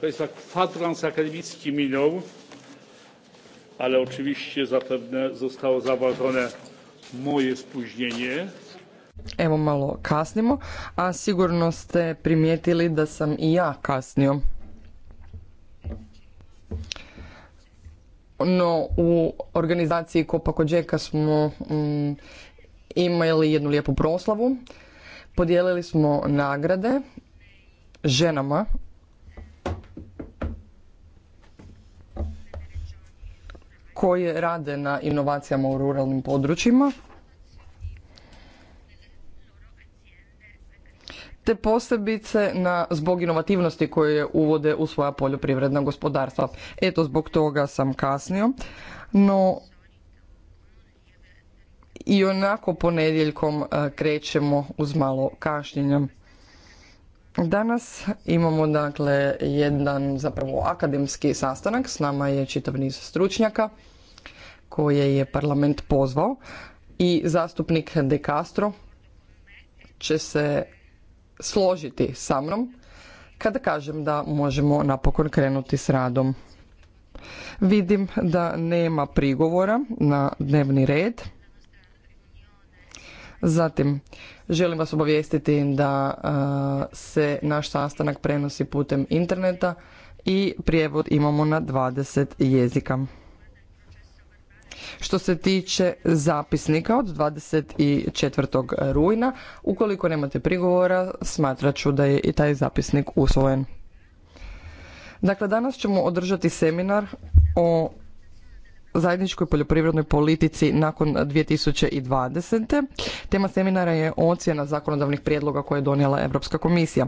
Państwa, kwadrans akademicki minął, ale oczywiście zapewne zostało zauważone moje spóźnienie. Evo malo kasnimo, a sigurno ste primijetili da sam i ja kasnio. No, u organizaciji Kopa smo mm, imali jednu lijepu proslavu. Podijelili smo nagrade ženama koje rade na inovacijama u ruralnim područjima. te posebice na, zbog inovativnosti koje uvode u svoja poljoprivredna gospodarstva. Eto, zbog toga sam kasnio, no i onako ponedjeljkom e, krećemo uz malo kašnjenja. Danas imamo dakle jedan zapravo akademski sastanak, s nama je čitav niz stručnjaka koje je parlament pozvao i zastupnik De Castro će se složiti sa mnom kada kažem da možemo napokon krenuti s radom. Vidim da nema prigovora na dnevni red. Zatim, želim vas obavijestiti da eh, se naš sastanak prenosi putem interneta i prijevod imamo na 20 jezika. Što se tiče zapisnika od 24. rujna, ukoliko nemate prigovora, smatrat ću da je i taj zapisnik usvojen. Dakle, danas ćemo održati seminar o zajedničkoj poljoprivrednoj politici nakon 2020. Tema seminara je ocjena zakonodavnih prijedloga koje je donijela Europska komisija.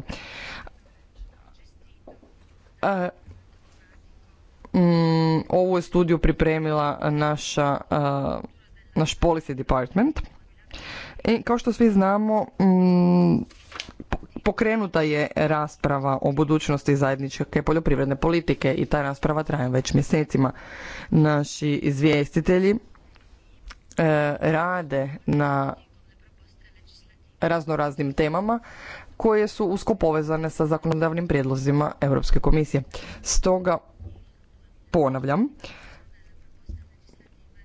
E, mm, ovu je studiju pripremila naša, e, naš policy department. I kao što svi znamo, mm, pokrenuta je rasprava o budućnosti zajedničke poljoprivredne politike i ta rasprava traje već mjesecima. Naši izvjestitelji e, rade na raznoraznim temama koje su usko povezane sa zakonodavnim prijedlozima Europske komisije. Stoga ponavljam,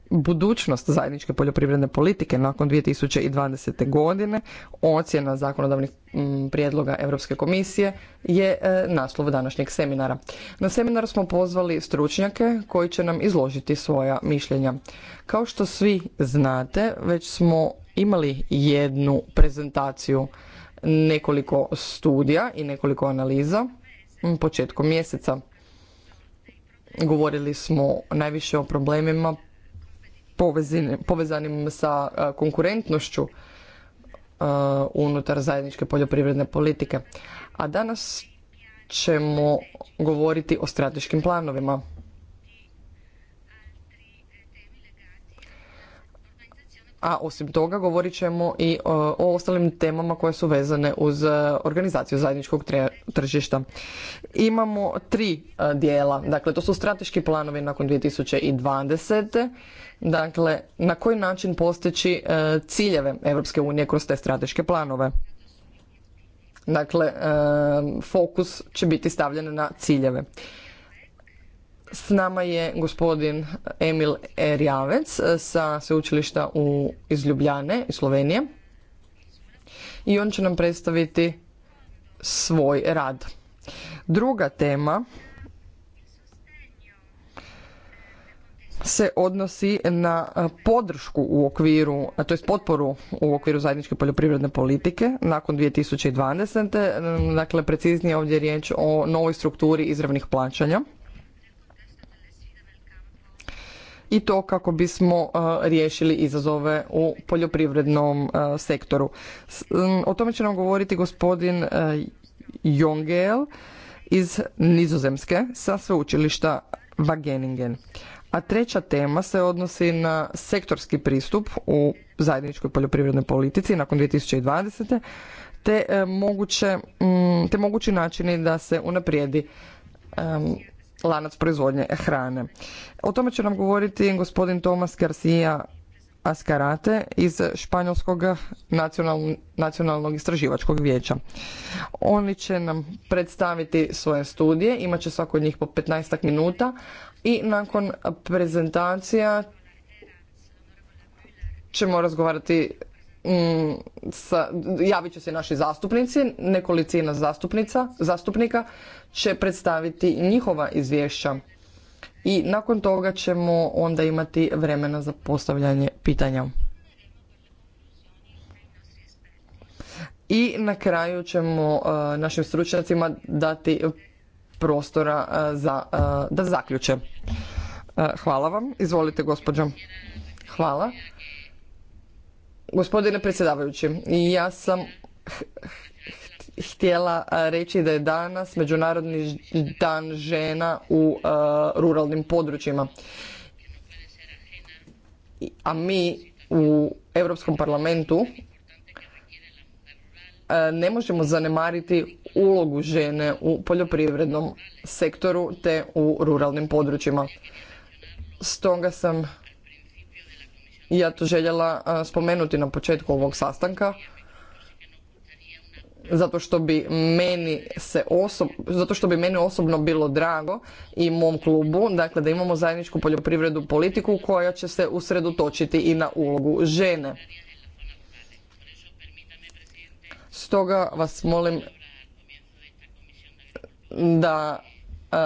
budućnost zajedničke poljoprivredne politike nakon 2020. godine, ocjena zakonodavnih mm, prijedloga Europske komisije je e, naslov današnjeg seminara. Na seminar smo pozvali stručnjake koji će nam izložiti svoja mišljenja. Kao što svi znate, već smo imali jednu prezentaciju nekoliko studija i nekoliko analiza početkom mjeseca. Govorili smo najviše o problemima povezanim sa e, konkurentnošću e, unutar zajedničke poljoprivredne politike. A danas ćemo govoriti o strateškim planovima. A osim toga govorit ćemo i e, o ostalim temama koje su vezane uz organizaciju zajedničkog tržišta. Imamo tri dijela, dakle to su strateški planovi nakon 2020 Dakle, na koji način postići e, ciljeve Europske unije kroz te strateške planove? Dakle, e, fokus će biti stavljen na ciljeve. S nama je gospodin Emil Erjavec e, sa sveučilišta u iz Ljubljane, iz Slovenije. I on će nam predstaviti svoj rad. Druga tema se odnosi na e, podršku u okviru, to jest potporu u okviru zajedničke poljoprivredne politike nakon 2020. E, dakle, preciznije ovdje je riječ o novoj strukturi izravnih plaćanja. I to kako bismo e, riješili izazove u poljoprivrednom sektoru. O tome će nam govoriti gospodin Jongel iz Nizozemske sa sveučilišta Wageningen. A treća tema se odnosi na sektorski pristup u zajedničkoj poljoprivrednoj politici nakon 2020. te e, moguće mm, te mogući načini da se unaprijedi lanac proizvodnje hrane. O tome će nam govoriti gospodin Tomas Garcia Askarate iz Španjolskog nacionalnog istraživačkog vijeća. Oni će nam predstaviti svoje studije, imat će svako od njih po 15 minuta, i nakon prezentacija ćemo razgovarati mm, sa, javit će se naši zastupnici, nekolicina zastupnica, zastupnika će predstaviti njihova izvješća i nakon toga ćemo onda imati vremena za postavljanje pitanja. I na kraju ćemo eh, našim stručnjacima dati prostora e, za, e, da zaključe. E, hvala vam. Izvolite, gospođo. Hvala. Gospodine predsjedavajući, ja sam htjela reći da je danas Međunarodni dan žena u ruralnim područjima. A mi u Europskom parlamentu ne možemo zanemariti ulogu žene u poljoprivrednom sektoru te u ruralnim područjima. Stoga sam ja to željela spomenuti na početku ovog sastanka zato što bi meni se osobno, zato što bi meni osobno bilo drago i mom klubu, dakle da imamo zajedničku poljoprivrednu politiku koja će se usredotočiti i na ulogu žene. Stoga vas molim da e,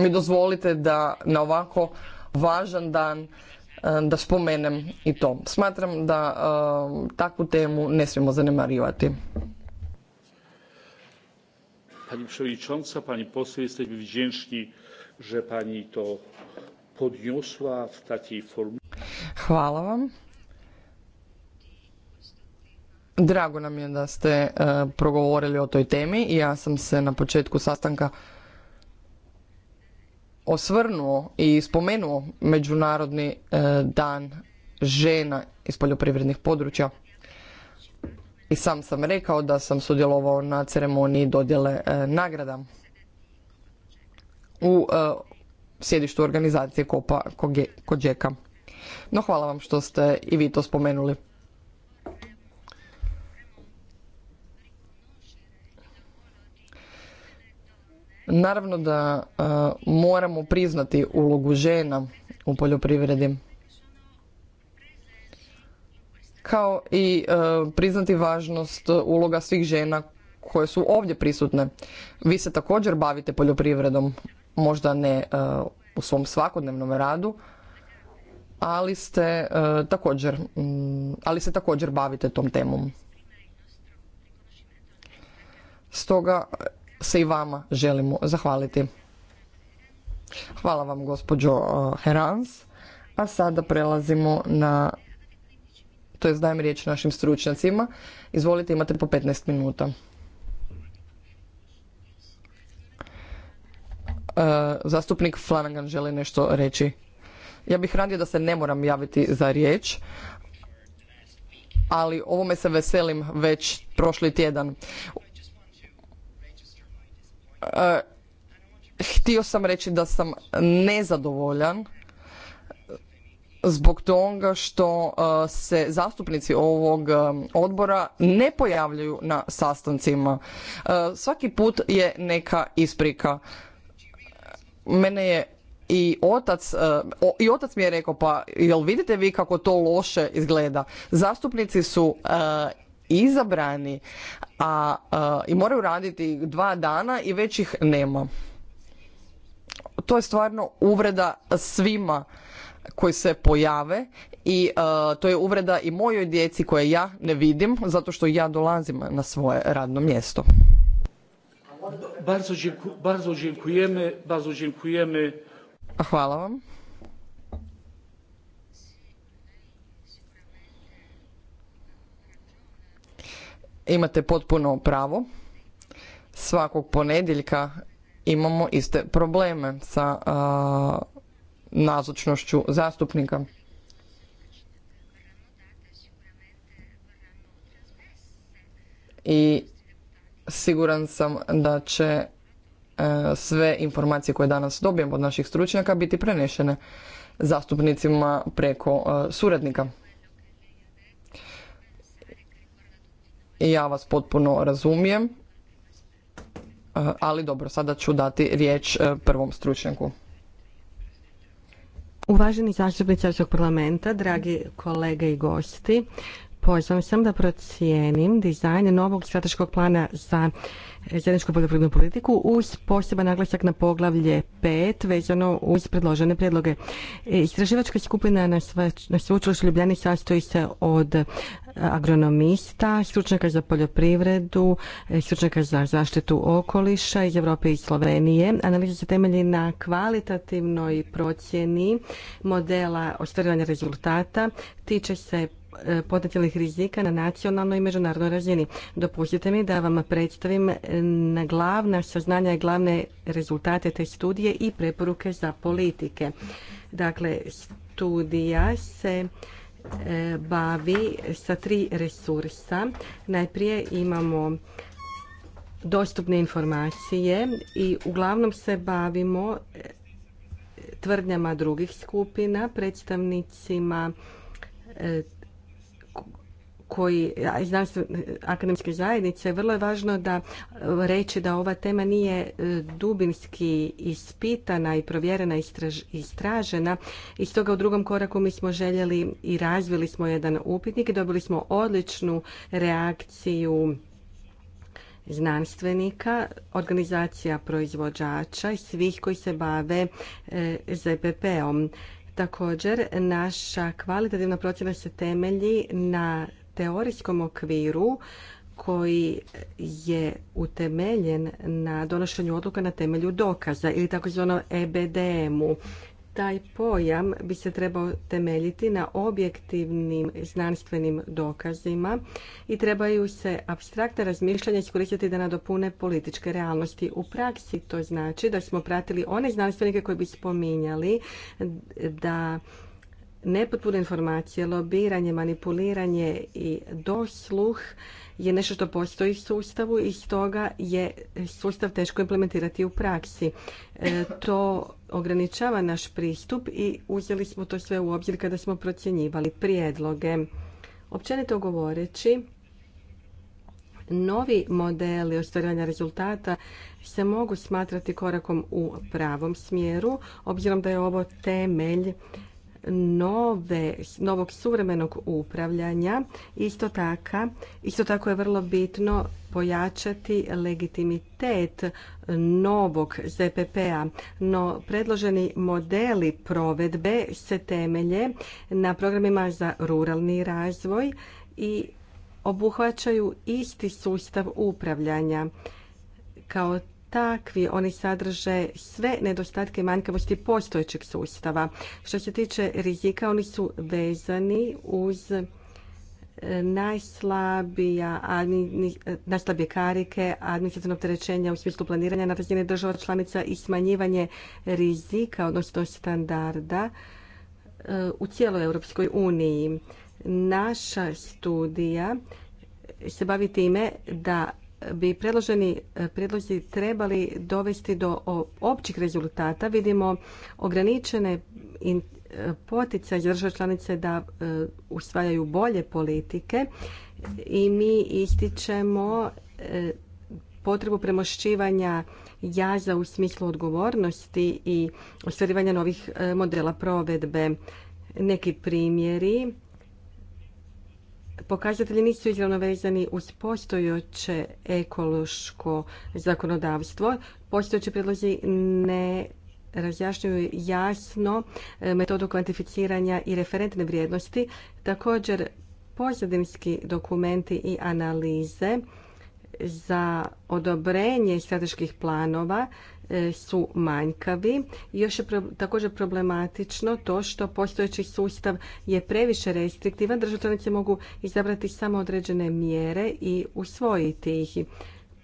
mi dozvolite da na ovako važan dan e, da spomenem i to. Smatram da e, takvu temu ne smijemo zanemarivati. Pani przewodnicząca, pani poseł, jesteśmy wdzięczni, że pani to podniosła w takiej formie. Hvala vam. Drago nam je da ste e, progovorili o toj temi i ja sam se na početku sastanka osvrnuo i spomenuo Međunarodni e, dan žena iz poljoprivrednih područja. I sam sam rekao da sam sudjelovao na ceremoniji dodjele e, nagrada u sjedištu organizacije Kopa Kođeka. No hvala vam što ste i vi to spomenuli. Naravno da e, moramo priznati ulogu žena u poljoprivredi kao i e, priznati važnost uloga svih žena koje su ovdje prisutne. Vi se također bavite poljoprivredom, možda ne e, u svom svakodnevnom radu, ali ste također, ali se također bavite tom temom. Stoga se i vama želimo zahvaliti. Hvala vam gospođo uh, Herans. A sada prelazimo na, to je dajem riječ našim stručnjacima. Izvolite, imate po 15 minuta. Uh, zastupnik Flanagan želi nešto reći. Ja bih radio da se ne moram javiti za riječ, ali ovome se veselim već prošli tjedan. Eh, htio sam reći da sam nezadovoljan zbog toga što eh, se zastupnici ovog eh, odbora ne pojavljuju na sastancima. Svaki put je neka isprika. Mene je i otac, i otac mi je rekao, pa jel vidite vi kako to loše izgleda? Zastupnici su izabrani a, i moraju raditi dva dana i već ih nema. To je stvarno uvreda svima koji se pojave i to je uvreda i mojoj djeci koje ja ne vidim zato što ja dolazim na svoje radno mjesto. Bardzo dziękujemy, bardzo dziękujemy. Hvala vam. Imate potpuno pravo. Svakog ponedjeljka imamo iste probleme sa nazočnošću zastupnika. I siguran sam da će e, sve informacije koje danas dobijemo od naših stručnjaka biti prenešene zastupnicima preko suradnika. I ja vas potpuno razumijem. E, ali dobro, sada ću dati riječ e, prvom stručnjaku. Uvaženi zastupnici Europskog parlamenta, dragi kolege i gosti, pozivam sam da procijenim dizajn novog strateškog plana za zajedničku poljoprivrednu politiku uz poseban naglasak na poglavlje 5 vezano uz predložene prijedloge. E, istraživačka skupina na, na sveučilištu Ljubljani sastoji se od e, agronomista, stručnjaka za poljoprivredu, e, stručnjaka za zaštitu okoliša iz Europe i Slovenije. Analiza se temelji na kvalitativnoj procjeni modela ostvarivanja rezultata, tiče se E, potencijalnih rizika na nacionalnoj i međunarodnoj razini. Dopustite mi da vam predstavim e, na glavna saznanja i glavne rezultate te studije i preporuke za politike. Dakle, studija se e, bavi sa tri resursa. Najprije imamo dostupne informacije i uglavnom se bavimo tvrdnjama drugih skupina, predstavnicima koji akademske zajednice, vrlo je važno da e, reći da ova tema nije e, dubinski ispitana i provjerena i istražena. I stoga u drugom koraku mi smo željeli i razvili smo jedan upitnik i dobili smo odličnu reakciju znanstvenika, organizacija proizvođača i svih koji se bave e, ZPP-om. Također, naša kvalitativna procjena se temelji na teorijskom okviru koji je utemeljen na donošenju odluka na temelju dokaza ili takozvano EBDM-u. Taj pojam bi se trebao temeljiti na objektivnim znanstvenim dokazima i trebaju se apstraktna razmišljanja iskoristiti da nadopune političke realnosti. U praksi to znači da smo pratili one znanstvenike koji bi spominjali da nepotpune informacije, lobiranje, manipuliranje i dosluh je nešto što postoji u sustavu i stoga je sustav teško implementirati u praksi. E, to ograničava naš pristup i uzeli smo to sve u obzir kada smo procjenjivali prijedloge. Općenito govoreći, novi modeli ostvarivanja rezultata se mogu smatrati korakom u pravom smjeru, obzirom da je ovo temelj novog suvremenog upravljanja. Isto, tako, isto tako je vrlo bitno pojačati legitimitet novog ZPP-a, no predloženi modeli provedbe se temelje na programima za ruralni razvoj i obuhvaćaju isti sustav upravljanja. Kao takvi, oni sadrže sve nedostatke i manjkavosti postojećeg sustava. Što se tiče rizika, oni su vezani uz e, najslabija, najslabije karike, administrativno opterećenja u smislu planiranja na razine država članica i smanjivanje rizika, odnosno standarda e, u cijeloj Europskoj uniji. Naša studija se bavi time da bi predloženi e, predlozi trebali dovesti do općih rezultata. Vidimo ograničene e, poticaj država članice da e, usvajaju bolje politike i mi ističemo potrebu premošćivanja jaza u smislu odgovornosti i ostvarivanja novih modela provedbe. Neki primjeri pokazatelji nisu izravno vezani uz postojeće ekološko zakonodavstvo. Postojeći predlozi ne razjašnjuju jasno e, metodu kvantificiranja i referentne vrijednosti. Također, pozadinski dokumenti i analize za odobrenje strateških planova E, su manjkavi. Još je također problematično to što postojeći sustav je previše restriktivan. Države mogu izabrati samo određene mjere i usvojiti ih.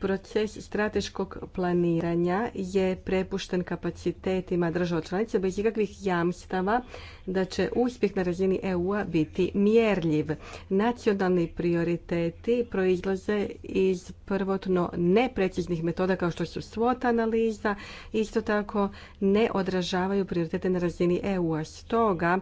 Proces strateškog planiranja je prepušten kapacitetima država članica bez ikakvih jamstava da će uspjeh na razini EU-a biti mjerljiv. Nacionalni prioriteti proizlaze iz prvotno nepreciznih metoda kao što su SWOT analiza, isto tako ne odražavaju prioritete na razini EU-a. Stoga,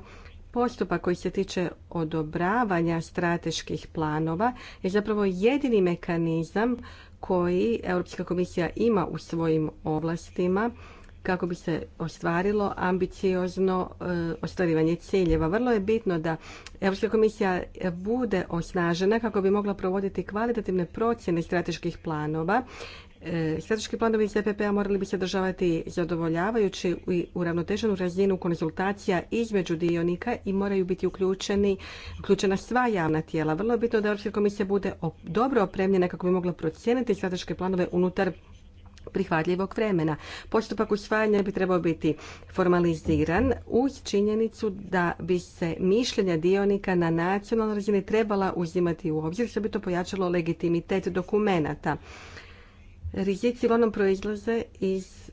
postupak koji se tiče odobravanja strateških planova je zapravo jedini mekanizam koji Europska komisija ima u svojim ovlastima kako bi se ostvarilo ambiciozno e, ostvarivanje ciljeva. Vrlo je bitno da Europska komisija bude osnažena kako bi mogla provoditi kvalitativne procjene strateških planova E, strateški planovi ZPP-a morali bi se državati zadovoljavajući i uravnoteženu razinu konzultacija između dionika i moraju biti uključeni, uključena sva javna tijela. Vrlo je bitno da Europska komisija bude dobro opremljena kako bi mogla procijeniti strateške planove unutar prihvatljivog vremena. Postupak usvajanja bi trebao biti formaliziran uz činjenicu da bi se mišljenja dionika na nacionalnoj razini trebala uzimati u obzir, što bi to pojačalo legitimitet dokumenata. Rizici uglavnom proizlaze iz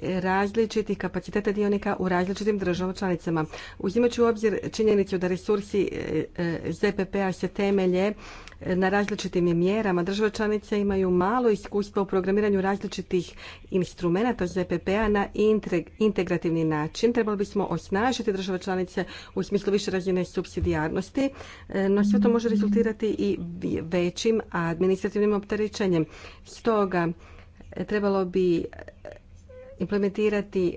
različitih kapaciteta dionika u različitim državama članicama. Uzimajući u obzir činjenicu da resursi e, e, ZPP-a se temelje na različitim mjerama. Države članice imaju malo iskustva u programiranju različitih instrumenata ZPP-a na integrativni način. Trebali bismo osnažiti države članice u smislu više razine subsidijarnosti, e, no sve to može rezultirati i većim administrativnim opterećenjem. Stoga e, trebalo bi e, implementirati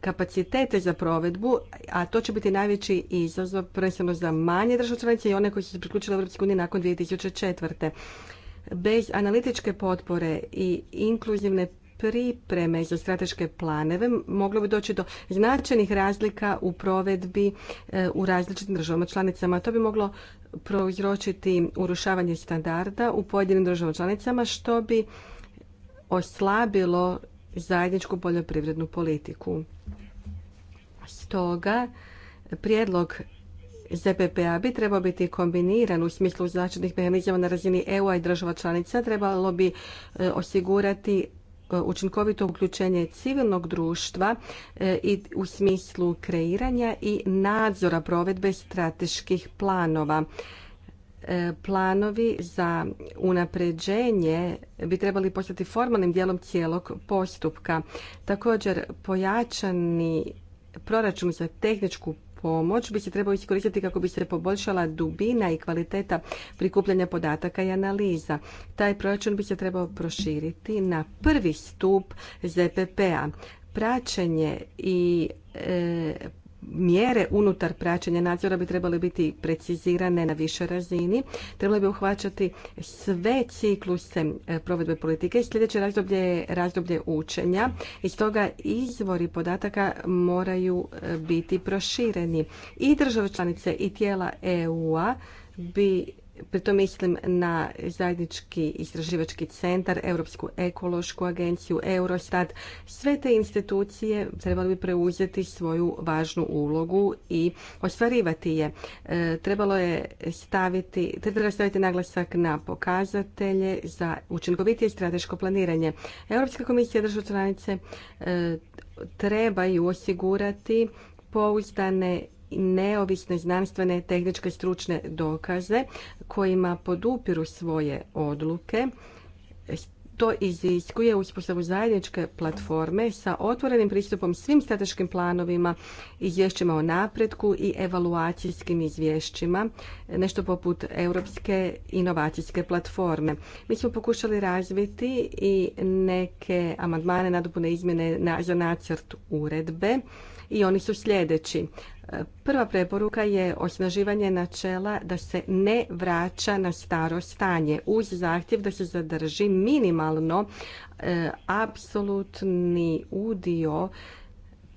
kapacitete za provedbu, a to će biti najveći izazov prvenstveno za manje države članice i one koje su se priključile Europskoj uniji nakon 2004. Bez analitičke potpore i inkluzivne pripreme za strateške planeve moglo bi doći do značajnih razlika u provedbi e, u različitim državama članicama. To bi moglo prouzročiti urušavanje standarda u pojedinim državama članicama što bi oslabilo zajedničku poljoprivrednu politiku. Stoga, prijedlog ZPPA bi trebao biti kombiniran u smislu značajnih mehanizama na razini eu i država članica. Trebalo bi e, osigurati e, učinkovito uključenje civilnog društva e, i u smislu kreiranja i nadzora provedbe strateških planova. E, planovi za unapređenje bi trebali postati formalnim dijelom cijelog postupka. Također, pojačani proračun za tehničku pomoć bi se trebao iskoristiti kako bi se poboljšala dubina i kvaliteta prikupljanja podataka i analiza. Taj proračun bi se trebao proširiti na prvi stup ZPP-a. Praćenje i e, mjere unutar praćenja nadzora bi trebale biti precizirane na više razini. Trebali bi uhvaćati sve cikluse e, provedbe politike. Sljedeće razdoblje je razdoblje učenja i stoga izvori podataka moraju e, biti prošireni. I države članice i tijela EU-a bi Pritom mislim na zajednički istraživački centar, Europsku ekološku agenciju, Eurostat. Sve te institucije trebalo bi preuzeti svoju važnu ulogu i ostvarivati je. E, trebalo je staviti, treba staviti naglasak na pokazatelje za učinkovitije strateško planiranje. Europska komisija država članice e, trebaju osigurati pouzdane neovisne znanstvene, tehničke, stručne dokaze kojima podupiru svoje odluke. To iziskuje uspostavu zajedničke platforme sa otvorenim pristupom svim strateškim planovima, izvješćima o napretku i evaluacijskim izvješćima, nešto poput Europske inovacijske platforme. Mi smo pokušali razviti i neke amandmane nadopune izmjene za nacrt uredbe i oni su sljedeći. Prva preporuka je osnaživanje načela da se ne vraća na staro stanje uz zahtjev da se zadrži minimalno e, apsolutni udio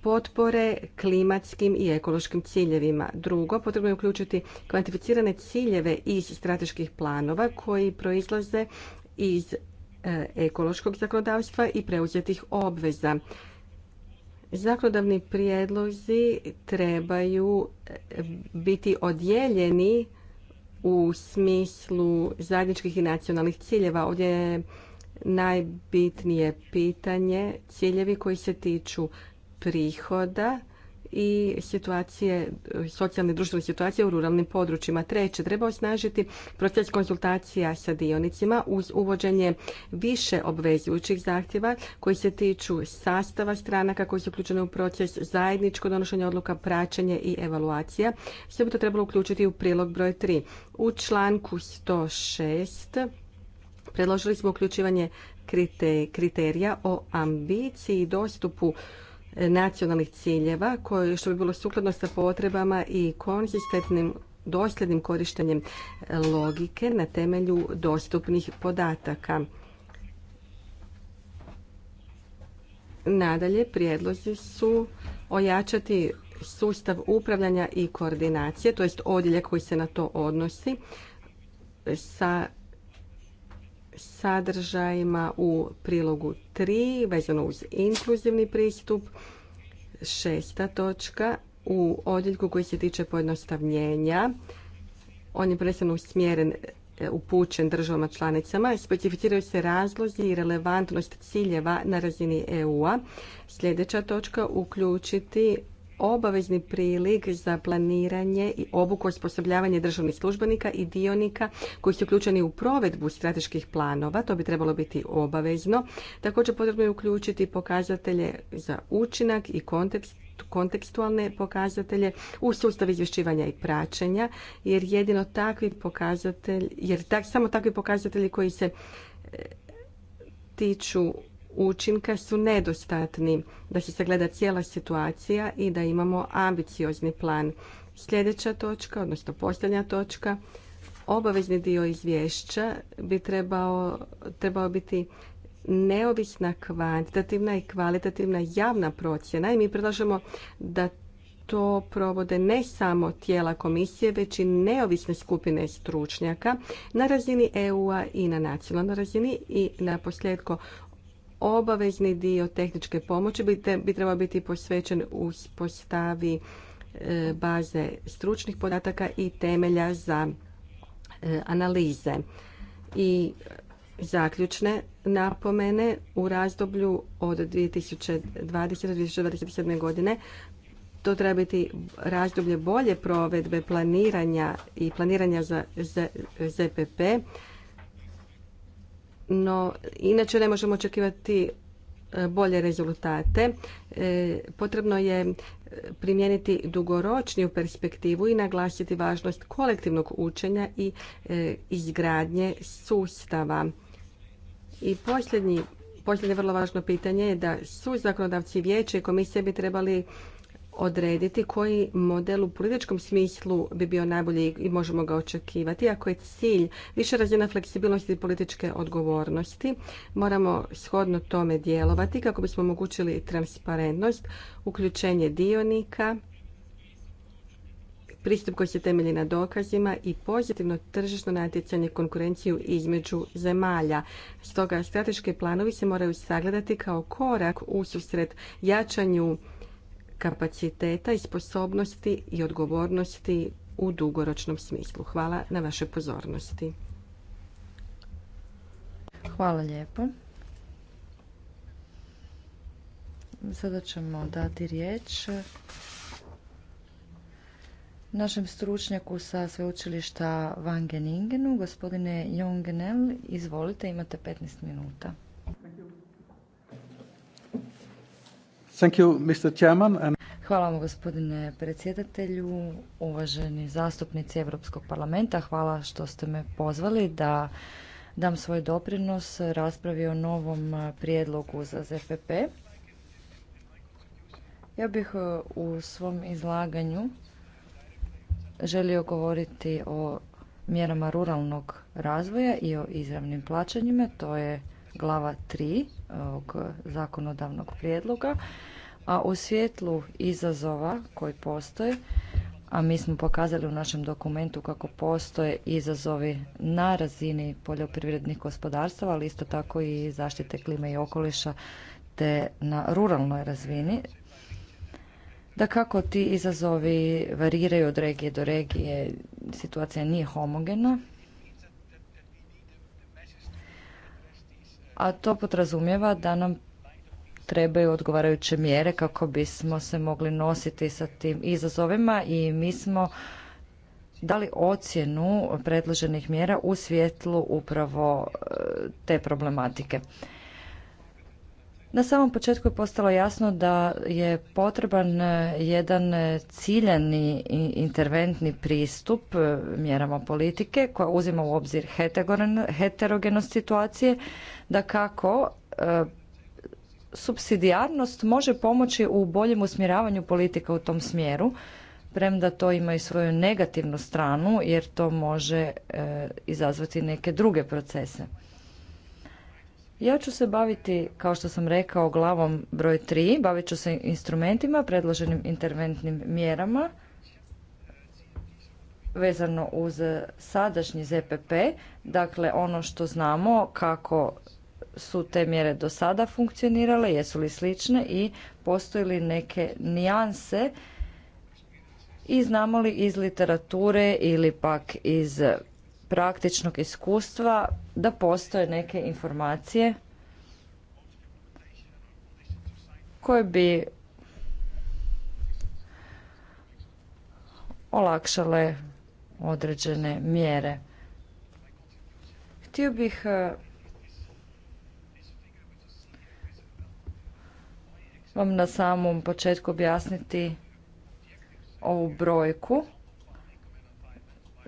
potpore klimatskim i ekološkim ciljevima. Drugo, potrebno je uključiti kvantificirane ciljeve iz strateških planova koji proizlaze iz e, ekološkog zakonodavstva i preuzetih obveza. Zakonodavni prijedlozi trebaju e, biti odjeljeni u smislu zajedničkih i nacionalnih ciljeva. Ovdje je najbitnije pitanje ciljevi koji se tiču prihoda i situacije, socijalne i društvene situacije u ruralnim područjima. Treće, treba osnažiti proces konzultacija sa dionicima uz uvođenje više obvezujućih zahtjeva koji se tiču sastava stranaka koji su uključene u proces, zajedničko donošenje odluka, praćenje i evaluacija. Sve bi to trebalo uključiti u prilog broj 3. U članku 106 predložili smo uključivanje kriterija o ambiciji i dostupu nacionalnih ciljeva koje što bi bilo sukladno sa potrebama i konzistentnim dosljednim korištenjem logike na temelju dostupnih podataka. Nadalje, prijedlozi su ojačati sustav upravljanja i koordinacije, to jest odjeljak koji se na to odnosi sa sadržajima u prilogu 3 vezano uz inkluzivni pristup. Šesta točka u odjeljku koji se tiče pojednostavljenja. On je prvenstveno usmjeren e, upućen državama članicama. Specificiraju se razlozi i relevantnost ciljeva na razini EU-a. Sljedeća točka uključiti obavezni prilik za planiranje i obuku osposobljavanje državnih službenika i dionika koji su uključeni u provedbu strateških planova. To bi trebalo biti obavezno. Također potrebno je uključiti pokazatelje za učinak i kontekst kontekstualne pokazatelje u sustav izvješćivanja i praćenja, jer jedino takvi pokazatelji, jer samo takvi pokazatelji koji se e, tiču učinka su nedostatni, da se sagleda cijela situacija i da imamo ambiciozni plan. Sljedeća točka, odnosno posljednja točka, obavezni dio izvješća bi trebao, trebao biti neovisna kvantitativna i kvalitativna javna procjena i mi predlažemo da to provode ne samo tijela komisije, već i neovisne skupine stručnjaka na razini EU-a i na nacionalnoj razini i na posljedko obavezni dio tehničke pomoći bi, bi trebao biti posvećen uspostavi e, baze stručnih podataka i temelja za e, analize. I zaključne napomene u razdoblju od 2020. do 2027. godine to treba biti razdoblje bolje provedbe planiranja i planiranja za ZPP no inače ne možemo očekivati e, bolje rezultate. E, potrebno je primijeniti dugoročniju perspektivu i naglasiti važnost kolektivnog učenja i e, izgradnje sustava. I posljednji Posljednje vrlo važno pitanje je da su zakonodavci vijeće i komisije bi trebali odrediti koji model u političkom smislu bi bio najbolji i možemo ga očekivati. Ako je cilj više razina fleksibilnosti i političke odgovornosti, moramo shodno tome djelovati kako bismo omogućili transparentnost, uključenje dionika, pristup koji se temelji na dokazima i pozitivno tržišno natjecanje konkurenciju između zemalja. Stoga strateški planovi se moraju sagledati kao korak u susret jačanju kapaciteta i sposobnosti i odgovornosti u dugoročnom smislu. Hvala na vaše pozornosti. Hvala lijepo. Sada ćemo dati riječ našem stručnjaku sa sveučilišta Van Geningenu, gospodine Jongenel. Izvolite, imate 15 minuta. Hvala vam gospodine predsjedatelju, uvaženi zastupnici Europskog parlamenta. Hvala što ste me pozvali da dam svoj doprinos raspravi o novom prijedlogu za ZPP. Ja bih e, u svom izlaganju želio govoriti o mjerama ruralnog razvoja i o izravnim plaćanjima. To je glava 3 ovog zakonodavnog prijedloga a u svjetlu izazova koji postoje, a mi smo pokazali u našem dokumentu kako postoje izazovi na razini poljoprivrednih gospodarstava, ali isto tako i zaštite klime i okoliša te na ruralnoj razini, da kako ti izazovi variraju od regije do regije, situacija nije homogena, a to podrazumijeva da nam trebaju odgovarajuće mjere kako bismo se mogli nositi sa tim izazovima i mi smo dali ocjenu predloženih mjera u svjetlu upravo e, te problematike. Na samom početku je postalo jasno da je potreban e, jedan e, ciljani interventni pristup mjerama politike koja uzima u obzir heterogenost situacije, da kako subsidijarnost može pomoći u boljem usmjeravanju politika u tom smjeru, premda to ima i svoju negativnu stranu jer to može e, izazvati neke druge procese. Ja ću se baviti, kao što sam rekao, glavom broj 3, bavit ću se instrumentima, predloženim interventnim mjerama vezano uz sadašnji ZPP, dakle ono što znamo kako su te mjere do sada funkcionirale, jesu li slične i postoji li neke nijanse i znamo li iz literature ili pak iz praktičnog iskustva da postoje neke informacije koje bi olakšale određene mjere. Htio bih vam na samom početku objasniti ovu brojku.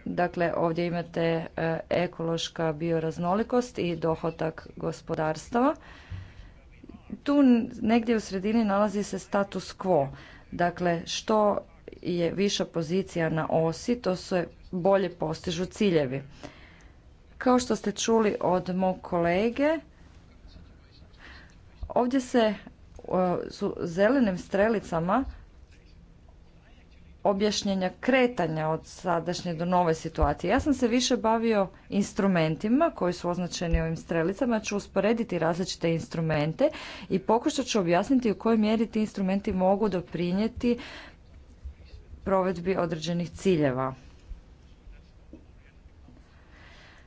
Dakle, ovdje imate e, ekološka bioraznolikost i dohotak gospodarstva. Tu negdje u sredini nalazi se status quo. Dakle, što je viša pozicija na osi, to se bolje postižu ciljevi. Kao što ste čuli od mog kolege, ovdje se E, su zelenim strelicama objašnjenja kretanja od sadašnje do nove situacije. Ja sam se više bavio instrumentima koji su označeni ovim strelicama. Ja ću usporediti različite instrumente i pokušat ću objasniti u kojoj mjeri ti instrumenti mogu doprinijeti provedbi određenih ciljeva.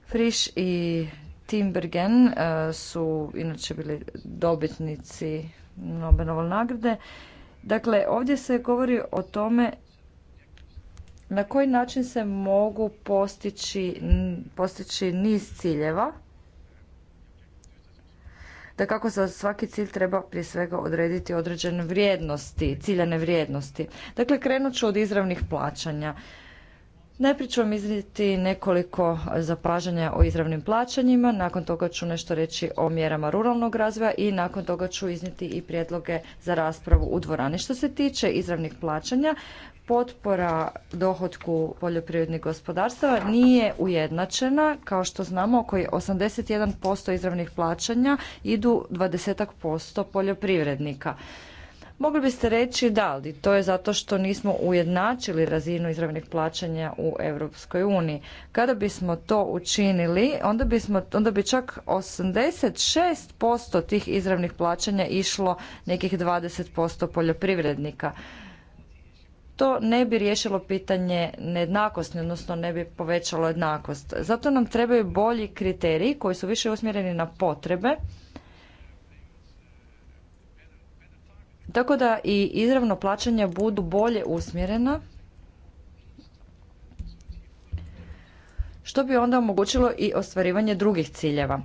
Frisch i Timbergen e, su inače bili dobitnici Nobelove nagrade. Dakle, ovdje se govori o tome na koji način se mogu postići, postići niz ciljeva. Da kako za svaki cilj treba prije svega odrediti određene vrijednosti, ciljane vrijednosti. Dakle, krenut ću od izravnih plaćanja. Najprije ću vam iznijeti nekoliko zapažanja o izravnim plaćanjima, nakon toga ću nešto reći o mjerama ruralnog razvoja i nakon toga ću iznijeti i prijedloge za raspravu u dvorani. Što se tiče izravnih plaćanja, potpora dohodku poljoprivrednih gospodarstava nije ujednačena. Kao što znamo, oko 81% izravnih plaćanja idu 20% poljoprivrednika. Mogli biste reći da, li to je zato što nismo ujednačili razinu izravnih plaćanja u Europskoj uniji. Kada bismo to učinili, onda, bismo, onda bi čak 86% tih izravnih plaćanja išlo nekih 20% poljoprivrednika. To ne bi riješilo pitanje nejednakosti, odnosno ne bi povećalo jednakost. Zato nam trebaju bolji kriteriji koji su više usmjereni na potrebe, Tako da i izravno plaćanja budu bolje usmjerena, što bi onda omogućilo i ostvarivanje drugih ciljeva.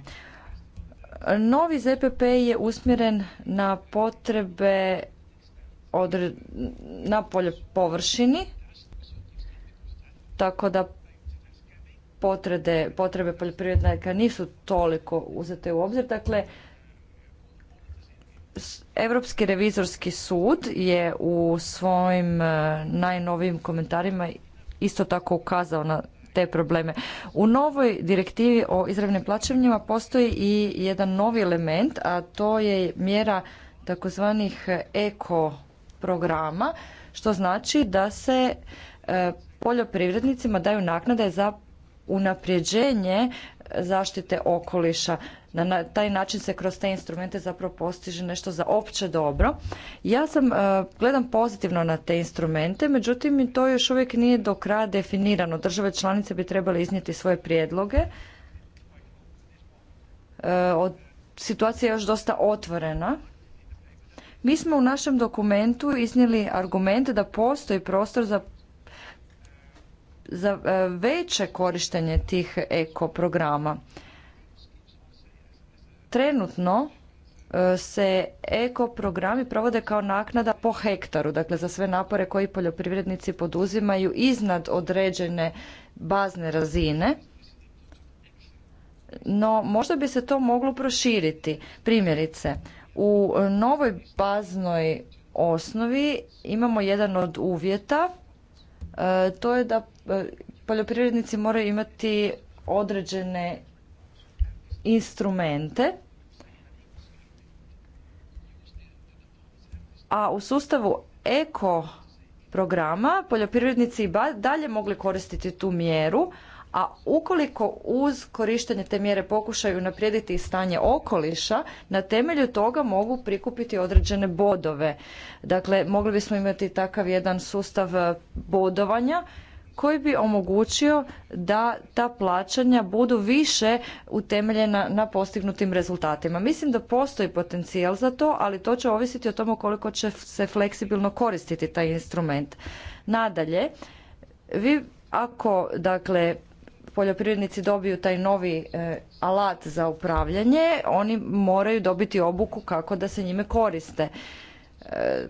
Novi ZPP je usmjeren na potrebe na polje površini, tako da potrebe, potrebe poljoprivrednika nisu toliko uzete u obzir. Dakle, Europski revizorski sud je u svojim e, najnovijim komentarima isto tako ukazao na te probleme. U novoj direktivi o izravnim plaćanjima postoji i jedan novi element, a to je mjera takozvanih eko programa, što znači da se e, poljoprivrednicima daju naknade za unapređenje zaštite okoliša na taj način se kroz te instrumente zapravo postiže nešto za opće dobro. Ja sam e, gledam pozitivno na te instrumente, međutim to još uvijek nije do kraja definirano. Države članice bi trebale iznijeti svoje prijedloge. E, od situacija je još dosta otvorena. Mi smo u našem dokumentu iznijeli argumente da postoji prostor za za e, veće korištenje tih eko programa. Trenutno e, se eko programi provode kao naknada po hektaru, dakle za sve napore koji poljoprivrednici poduzimaju iznad određene bazne razine. No, možda bi se to moglo proširiti. Primjerice, u novoj baznoj osnovi imamo jedan od uvjeta, e, to je da e, poljoprivrednici moraju imati određene instrumente a u sustavu eko programa poljoprivrednici i dalje mogli koristiti tu mjeru, a ukoliko uz korištenje te mjere pokušaju naprijediti i stanje okoliša, na temelju toga mogu prikupiti određene bodove. Dakle, mogli bismo imati takav jedan sustav bodovanja koji bi omogućio da ta plaćanja budu više utemeljena na postignutim rezultatima. Mislim da postoji potencijal za to, ali to će ovisiti o tome koliko će se fleksibilno koristiti taj instrument. Nadalje, vi ako dakle poljoprivrednici dobiju taj novi e, alat za upravljanje, oni moraju dobiti obuku kako da se njime koriste. E,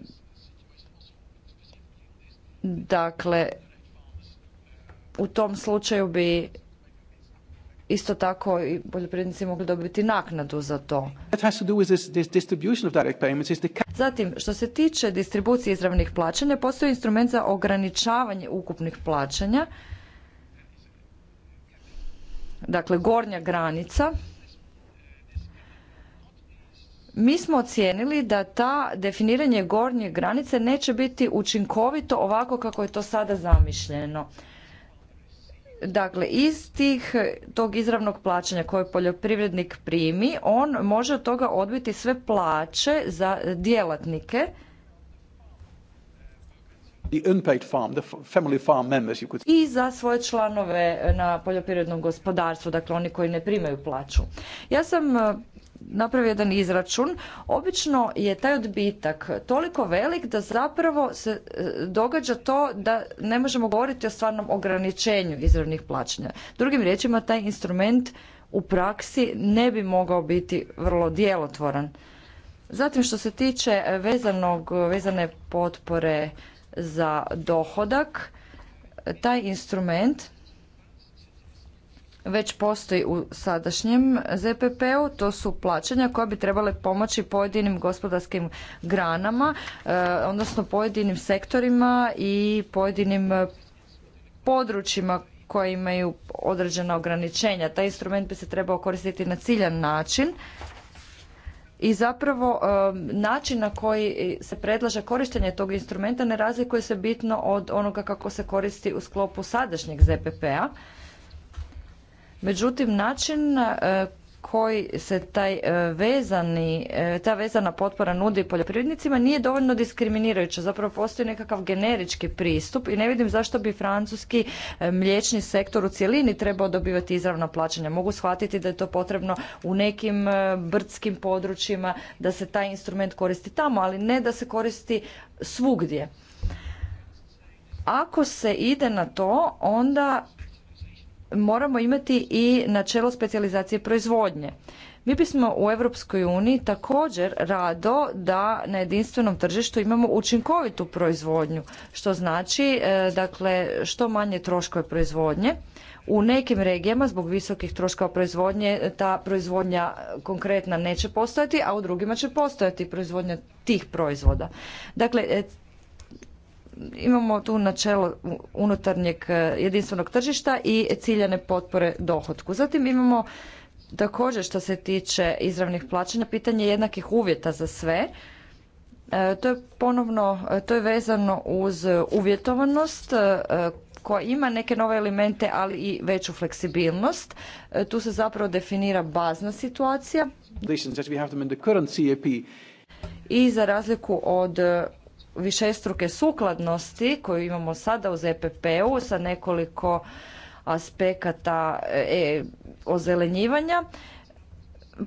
dakle, u tom slučaju bi isto tako i poljoprivrednici mogli dobiti naknadu za to. Zatim, što se tiče distribucije izravnih plaćanja, postoji instrument za ograničavanje ukupnih plaćanja, dakle gornja granica. Mi smo ocijenili da ta definiranje gornje granice neće biti učinkovito ovako kako je to sada zamišljeno. Dakle, iz tih, tog izravnog plaćanja koje poljoprivrednik primi, on može od toga odbiti sve plaće za djelatnike. I za svoje članove na poljoprivrednom gospodarstvu, dakle oni koji ne primaju plaću. Ja sam napravio jedan izračun, obično je taj odbitak toliko velik da zapravo se e, događa to da ne možemo govoriti o stvarnom ograničenju izravnih plaćanja. Drugim riječima, taj instrument u praksi ne bi mogao biti vrlo djelotvoran. Zatim što se tiče vezanog, vezane potpore za dohodak, taj instrument već postoji u sadašnjem ZPP-u, to su plaćanja koja bi trebale pomoći pojedinim gospodarskim granama, eh, odnosno pojedinim sektorima i pojedinim eh, područjima koja imaju određena ograničenja. Taj instrument bi se trebao koristiti na ciljan način i zapravo eh, način na koji se predlaže korištenje tog instrumenta ne razlikuje se bitno od onoga kako se koristi u sklopu sadašnjeg ZPP-a. Međutim, način e, koji se taj e, vezani, e, ta vezana potpora nudi poljoprivrednicima nije dovoljno diskriminirajuća. Zapravo postoji nekakav generički pristup i ne vidim zašto bi francuski mliječni sektor u cjelini trebao dobivati izravna plaćanja. Mogu shvatiti da je to potrebno u nekim brdskim područjima, da se taj instrument koristi tamo, ali ne da se koristi svugdje. Ako se ide na to, onda moramo imati i načelo specijalizacije proizvodnje. Mi bismo u Europskoj uniji također rado da na jedinstvenom tržištu imamo učinkovitu proizvodnju, što znači e, dakle što manje troškove proizvodnje. U nekim regijama zbog visokih troškova proizvodnje ta proizvodnja konkretna neće postojati, a u drugima će postojati proizvodnja tih proizvoda. Dakle, e, imamo tu načelo unutarnjeg e, jedinstvenog tržišta i ciljane potpore dohotku. Zatim imamo također što se tiče izravnih plaćanja pitanje jednakih uvjeta za sve. E, to je ponovno, e, to je vezano uz uvjetovanost koja ima neke nove elemente, ali i veću fleksibilnost. Tu se zapravo definira bazna situacija. I za razliku od višestruke sukladnosti koju imamo sada u ZPP-u sa nekoliko aspekata e, ozelenjivanja,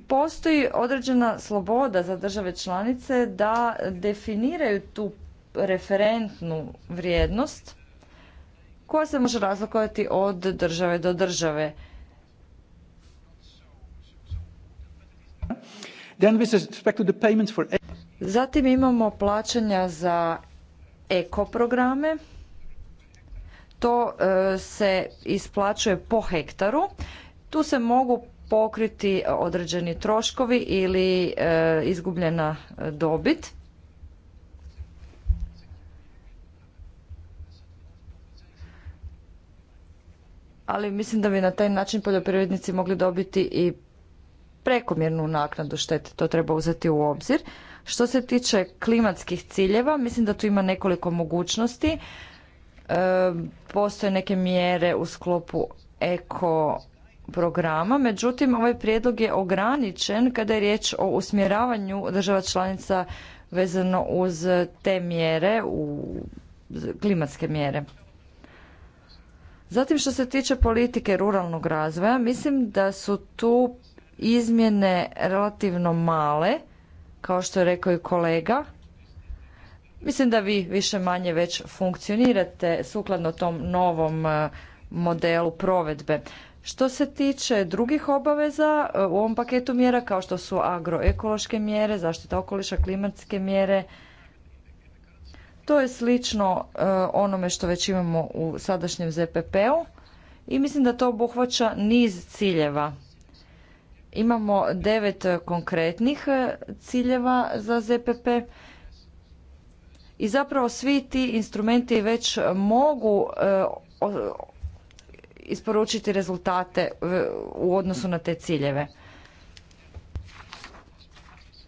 postoji određena sloboda za države članice da definiraju tu referentnu vrijednost koja se može razlikovati od države do države. Then with respect to the payments for Zatim imamo plaćanja za eko programe. To e, se isplaćuje po hektaru. Tu se mogu pokriti određeni troškovi ili e, izgubljena dobit. ali mislim da bi na taj način poljoprivrednici mogli dobiti i prekomjernu naknadu štete. To treba uzeti u obzir. Što se tiče klimatskih ciljeva, mislim da tu ima nekoliko mogućnosti. E, postoje neke mjere u sklopu eko programa, međutim ovaj prijedlog je ograničen kada je riječ o usmjeravanju država članica vezano uz te mjere, u klimatske mjere. Zatim što se tiče politike ruralnog razvoja, mislim da su tu izmjene relativno male kao što je rekao i kolega. Mislim da vi više manje već funkcionirate sukladno tom novom e, modelu provedbe. Što se tiče drugih obaveza e, u ovom paketu mjera kao što su agroekološke mjere, zaštita okoliša, klimatske mjere, to je slično e, onome što već imamo u sadašnjem ZPP-u i mislim da to obuhvaća niz ciljeva. Imamo devet e, konkretnih e, ciljeva za ZPP i zapravo svi ti instrumenti već mogu e, isporučiti rezultate u odnosu na te ciljeve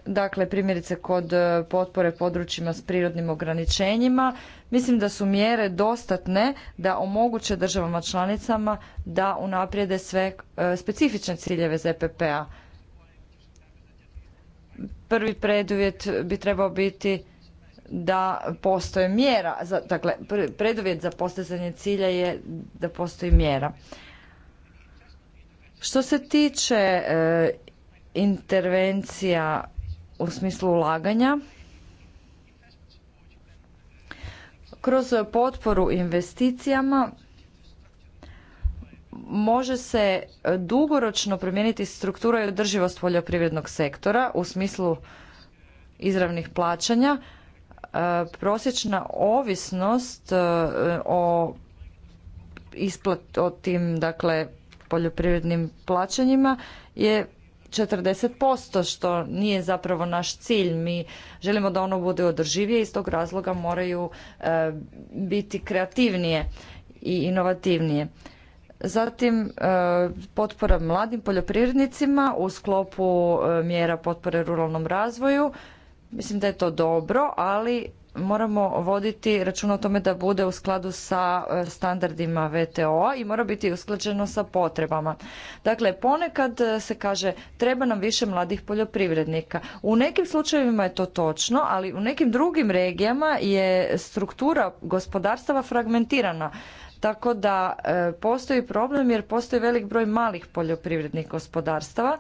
dakle primjerice kod e, potpore područjima s prirodnim ograničenjima, mislim da su mjere dostatne da omoguće državama članicama da unaprijede sve e, specifične ciljeve ZPP-a. Prvi preduvjet bi trebao biti da postoje mjera, dakle preduvjet za postizanje cilja je da postoji mjera. Što se tiče e, intervencija u smislu ulaganja. Kroz potporu investicijama može se dugoročno promijeniti struktura i održivost poljoprivrednog sektora u smislu izravnih plaćanja. E, prosječna ovisnost e, o isplat o tim dakle poljoprivrednim plaćanjima je 40%, što nije zapravo naš cilj. Mi želimo da ono bude održivije i iz tog razloga moraju e, biti kreativnije i inovativnije. Zatim e, potpora mladim poljoprivrednicima u sklopu e, mjera potpore ruralnom razvoju. Mislim da je to dobro, ali moramo voditi račun o tome da bude u skladu sa e, standardima VTO-a i mora biti usklađeno sa potrebama. Dakle, ponekad e, se kaže treba nam više mladih poljoprivrednika. U nekim slučajevima je to točno, ali u nekim drugim regijama je struktura gospodarstava fragmentirana. Tako da e, postoji problem jer postoji velik broj malih poljoprivrednih gospodarstava.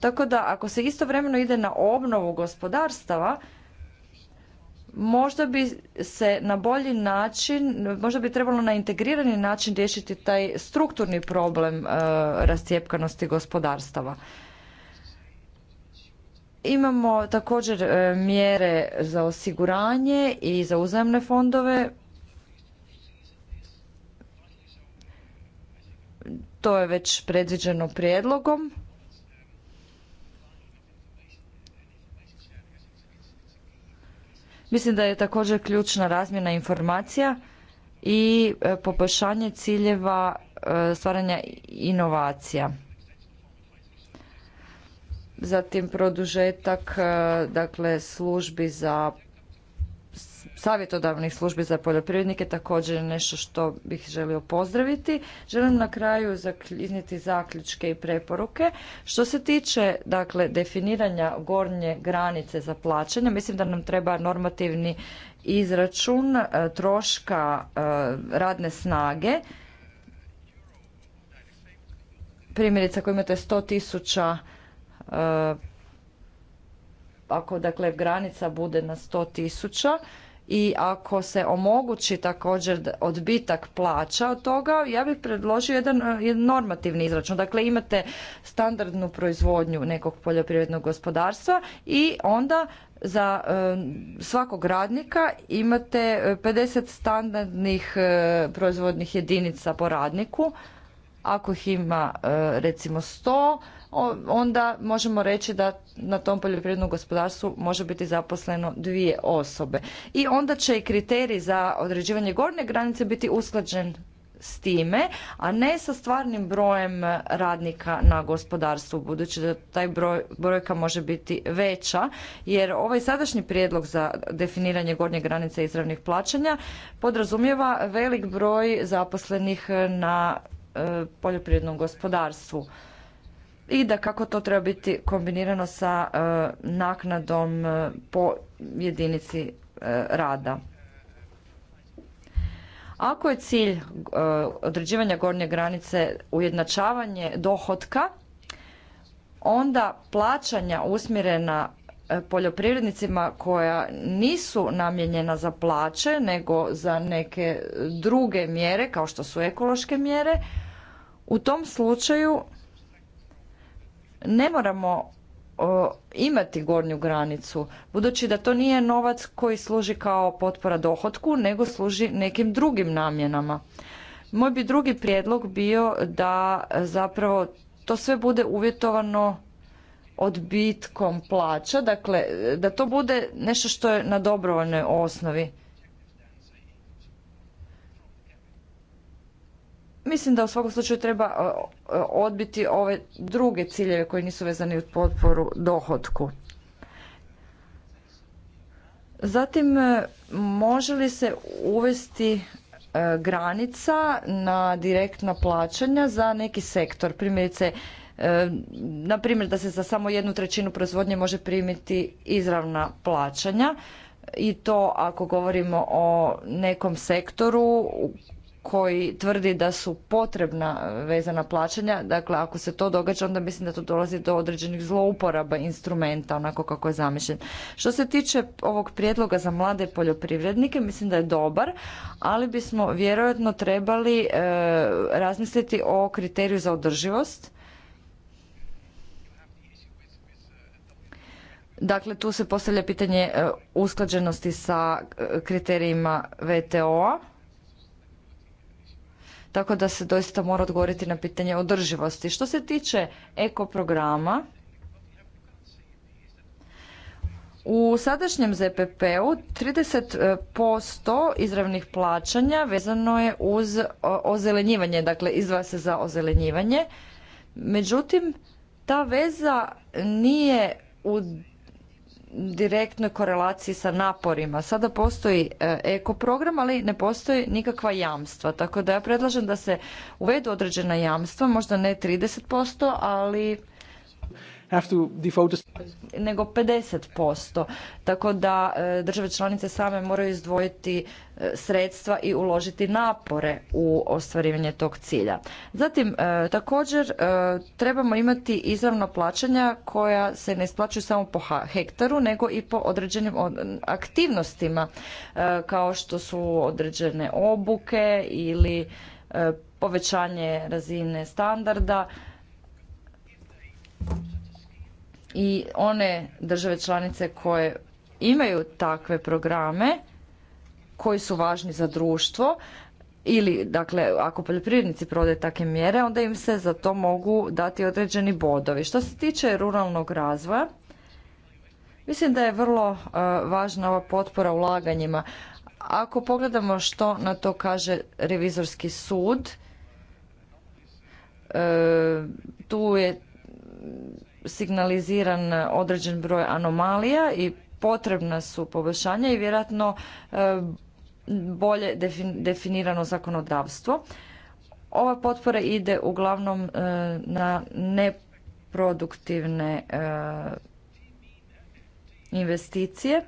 Tako da ako se istovremeno ide na obnovu gospodarstava, možda bi se na bolji način, možda bi trebalo na integrirani način riješiti taj strukturni problem e, gospodarstava. Imamo također e, mjere za osiguranje i za uzajemne fondove. To je već predviđeno prijedlogom. Mislim da je također ključna razmjena informacija i e, poboljšanje ciljeva e, stvaranja inovacija. Zatim produžetak e, dakle službi za savjetodavnih službi za poljoprivrednike također je nešto što bih želio pozdraviti. Želim na kraju iznijeti zaključke i preporuke. Što se tiče dakle, definiranja gornje granice za plaćanje, mislim da nam treba normativni izračun e, troška e, radne snage. Primjerice, ako imate 100 tisuća e, ako dakle granica bude na 100 tisuća, i ako se omogući također odbitak plaća od toga, ja bih predložio jedan, e, normativni izračun. Dakle, imate standardnu proizvodnju nekog poljoprivrednog gospodarstva i onda za e, svakog radnika imate 50 e, standardnih proizvodnih jedinica po radniku. Ako ih ima recimo 100, onda možemo reći da na tom poljoprivrednom gospodarstvu može biti zaposleno dvije osobe. I onda će i kriterij za određivanje gornje granice biti usklađen s time, a ne sa stvarnim brojem radnika na gospodarstvu, budući da taj broj, brojka može biti veća, jer ovaj sadašnji prijedlog za definiranje gornje granice izravnih plaćanja podrazumijeva velik broj zaposlenih na e, poljoprivrednom gospodarstvu i da kako to treba biti kombinirano sa e, naknadom e, po jedinici e, rada. Ako je cilj određivanja gornje granice ujednačavanje dohotka, onda plaćanja usmjerena poljoprivrednicima koja nisu namijenjena za plaće nego za neke druge mjere kao što su ekološke mjere, u tom slučaju ne moramo imati gornju granicu, budući da to nije novac koji služi kao potpora dohotku, nego služi nekim drugim namjenama. Moj bi drugi prijedlog bio da zapravo to sve bude uvjetovano odbitkom plaća, dakle da to bude nešto što je na dobrovoljnoj osnovi. Mislim da u svakom slučaju treba e, e, odbiti ove druge ciljeve koji nisu vezani uz potporu dohodku. Zatim, e, može li se uvesti granica na direktna plaćanja za neki sektor? Primjerice, na primjer da se za samo jednu trećinu proizvodnje može primiti izravna plaćanja i to ako govorimo o nekom sektoru koji tvrdi da su potrebna e, vezana plaćanja, dakle ako se to događa onda mislim da to dolazi do određenih zlouporaba instrumenta onako kako je zamišljen. Što se tiče ovog prijedloga za mlade poljoprivrednike mislim da je dobar, ali bismo vjerojatno trebali e, razmisliti o kriteriju za održivost. Dakle, tu se postavlja pitanje e, usklađenosti sa kriterijima VTO-a tako da se doista mora odgovoriti na pitanje održivosti. Što se tiče ekoprograma, u sadašnjem ZPP-u 30% izravnih plaćanja vezano je uz ozelenjivanje, dakle izdvaja se za ozelenjivanje. Međutim, ta veza nije u direktnoj korelaciji sa naporima. Sada postoji e, eko program, ali ne postoji nikakva jamstva. Tako da ja predlažem da se uvedu određena jamstva, možda ne 30%, ali nego 50%. Tako da e, države članice same moraju izdvojiti e, sredstva i uložiti napore u ostvarivanje tog cilja. Zatim, e, također, trebamo imati izravno plaćanja koja se ne isplaćuju samo po hektaru, nego i po određenim aktivnostima, kao što su određene obuke ili povećanje razine standarda i one države članice koje imaju takve programe koji su važni za društvo ili dakle ako poljoprivrednici prodaju takve mjere onda im se za to mogu dati određeni bodovi. Što se tiče ruralnog razvoja mislim da je vrlo e, važna ova potpora ulaganjima. Ako pogledamo što na to kaže revizorski sud e, tu je signaliziran određen broj anomalija i potrebna su poboljšanja i vjerojatno e, bolje definirano zakonodavstvo. Ova potpora ide uglavnom e, na neproduktivne e, investicije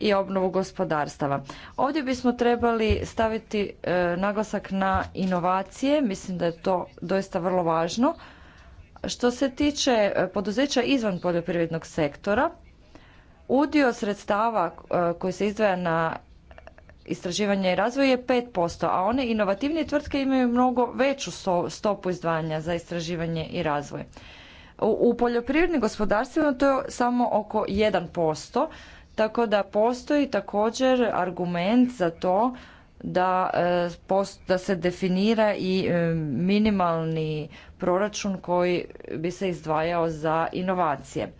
i obnovu gospodarstava. Ovdje bismo trebali staviti naglasak na inovacije, mislim da je to doista vrlo važno što se tiče e, poduzeća izvan poljoprivrednog sektora, udio sredstava e, koji se izdvaja na istraživanje i razvoj je 5%, a one inovativnije tvrtke imaju mnogo veću stopu izdvajanja za istraživanje i razvoj. U poljoprivrednim gospodarstvima to je samo oko 1%, tako da postoji također argument za to da, e, da se definira i minimalni proračun koji bi se izdvajao za inovacije.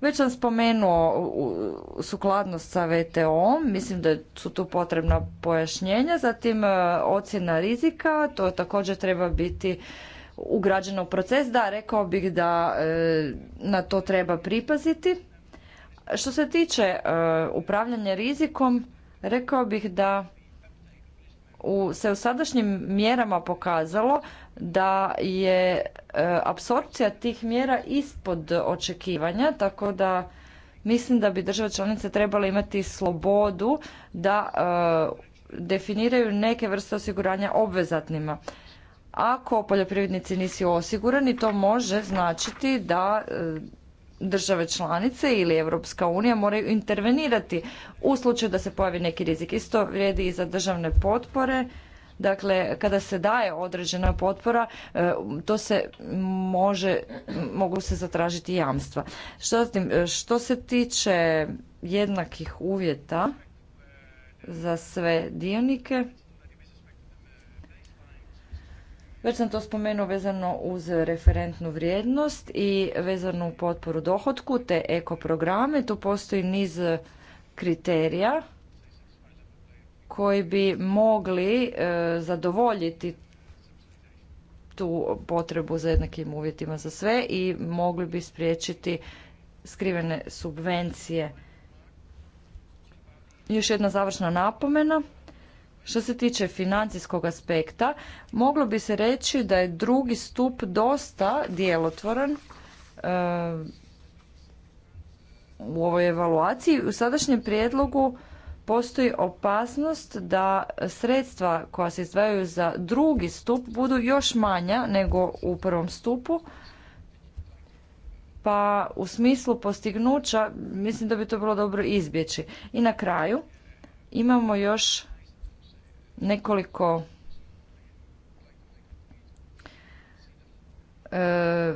Već sam spomenuo sukladnost sa vto mislim da su tu potrebna pojašnjenja, zatim e, ocjena rizika, to također treba biti ugrađeno u proces. Da, rekao bih da e, na to treba pripaziti. Što se tiče e, upravljanja rizikom, rekao bih da se u sadašnjim mjerama pokazalo da je e, apsorpcija tih mjera ispod očekivanja, tako da mislim da bi države članice trebale imati slobodu da e, definiraju neke vrste osiguranja obvezatnima. Ako poljoprivrednici nisu osigurani, to može značiti da e, države članice ili Europska unija moraju intervenirati u slučaju da se pojavi neki rizik. Isto vrijedi i za državne potpore Dakle, kada se daje određena potpora, e, to se može, mogu se zatražiti jamstva. E, što se tiče jednakih uvjeta za sve dionike, već sam to spomenuo vezano uz referentnu vrijednost i vezano u potporu dohotku te eko programe. Tu postoji niz kriterija koji bi mogli e, zadovoljiti tu potrebu za jednakim uvjetima za sve i mogli bi spriječiti skrivene subvencije. Još jedna završna napomena. Što se tiče financijskog aspekta, moglo bi se reći da je drugi stup dosta djelotvoran e, u ovoj evaluaciji. U sadašnjem prijedlogu postoji opasnost da sredstva koja se izdvajaju za drugi stup budu još manja nego u prvom stupu. Pa u smislu postignuća mislim da bi to bilo dobro izbjeći. I na kraju imamo još nekoliko e,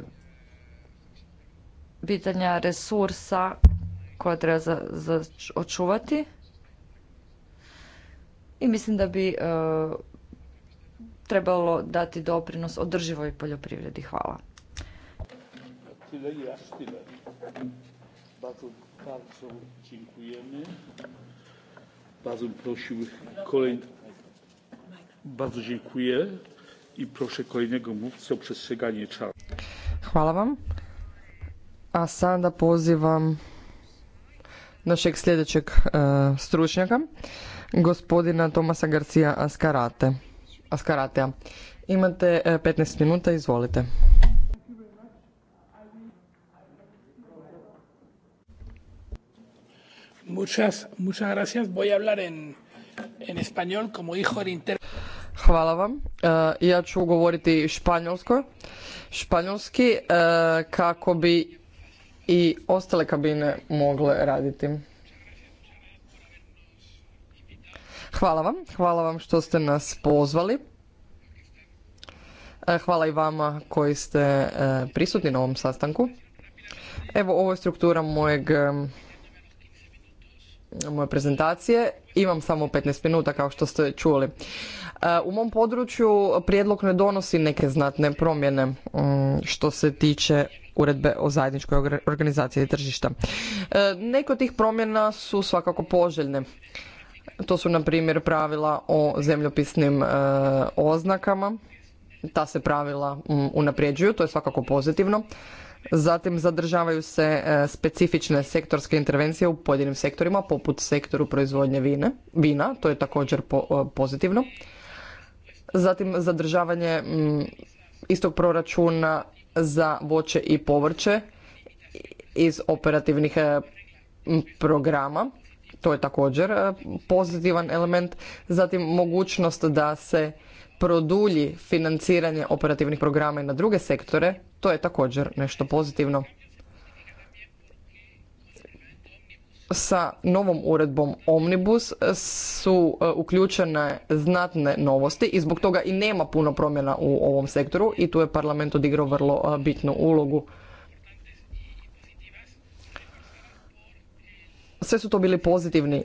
pitanja resursa koja treba za očuvati i mislim da bi e, trebalo dati doprinos održivoj poljoprivredi. Hvala. Bardzo prosił kolej... Bardzo dziękuję i proszę kolejnego mówcę o przestrzeganie czasu. Hvala vam. A sada pozivam našeg sljedećeg uh, stručnjaka gospodina Tomasa Garcia Ascarate. Ascaratea. Imate 15 e, minuta, izvolite. Muchas, muchas gracias. Voy a hablar en, en español como hijo de inter... Hvala vam. E, ja ću govoriti španjolsko. Španjolski e, kako bi i ostale kabine mogle raditi. Hvala vam, hvala vam što ste nas pozvali. E, hvala i vama koji ste e, prisutni na ovom sastanku. Evo, ovo je struktura mojeg e, moje prezentacije. Imam samo 15 minuta kao što ste čuli. U mom području prijedlog ne donosi neke znatne promjene mm, što se tiče uredbe o zajedničkoj organizaciji tržišta. Neko od tih promjena su svakako poželjne. To su, na primjer, pravila o zemljopisnim e, oznakama. Ta se pravila mm, unapređuju, to je svakako pozitivno. Zatim zadržavaju se e, specifične sektorske intervencije u pojedinim sektorima, poput sektoru proizvodnje vine, vina, to je također e, pozitivno. Zatim zadržavanje mm, istog proračuna za voće i povrće iz operativnih programa to je također e, pozitivan element. Zatim mogućnost da se produlji financiranje operativnih programa i na druge sektore, to je također nešto pozitivno. Sa novom uredbom Omnibus su e, uključene znatne novosti i zbog toga i nema puno promjena u ovom sektoru i tu je parlament odigrao vrlo e, bitnu ulogu. Sve su to bili pozitivni e,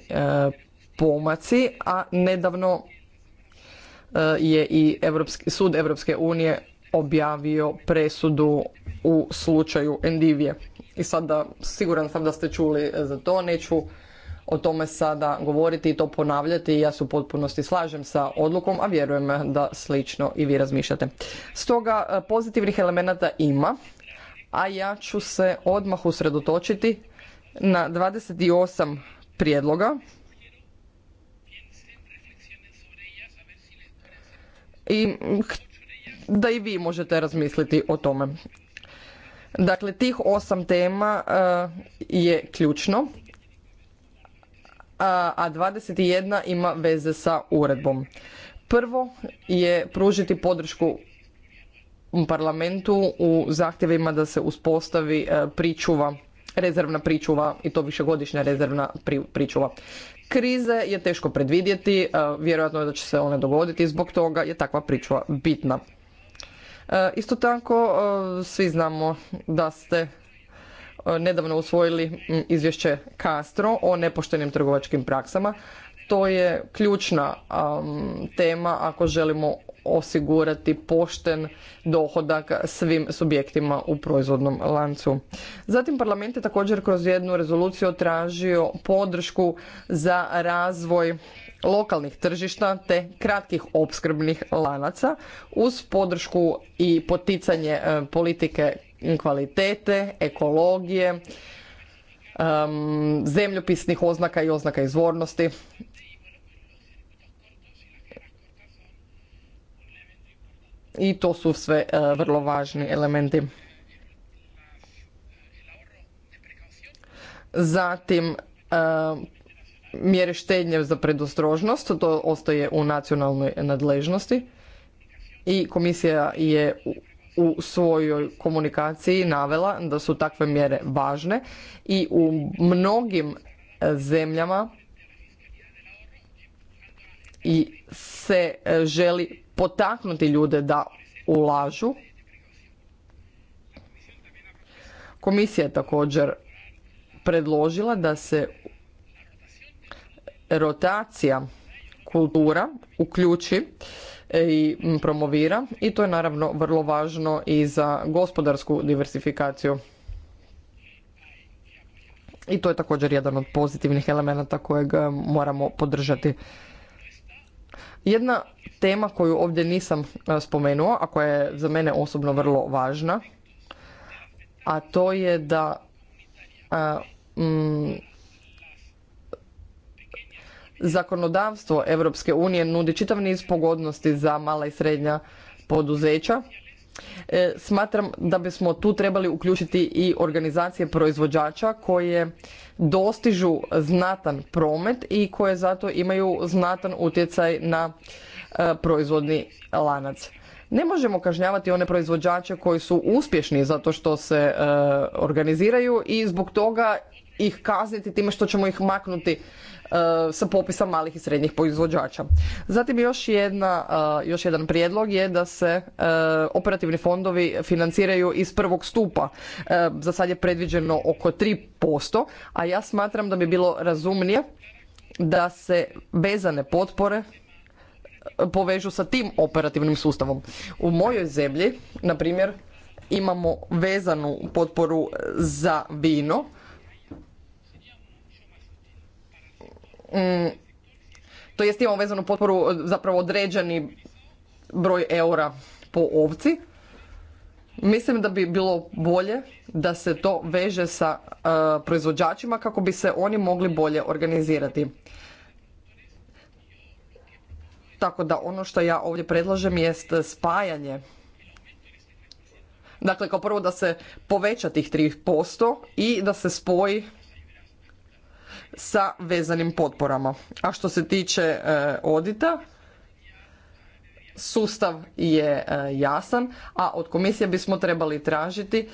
pomaci, a nedavno e, je i sud Europske unije objavio presudu u slučaju Endivije. I sada siguran sam da ste čuli e, za to, neću o tome sada govoriti i to ponavljati. Ja se u potpunosti slažem sa odlukom, a vjerujem da slično i vi razmišljate. Stoga pozitivnih elemenata ima, a ja ću se odmah usredotočiti na 28 prijedloga i da i vi možete razmisliti o tome. Dakle, tih osam tema e, je ključno, a 21 ima veze sa uredbom. Prvo je pružiti podršku parlamentu u zahtjevima da se uspostavi e, pričuva rezervna pričuva i to višegodišnja rezervna pričuva. Krize je teško predvidjeti, e, vjerojatno je da će se one dogoditi i zbog toga je takva pričuva bitna. E, isto tako, e, svi znamo da ste nedavno usvojili izvješće Castro o nepoštenim trgovačkim praksama. To je ključna tema ako želimo osigurati pošten dohodak svim subjektima u proizvodnom lancu. Zatim parlament je također kroz jednu rezoluciju tražio podršku za razvoj lokalnih tržišta te kratkih opskrbnih lanaca uz podršku i poticanje e, politike kvalitete, ekologije, zemljopisnih oznaka i oznaka izvornosti i to su sve e, vrlo važni elementi. Zatim, e, mjere štednje za predostrožnost, to ostaje u nacionalnoj nadležnosti i komisija je u svojoj komunikaciji navela da su takve mjere važne i u mnogim e, zemljama i se želi potaknuti ljude da ulažu. Komisija je također predložila da se rotacija kultura uključi i promovira i to je naravno vrlo važno i za gospodarsku diversifikaciju. I to je također jedan od pozitivnih elemenata kojeg moramo podržati. Jedna tema koju ovdje nisam e, spomenuo, a koja je za mene osobno vrlo važna, a to je da e, mm, zakonodavstvo Europske unije nudi čitav niz pogodnosti za mala i srednja poduzeća. E, smatram da bismo tu trebali uključiti i organizacije proizvođača koje dostižu znatan promet i koje zato imaju znatan utjecaj na e, proizvodni lanac. Ne možemo kažnjavati one proizvođače koji su uspješni zato što se e, organiziraju i zbog toga ih kazniti time što ćemo ih maknuti E, sa popisa malih i srednjih proizvođača. Zatim još, jedna, e, još jedan prijedlog je da se e, operativni fondovi financiraju iz prvog stupa. Za sad je predviđeno oko 3%, a ja smatram da bi bilo razumnije da se vezane potpore povežu sa tim operativnim sustavom. U mojoj zemlji, na primjer, imamo vezanu potporu za vino Mm. to jest imamo vezanu potporu e, zapravo određeni broj eura po ovci. Mislim da bi bilo bolje da se to veže sa e, proizvođačima kako bi se oni mogli bolje organizirati. Tako da ono što ja ovdje predlažem jest spajanje. Dakle, kao prvo da se poveća tih 3% i da se spoji sa vezanim potporama. A što se tiče odita, e, sustav je e, jasan, a od komisije bismo trebali tražiti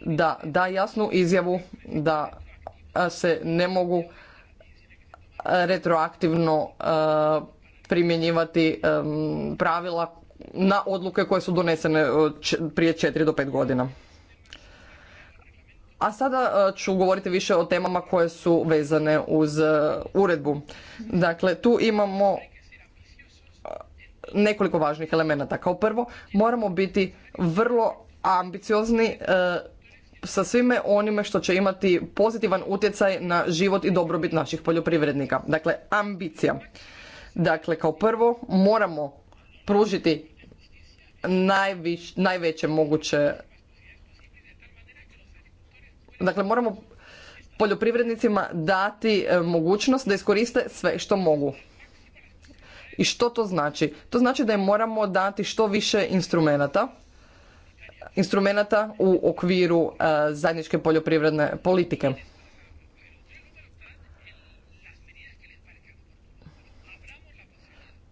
da da jasnu izjavu da se ne mogu e, retroaktivno primjenjivati pravila na odluke koje su donesene prije 4 do 5 godina. A sada e, ću govoriti više o temama koje su vezane uz e, uredbu. Dakle, tu imamo e, nekoliko važnih elemenata. Kao prvo, moramo biti vrlo ambiciozni sa svime onime što će imati pozitivan utjecaj na život i dobrobit naših poljoprivrednika. Dakle, ambicija. Dakle, kao prvo moramo pružiti najveće moguće dakle moramo poljoprivrednicima dati e, mogućnost da iskoriste sve što mogu. I što to znači? To znači da im moramo dati što više instrumenata, instrumenata u okviru e, zajedničke poljoprivredne politike.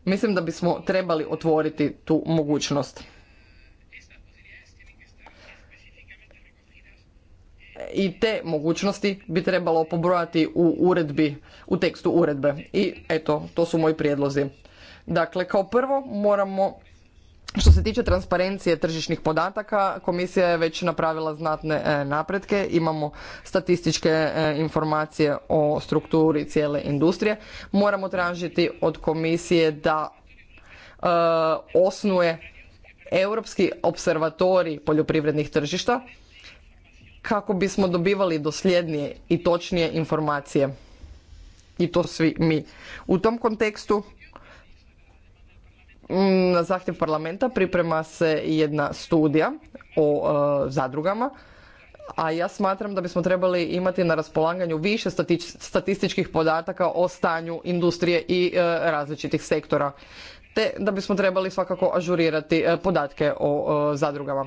Mislim da bismo trebali otvoriti tu mogućnost. i te mogućnosti bi trebalo pobrojati u uredbi, u tekstu uredbe. I eto, to su moji prijedlozi. Dakle, kao prvo moramo što se tiče transparencije tržišnih podataka, komisija je već napravila znatne e, napretke. Imamo statističke e, informacije o strukturi cijele industrije. Moramo tražiti od komisije da e, osnuje Europski observatori poljoprivrednih tržišta kako bismo dobivali dosljednije i točnije informacije. I to svi mi. U tom kontekstu mm, na zahtjev parlamenta priprema se jedna studija o e, zadrugama, a ja smatram da bismo trebali imati na raspolaganju više statističkih podataka o stanju industrije i e, različitih sektora, te da bismo trebali svakako ažurirati e, podatke o zadrugama.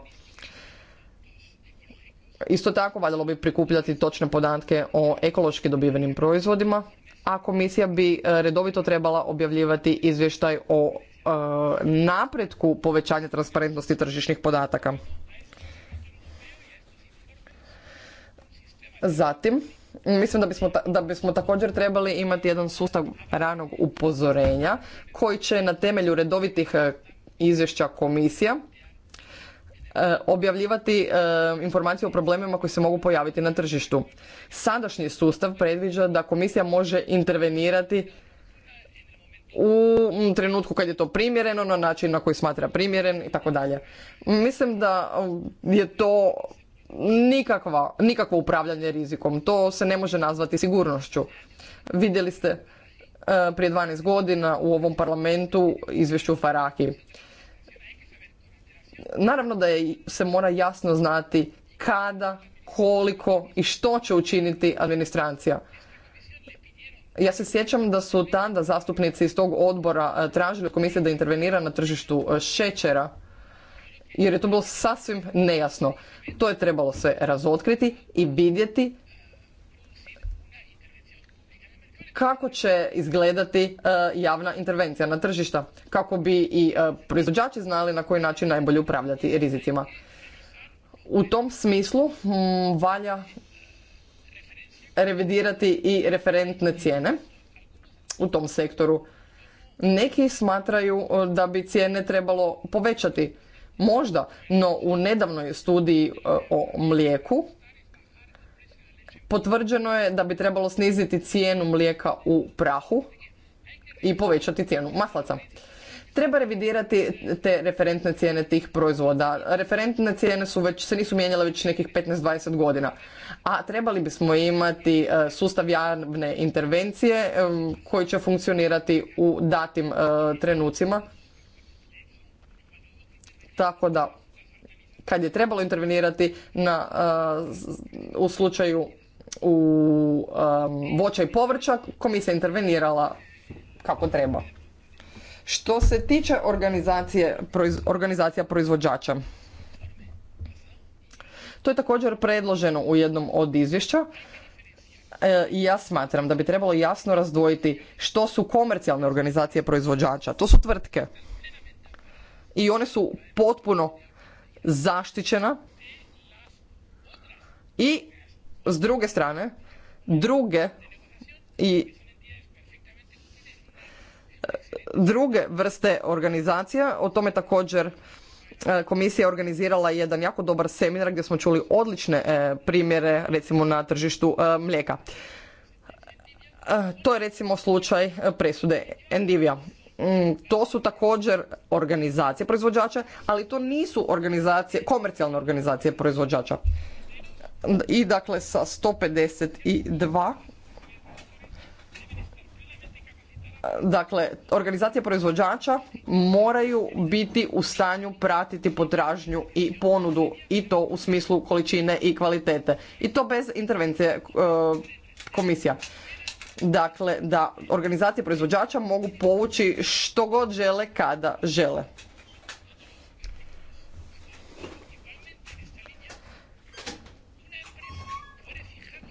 Isto tako valjalo bi prikupljati točne podatke o ekološki dobivenim proizvodima, a komisija bi e, redovito trebala objavljivati izvještaj o e, napretku povećanja transparentnosti tržišnih podataka. Zatim, mislim da bismo, da bismo također trebali imati jedan sustav ranog upozorenja koji će na temelju redovitih e, izvješća komisija E, objavljivati e, informacije o problemima koji se mogu pojaviti na tržištu. Sadašnji sustav predviđa da komisija može intervenirati u trenutku kad je to primjereno, na način na koji smatra primjeren i tako dalje. Mislim da je to nikakva, nikakvo upravljanje rizikom. To se ne može nazvati sigurnošću. Vidjeli ste e, prije 12 godina u ovom parlamentu izvješću Faraki naravno da je, se mora jasno znati kada, koliko i što će učiniti administracija. Ja se sjećam da su tanda zastupnici iz tog odbora e, tražili komisije da intervenira na tržištu e, šećera jer je to bilo sasvim nejasno. To je trebalo se razotkriti i vidjeti kako će izgledati e, javna intervencija na tržišta kako bi i e, proizvođači znali na koji način najbolje upravljati rizicima. U tom smislu valja revidirati i referentne cijene u tom sektoru. Neki smatraju e, da bi cijene trebalo povećati. Možda, no u nedavnoj studiji o mlijeku potvrđeno je da bi trebalo sniziti cijenu mlijeka u prahu i povećati cijenu maslaca. Treba revidirati te referentne cijene tih proizvoda. Referentne cijene su već, se nisu mijenjale već nekih 15-20 godina. A trebali bismo imati e, sustav javne intervencije e, koji će funkcionirati u datim e, trenucima. Tako da kad je trebalo intervenirati u slučaju u voća i povrća, komisija intervenirala kako treba. Što se tiče organizacije, organizacija proizvođača, to je također predloženo u jednom od izvješća e, i ja smatram da bi trebalo jasno razdvojiti što su komercijalne organizacije proizvođača. To su tvrtke i one su potpuno zaštićena i s druge strane, druge i druge vrste organizacija, o tome također e, komisija organizirala jedan jako dobar seminar gdje smo čuli odlične e, primjere recimo na tržištu e, mlijeka. To je recimo slučaj presude Endivija. Mm, to su također organizacije proizvođača, ali to nisu organizacije, komercijalne organizacije proizvođača i dakle sa 152 dakle organizacije proizvođača moraju biti u stanju pratiti potražnju i ponudu i to u smislu količine i kvalitete i to bez intervencije e, komisija. Dakle da organizacije proizvođača mogu povući što god žele kada žele.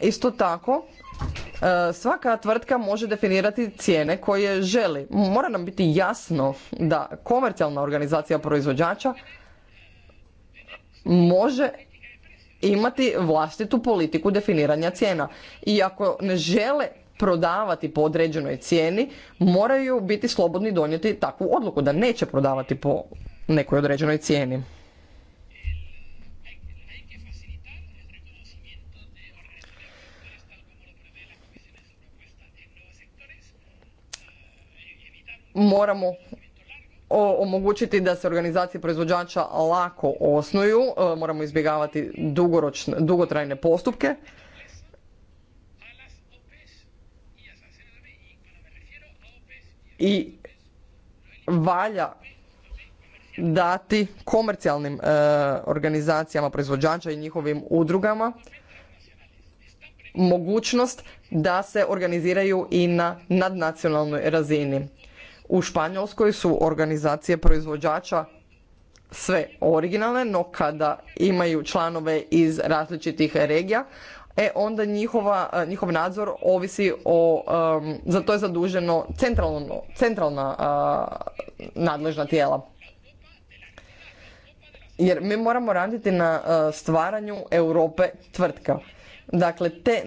Isto tako, e, svaka tvrtka može definirati cijene koje želi. Mora nam biti jasno da komercijalna organizacija proizvođača može imati vlastitu politiku definiranja cijena. I ako ne žele prodavati po određenoj cijeni, moraju biti slobodni donijeti takvu odluku da neće prodavati po nekoj određenoj cijeni. moramo omogućiti da se organizacije proizvođača lako osnuju, e, moramo izbjegavati dugoročne, dugotrajne postupke. I valja dati komercijalnim e, organizacijama proizvođača i njihovim udrugama mogućnost da se organiziraju i na nadnacionalnoj razini u Španjolskoj su organizacije proizvođača sve originalne, no kada imaju članove iz različitih regija, e onda njihova, e, njihov nadzor ovisi o, um, za to je zaduženo centralna nadležna tijela. Jer mi moramo raditi na e, stvaranju Europe tvrtka. Dakle, te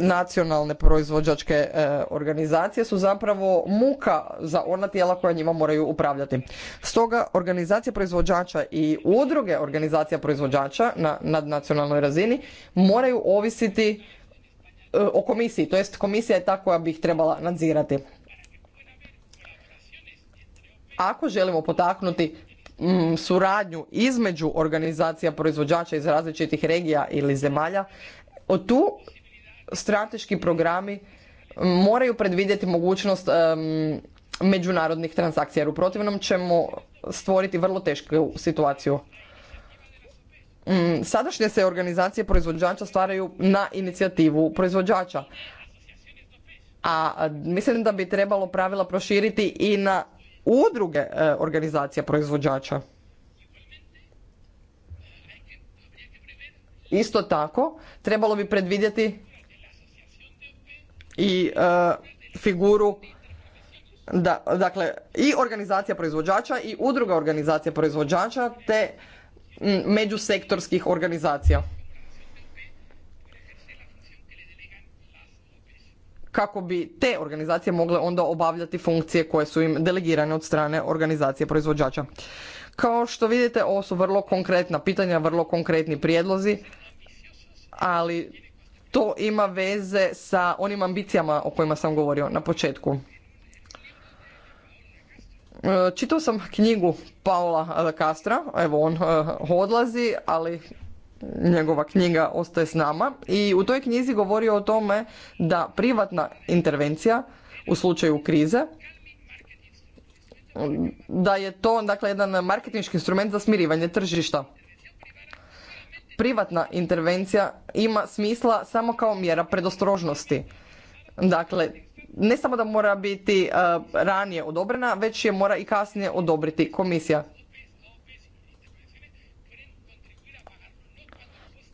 nacionalne proizvođačke e, organizacije su zapravo muka za ona tijela koja njima moraju upravljati. Stoga, organizacija proizvođača i udruge organizacija proizvođača na nadnacionalnoj razini moraju ovisiti e, o komisiji, to jest komisija je ta koja bi ih trebala nadzirati. Ako želimo potaknuti suradnju između organizacija proizvođača iz različitih regija ili zemalja o tu strateški programi moraju predvidjeti mogućnost međunarodnih transakcija jer u protivnom ćemo stvoriti vrlo tešku situaciju. Mm, sadašnje se organizacije proizvođača stvaraju na inicijativu proizvođača, a mislim da bi trebalo pravila proširiti i na udruge e, organizacija proizvođača. Isto tako, trebalo bi predvidjeti i e, figuru da, dakle, i organizacija proizvođača i udruga organizacija proizvođača te međusektorskih organizacija. kako bi te organizacije mogle onda obavljati funkcije koje su im delegirane od strane organizacije proizvođača. Kao što vidite, ovo su vrlo konkretna pitanja, vrlo konkretni prijedlozi ali to ima veze sa onim ambicijama o kojima sam govorio na početku. E, čitao sam knjigu Paula Castra, evo on e, odlazi, ali njegova knjiga ostaje s nama i u toj knjizi govorio o tome da privatna intervencija u slučaju krize da je to dakle jedan marketinški instrument za smirivanje tržišta privatna intervencija ima smisla samo kao mjera predostrožnosti. Dakle, ne samo da mora biti e, ranije odobrena, već je mora i kasnije odobriti komisija.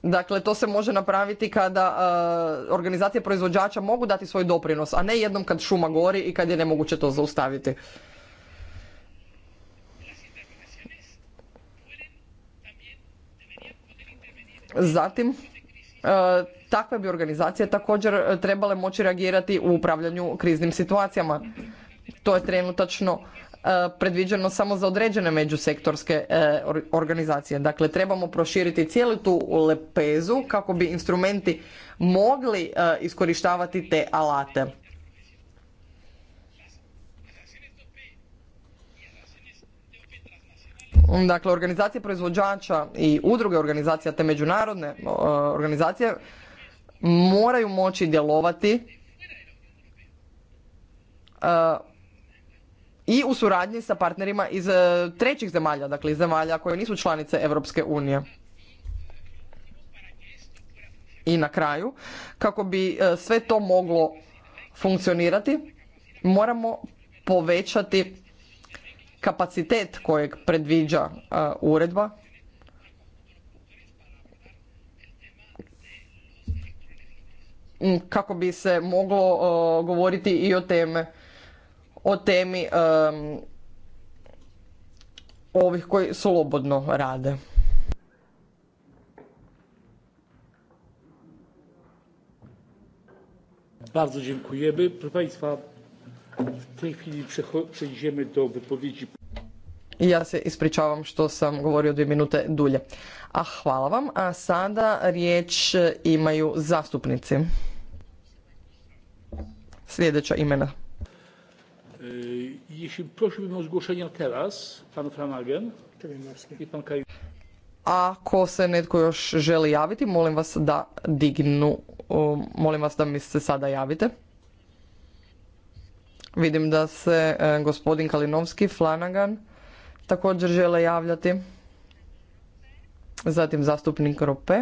Dakle, to se može napraviti kada e, organizacije proizvođača mogu dati svoj doprinos, a ne jednom kad šuma gori i kad je nemoguće to zaustaviti. Zatim, e, takve bi organizacije također e, trebale moći reagirati u upravljanju kriznim situacijama. To je trenutačno e, predviđeno samo za određene međusektorske organizacije. Dakle, trebamo proširiti cijelu tu lepezu kako bi instrumenti mogli iskorištavati te alate. Dakle, organizacije proizvođača i udruge organizacija te međunarodne e, organizacije moraju moći djelovati e, i u suradnji sa partnerima iz e, trećih zemalja, dakle iz zemalja koje nisu članice Europske unije. I na kraju, kako bi sve to moglo funkcionirati, moramo povećati kapacitet kojeg predviđa e, uredba mm, kako bi se moglo e, govoriti i o teme o temi e, ovih koji slobodno rade. Bardzo dziękujemy. Proszę Państwa, W tej do wypowiedzi. Ja se ispričavam što sam govorio dvije minute dulje. A hvala vam. A sada riječ imaju zastupnici. Sljedeća imena. E, jeśli proszę o teraz, pan i pan Kaj... Ako se netko još želi javiti, molim vas da dignu, molim vas da mi se sada javite. Vidim da se e, gospodin Kalinovski, Flanagan također žele javljati. Zatim zastupnik Rope.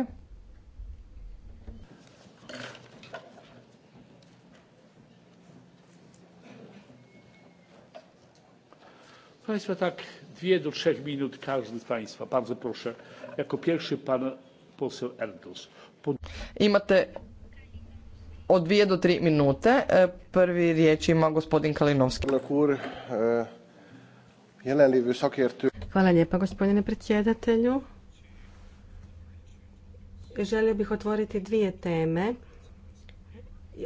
Państwa tak dwie do trzech minut każdy z Państwa. Bardzo proszę. Jako pierwszy pan poseł Erdos. Imate od dvije do tri minute. E, prvi riječ ima gospodin Kalinovski. E, Hvala lijepa gospodine predsjedatelju. Želio bih otvoriti dvije teme,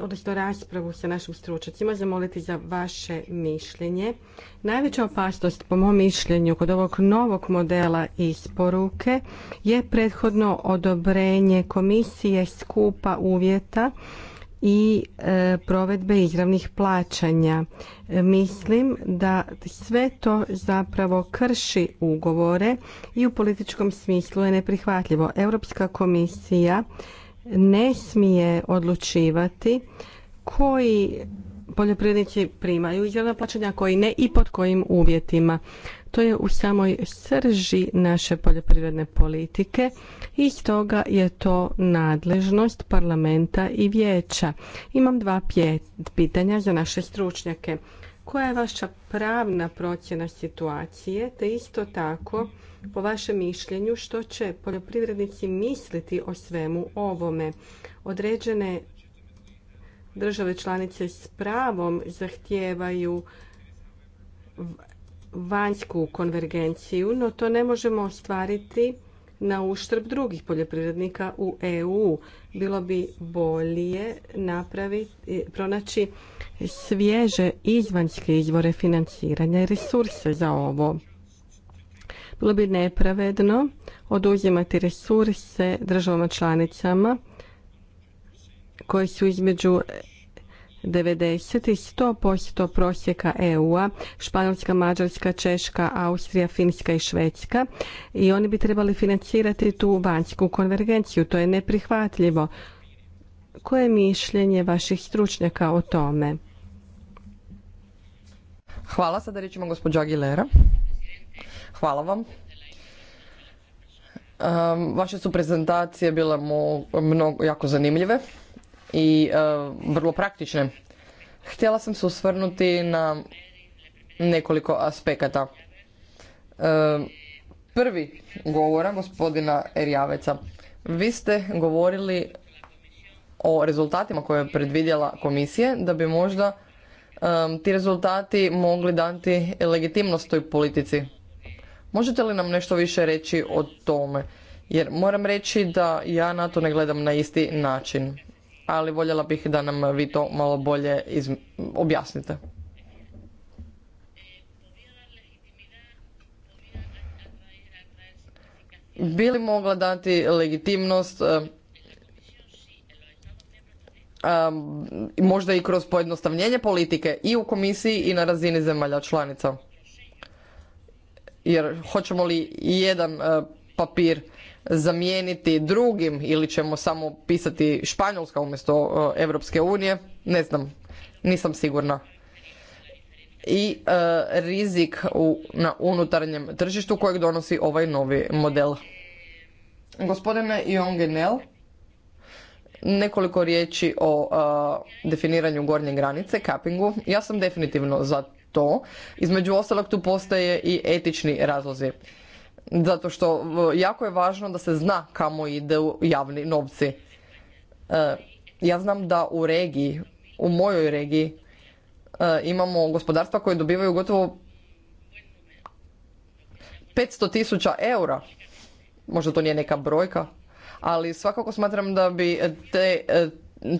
odnosno raspravu sa našim stručnjacima, zamoliti za vaše mišljenje. Najveća opasnost, po mom mišljenju, kod ovog novog modela isporuke je prethodno odobrenje komisije skupa uvjeta i e, provedbe izravnih plaćanja. E, mislim da sve to zapravo krši ugovore i u političkom smislu je neprihvatljivo. Europska komisija ne smije odlučivati koji poljoprivrednici primaju izravna plaćanja, koji ne i pod kojim uvjetima. To je u samoj srži naše poljoprivredne politike i stoga je to nadležnost parlamenta i vijeća. Imam dva pitanja za naše stručnjake. Koja je vaša pravna procjena situacije, te isto tako, po vašem mišljenju, što će poljoprivrednici misliti o svemu ovome? Određene države članice s pravom zahtijevaju vanjsku konvergenciju, no to ne možemo ostvariti na uštrb drugih poljoprivrednika u EU. Bilo bi bolje napraviti, pronaći svježe izvanjske izvore financiranja i resurse za ovo. Bilo bi nepravedno oduzimati resurse državama članicama koje su između 90 i 100% prosjeka EU-a, Španjolska, Mađarska, Češka, Austrija, Finska i Švedska i oni bi trebali financirati tu vanjsku konvergenciju. To je neprihvatljivo. Koje je mišljenje vaših stručnjaka o tome? Hvala, sada rećemo gospođa Aguilera. Hvala vam. Ehm, vaše su prezentacije bile mnogo, jako zanimljive i e, vrlo praktične. Htjela sam se usvrnuti na nekoliko aspekata. E, prvi govora gospodina Erjaveca. Vi ste govorili o rezultatima koje je predvidjela komisije da bi možda e, ti rezultati mogli dati legitimnost toj politici. Možete li nam nešto više reći o tome? Jer moram reći da ja na to ne gledam na isti način ali voljela bih da nam vi to malo bolje objasnite. Bi li mogla dati legitimnost e, možda i kroz pojednostavljenje politike i u komisiji i na razini zemalja članica. Jer hoćemo li jedan e, papir zamijeniti drugim ili ćemo samo pisati Španjolska umjesto Europske unije, ne znam, nisam sigurna. I e, rizik na unutarnjem tržištu kojeg donosi ovaj novi model. Gospodine Jongenel, nekoliko riječi o e, definiranju gornje granice, kapingu. Ja sam definitivno za to. Između ostalog tu postoje i etični razlozi zato što e, jako je važno da se zna kamo ide javni novci. E, ja znam da u regiji, u mojoj regiji, e, imamo gospodarstva koje dobivaju gotovo 500 tisuća eura. Možda to nije neka brojka, ali svakako smatram da bi te,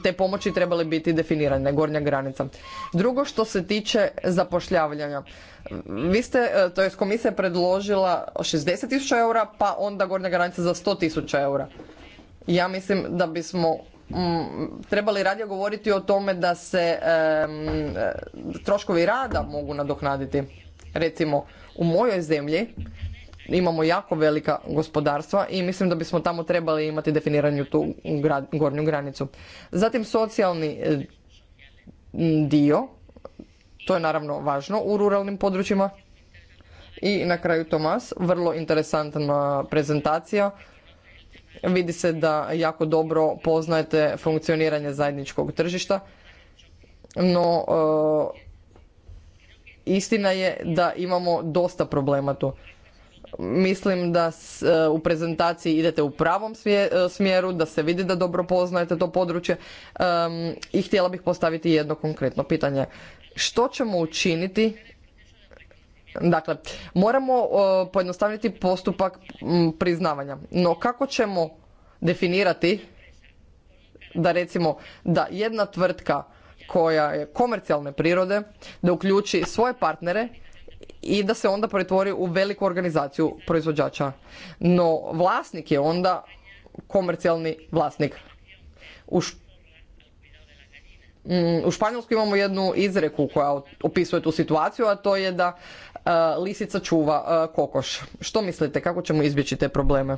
te pomoći trebale biti definirane, gornja granica. Drugo što se tiče zapošljavljanja. Vi ste, e, to je komisija predložila 60 tisuća eura, pa onda gornja granica za 100 tisuća eura. Ja mislim da bismo mm, trebali radije govoriti o tome da se troškovi rada mogu nadoknaditi. Recimo, u mojoj zemlji imamo jako velika gospodarstva i mislim da bismo tamo trebali imati definiranju tu gornju granicu. Zatim socijalni e, dio, to je naravno važno u ruralnim područjima. I na kraju Tomas, vrlo interesantna prezentacija. Vidi se da jako dobro poznajete funkcioniranje zajedničkog tržišta, no e, istina je da imamo dosta problema tu mislim da e, u prezentaciji idete u pravom e, smjeru, da se vidi da dobro poznajete to područje i htjela bih postaviti jedno konkretno pitanje. Što ćemo učiniti Dakle, moramo e, pojednostaviti postupak priznavanja. No kako ćemo definirati da recimo da jedna tvrtka koja je komercijalne prirode da uključi svoje partnere i da se onda pretvori u veliku organizaciju proizvođača. No vlasnik je onda komercijalni vlasnik. U, š... Mm, u Španjolsku imamo jednu izreku koja opisuje tu situaciju, a to je da e, lisica čuva e, kokoš. Što mislite, kako ćemo izbjeći te probleme?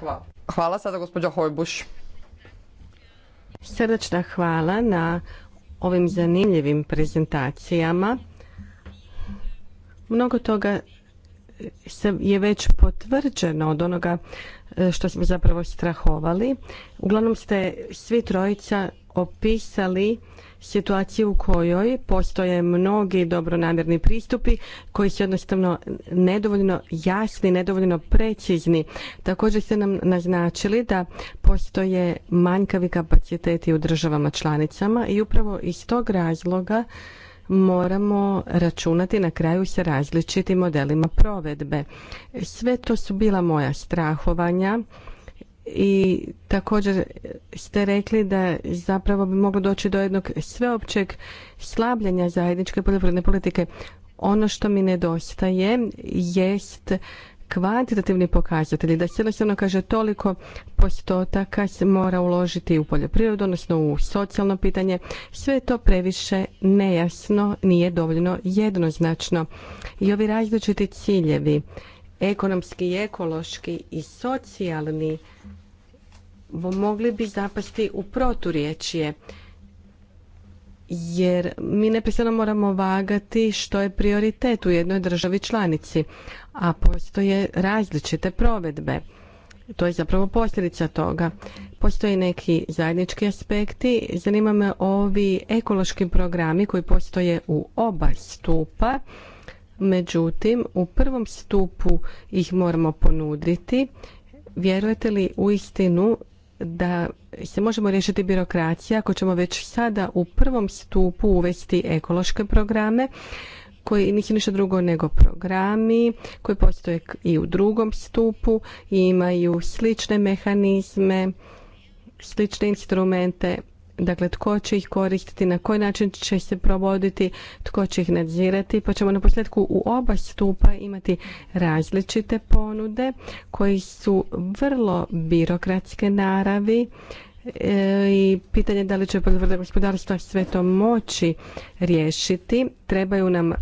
Hvala. Hvala sada gospođa Hojbuš. Srdečna hvala na ovim zanimljivim prezentacijama. Mnogo toga je već potvrđeno od onoga e, što smo zapravo strahovali. Uglavnom ste svi trojica opisali situaciju u kojoj postoje mnogi dobronamjerni pristupi koji su jednostavno nedovoljno jasni, nedovoljno precizni. Također ste nam naznačili da postoje manjkavi kapaciteti u državama članicama i upravo iz tog razloga moramo računati na kraju sa različitim modelima provedbe. Sve to su bila moja strahovanja i također ste rekli da zapravo bi moglo doći do jednog sveopćeg slabljenja zajedničke poljoprivredne politike. Ono što mi nedostaje jest kvantitativni pokazatelji, da se jednostavno kaže toliko postotaka se mora uložiti u poljoprivredu, odnosno u socijalno pitanje, sve je to previše nejasno, nije dovoljno jednoznačno. I ovi različiti ciljevi, ekonomski ekološki i socijalni, mogli bi zapasti u proturječje jer mi neprestano moramo vagati što je prioritet u jednoj državi članici, a postoje različite provedbe. To je zapravo posljedica toga. Postoje neki zajednički aspekti. Zanima me ovi ekološki programi koji postoje u oba stupa. Međutim, u prvom stupu ih moramo ponuditi. Vjerujete li u istinu da se možemo riješiti birokracija ako ćemo već sada u prvom stupu uvesti ekološke programe koji nisu ništa drugo nego programi koji postoje i u drugom stupu i imaju slične mehanizme, slične instrumente Dakle, tko će ih koristiti, na koji način će se provoditi, tko će ih nadzirati, pa ćemo na posljedku u oba stupa imati različite ponude koji su vrlo birokratske naravi e, i pitanje da li će poljoprivredna gospodarstva sve to moći riješiti. Trebaju nam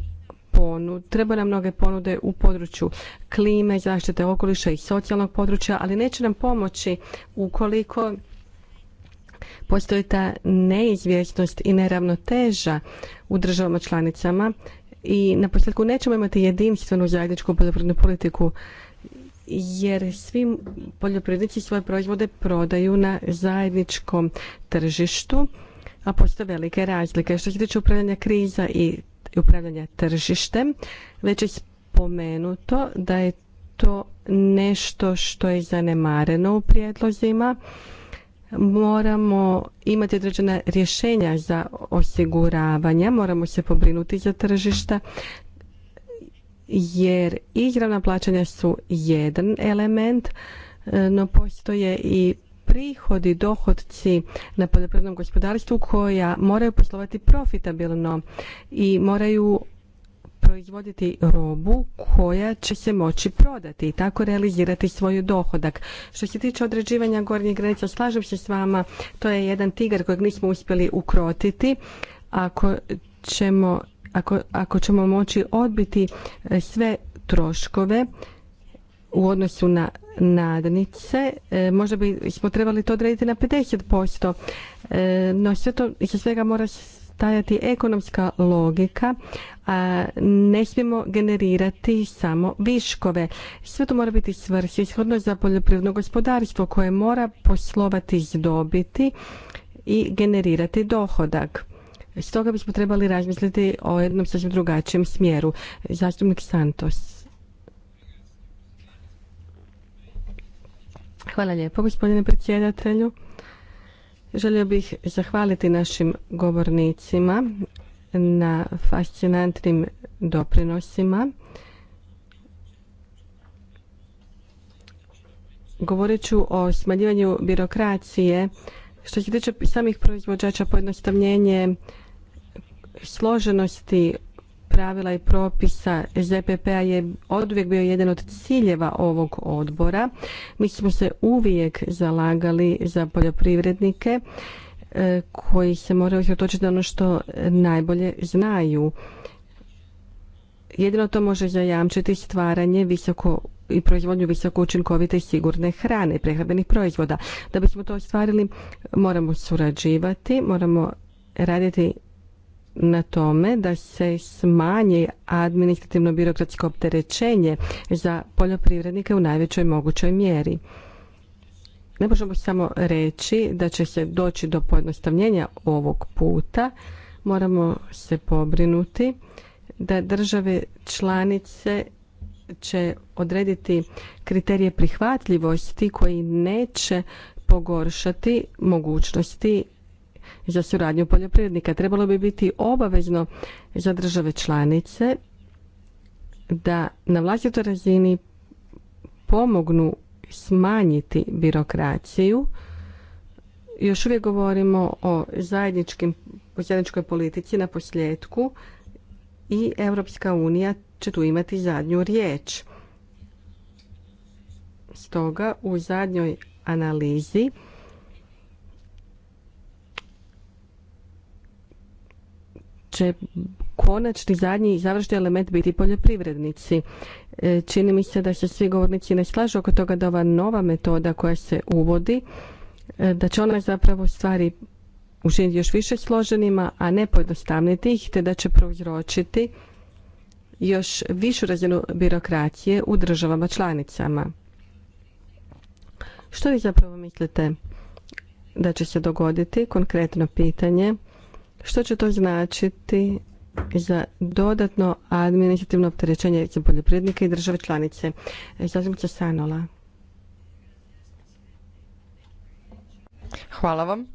treba nam mnoge ponude u području klime, zaštite okoliša i socijalnog područja, ali neće nam pomoći ukoliko postoji ta neizvjesnost i neravnoteža u državama članicama i na posljedku nećemo imati jedinstvenu zajedničku poljoprivrednu politiku jer svi poljoprivrednici svoje proizvode prodaju na zajedničkom tržištu, a postoje velike razlike. Što se tiče upravljanja kriza i upravljanja tržištem, već je spomenuto da je to nešto što je zanemareno u prijedlozima moramo imati određena rješenja za osiguravanja, moramo se pobrinuti za tržišta jer izravna plaćanja su jedan element, no postoje i prihodi, dohodci na poljoprivrednom gospodarstvu koja moraju poslovati profitabilno i moraju proizvoditi robu koja će se moći prodati i tako realizirati svoj dohodak. Što se tiče određivanja gornjih granica, slažem se s vama, to je jedan tigar kojeg nismo uspjeli ukrotiti. Ako ćemo, ako, ako ćemo moći odbiti e, sve troškove u odnosu na nadnice, e, možda bi smo trebali to odrediti na 50%, e, no sve to, svega mora stajati ekonomska logika, a ne smijemo generirati samo viškove. Sve to mora biti ishodno za poljoprivredno gospodarstvo koje mora poslovati s dobiti i generirati dohodak. Stoga bismo trebali razmisliti o jednom sasvim drugačijem smjeru. Zastupnik Santos. Hvala lijepo gospodine predsjedatelju. Želio bih zahvaliti našim govornicima na fascinantnim doprinosima. Govorit ću o smanjivanju birokracije. Što se tiče samih proizvođača, pojednostavljenje složenosti pravila i propisa zpp p-a je oduvijek bio jedan od ciljeva ovog odbora. Mi smo se uvijek zalagali za poljoprivrednike e, koji se moraju osvjetočiti na ono što najbolje znaju. Jedino to može zajamčiti stvaranje visoko i proizvodnju visoko učinkovite i sigurne hrane i prehrambenih proizvoda. Da bismo to ostvarili moramo surađivati, moramo raditi na tome da se smanji administrativno birokratsko opterećenje za poljoprivrednike u najvećoj mogućoj mjeri. Ne možemo samo reći da će se doći do pojednostavljenja ovog puta, moramo se pobrinuti da države članice će odrediti kriterije prihvatljivosti koji neće pogoršati mogućnosti za suradnju poljoprivrednika. Trebalo bi biti obavezno za države članice da na vlastitoj razini pomognu smanjiti birokraciju. Još uvijek govorimo o zajedničkim, zajedničkoj politici na posljedku i Europska unija će tu imati zadnju riječ. Stoga u zadnjoj analizi će konačni zadnji i završni element biti poljoprivrednici. E, čini mi se da se svi govornici ne slažu oko toga da ova nova metoda koja se uvodi, e, da će ona zapravo stvari učiniti još više složenima, a ne pojednostavniti ih, te da će prouzročiti još višu razinu birokracije u državama članicama. Što vi zapravo mislite da će se dogoditi? Konkretno pitanje. Što će to značiti za dodatno administrativno opterećenje za i države članice? E, Sanola. Hvala vam.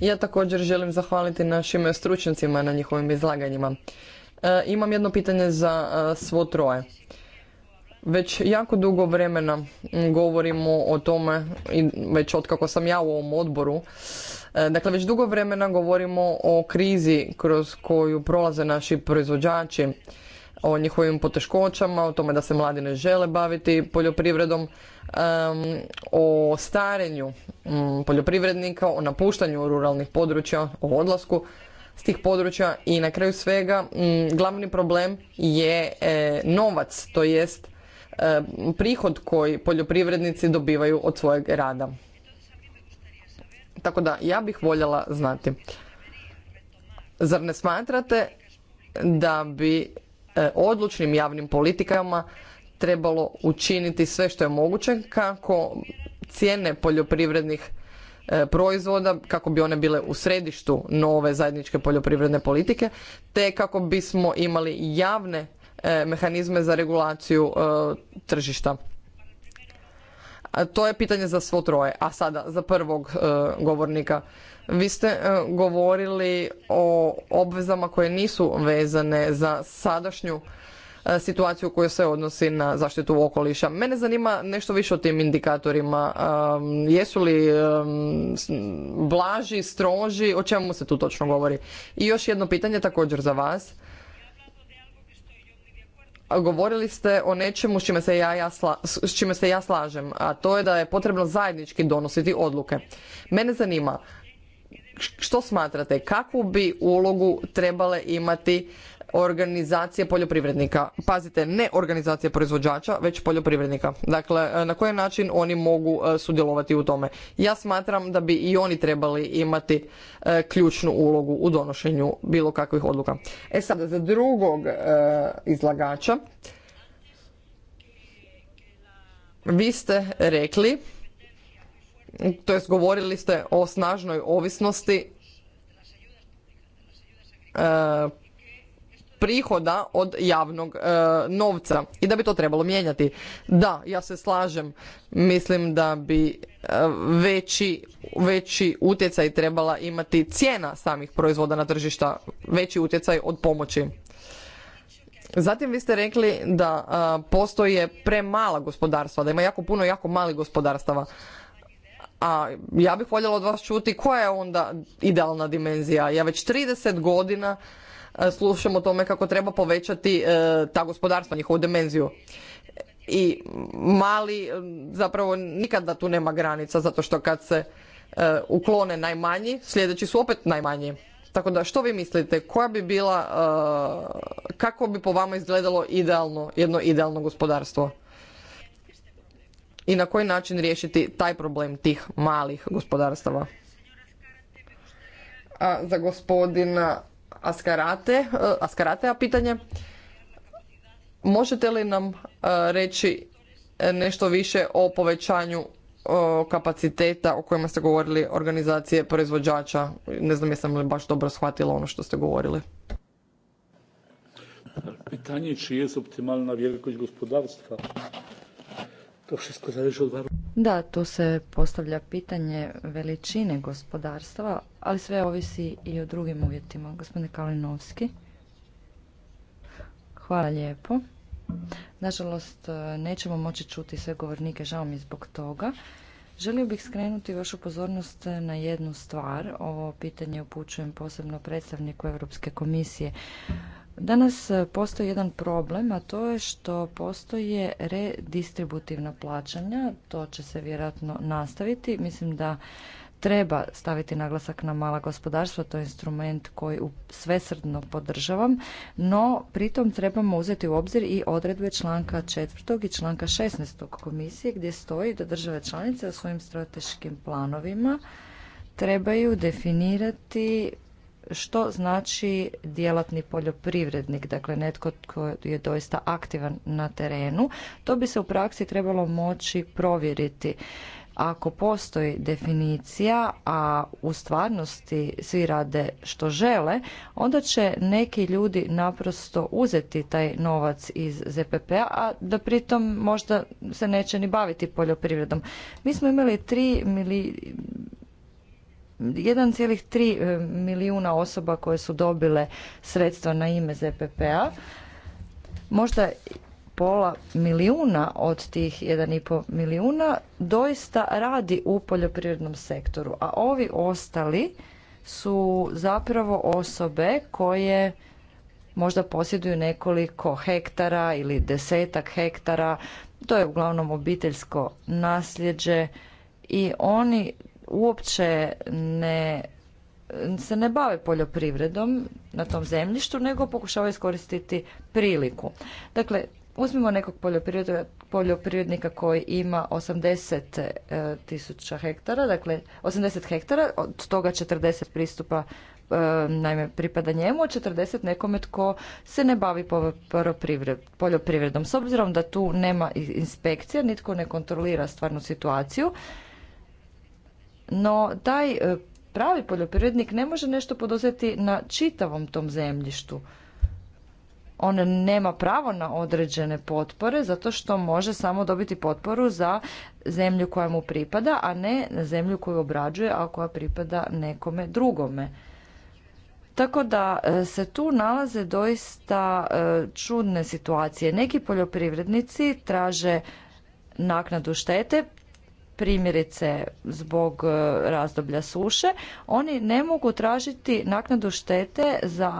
Ja također želim zahvaliti našim stručnicima na njihovim izlaganjima. E, imam jedno pitanje za e, svo troje. Već jako dugo vremena govorimo o tome, i već otkako sam ja u ovom odboru, E, dakle, već dugo vremena govorimo o krizi kroz koju prolaze naši proizvođači, o njihovim poteškoćama, o tome da se mladi ne žele baviti poljoprivredom, o starenju mm, poljoprivrednika, o napuštanju ruralnih područja, o odlasku s tih područja i na kraju svega mm, glavni problem je e, novac, to jest e, prihod koji poljoprivrednici dobivaju od svojeg rada. Tako da ja bih voljela znati. Zar ne smatrate da bi e, odlučnim javnim politikama trebalo učiniti sve što je moguće kako cijene poljoprivrednih e, proizvoda kako bi one bile u središtu nove zajedničke poljoprivredne politike te kako bismo imali javne e, mehanizme za regulaciju tržišta to je pitanje za svo troje. A sada, za prvog e, govornika. Vi ste e, govorili o obvezama koje nisu vezane za sadašnju e, situaciju koja se odnosi na zaštitu okoliša. Mene zanima nešto više o tim indikatorima. Jesu li blaži, stroži, o čemu se tu točno govori? I još jedno pitanje također za vas govorili ste o nečemu s čime se ja, ja s čime se ja slažem, a to je da je potrebno zajednički donositi odluke. Mene zanima što smatrate kakvu bi ulogu trebale imati organizacije poljoprivrednika. Pazite, ne organizacije proizvođača, već poljoprivrednika. Dakle, e, na koji način oni mogu e, sudjelovati u tome. Ja smatram da bi i oni trebali imati e, ključnu ulogu u donošenju bilo kakvih odluka. E sada, za drugog izlagača, vi ste rekli, to jest govorili ste o snažnoj ovisnosti prihoda od javnog e, novca i da bi to trebalo mijenjati. Da, ja se slažem, mislim da bi e, veći, veći utjecaj trebala imati cijena samih proizvoda na tržišta, veći utjecaj od pomoći. Zatim vi ste rekli da a, e, postoje premala gospodarstva, da ima jako puno jako malih gospodarstava. A ja bih voljela od vas čuti koja je onda idealna dimenzija. Ja već 30 godina E, slušamo o tome kako treba povećati e, ta gospodarstva, njihovu dimenziju. I mali e, zapravo nikada tu nema granica zato što kad se uklone najmanji, sljedeći su opet najmanji. Tako da što vi mislite, koja bi bila, kako bi po vama izgledalo idealno, jedno idealno gospodarstvo? I na koji način riješiti taj problem tih malih gospodarstava? A za gospodina Askarate, e, Askarate a pitanje možete li nam e, reći nešto više o povećanju e, kapaciteta o kojima ste govorili organizacije proizvođača. Ne znam jesam li baš dobro shvatila ono što ste govorili. Pitanje je optimalna gospodarstva. To od Da, tu se postavlja pitanje veličine gospodarstva, ali sve ovisi i o drugim uvjetima. Gospodine Kalinovski. Hvala lijepo. Nažalost, nećemo moći čuti sve govornike, žao mi zbog toga. Želio bih skrenuti vašu pozornost na jednu stvar. Ovo pitanje upućujem posebno predstavniku Europske komisije. Danas e, postoji jedan problem, a to je što postoje redistributivna plaćanja. To će se vjerojatno nastaviti. Mislim da treba staviti naglasak na mala gospodarstva, to je instrument koji svesrdno podržavam, no pritom trebamo uzeti u obzir i odredbe članka 4. i članka 16. komisije gdje stoji da države članice u svojim strateškim planovima trebaju definirati što znači djelatni poljoprivrednik, dakle netko tko je doista aktivan na terenu. To bi se u praksi trebalo moći provjeriti. Ako postoji definicija, a u stvarnosti svi rade što žele, onda će neki ljudi naprosto uzeti taj novac iz ZPP-a, a da pritom možda se neće ni baviti poljoprivredom. Mi smo imali 3 1,3 e, milijuna osoba koje su dobile sredstva na ime ZPP-a, Možda pola milijuna od tih 1,5 milijuna doista radi u poljoprivrednom sektoru, a ovi ostali su zapravo osobe koje možda posjeduju nekoliko hektara ili desetak hektara. To je uglavnom obiteljsko nasljeđe i oni uopće ne se ne bave poljoprivredom na tom zemljištu, nego pokušava iskoristiti priliku. Dakle, uzmimo nekog poljoprivrednika koji ima 80 e, hektara, dakle 80 hektara, od toga 40 pristupa e, naime pripada njemu, a 40 nekome tko se ne bavi poljoprivredom. S obzirom da tu nema inspekcija, nitko ne kontrolira stvarnu situaciju, no, taj e, pravi poljoprivrednik ne može nešto poduzeti na čitavom tom zemljištu. On nema pravo na određene potpore zato što može samo dobiti potporu za zemlju koja mu pripada, a ne zemlju koju obrađuje, a koja pripada nekome drugome. Tako da e, se tu nalaze doista e, čudne situacije. Neki poljoprivrednici traže naknadu štete primjerice zbog e, razdoblja suše, oni ne mogu tražiti naknadu štete za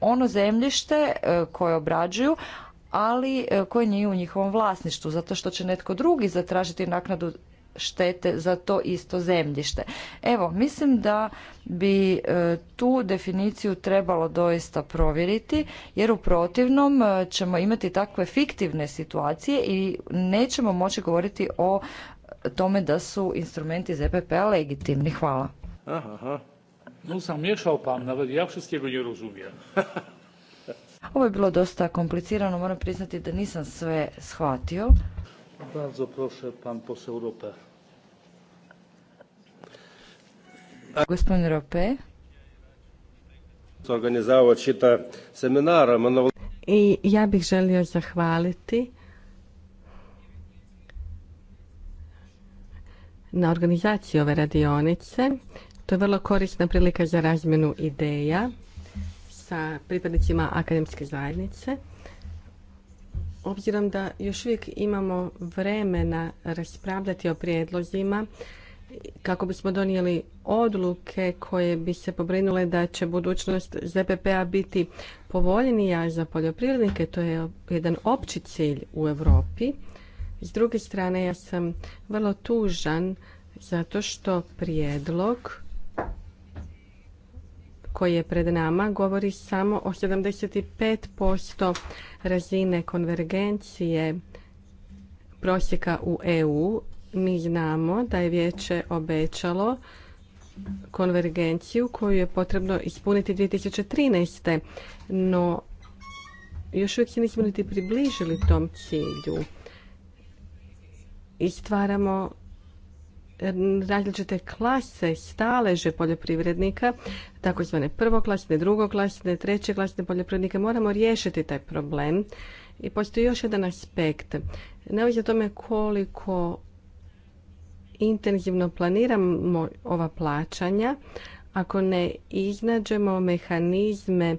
ono zemljište e, koje obrađuju, ali e, koje nije u njihovom vlasništvu, zato što će netko drugi zatražiti naknadu štete za to isto zemljište. Evo, mislim da bi tu definiciju trebalo doista provjeriti, jer u protivnom ćemo imati takve fiktivne situacije i nećemo moći govoriti o tome da su instrumenti ZPP-a e legitimni. Hvala. Aha, aha. No miješao navad, ja wszystkiego nie rozumiem. Ovo je bilo dosta komplicirano, moram priznati da nisam sve shvatio. Bardzo proszę, pan poseł Rope. Gospodin Rope. Organizavao čita seminara. I ja bih želio zahvaliti na organizaciji ove radionice. To je vrlo korisna prilika za razmjenu ideja sa pripadnicima akademske zajednice. Obzirom da još uvijek imamo vremena raspravljati o prijedlozima kako bismo donijeli odluke koje bi se pobrinule da će budućnost ZPP-a biti povoljnija za poljoprivrednike, to je jedan opći cilj u Europi. S druge strane, ja sam vrlo tužan zato što prijedlog koji je pred nama govori samo o 75% razine konvergencije prosjeka u EU. Mi znamo da je vijeće obećalo konvergenciju koju je potrebno ispuniti 2013. No, još uvijek se nismo niti približili tom cilju i stvaramo eh, različite klase, staleže poljoprivrednika, takozvane prvoklasne, drugoklasne, trećeklasne poljoprivrednike. Moramo riješiti taj problem. I postoji još jedan aspekt. Neovisno tome koliko intenzivno planiramo ova plaćanja, ako ne iznađemo mehanizme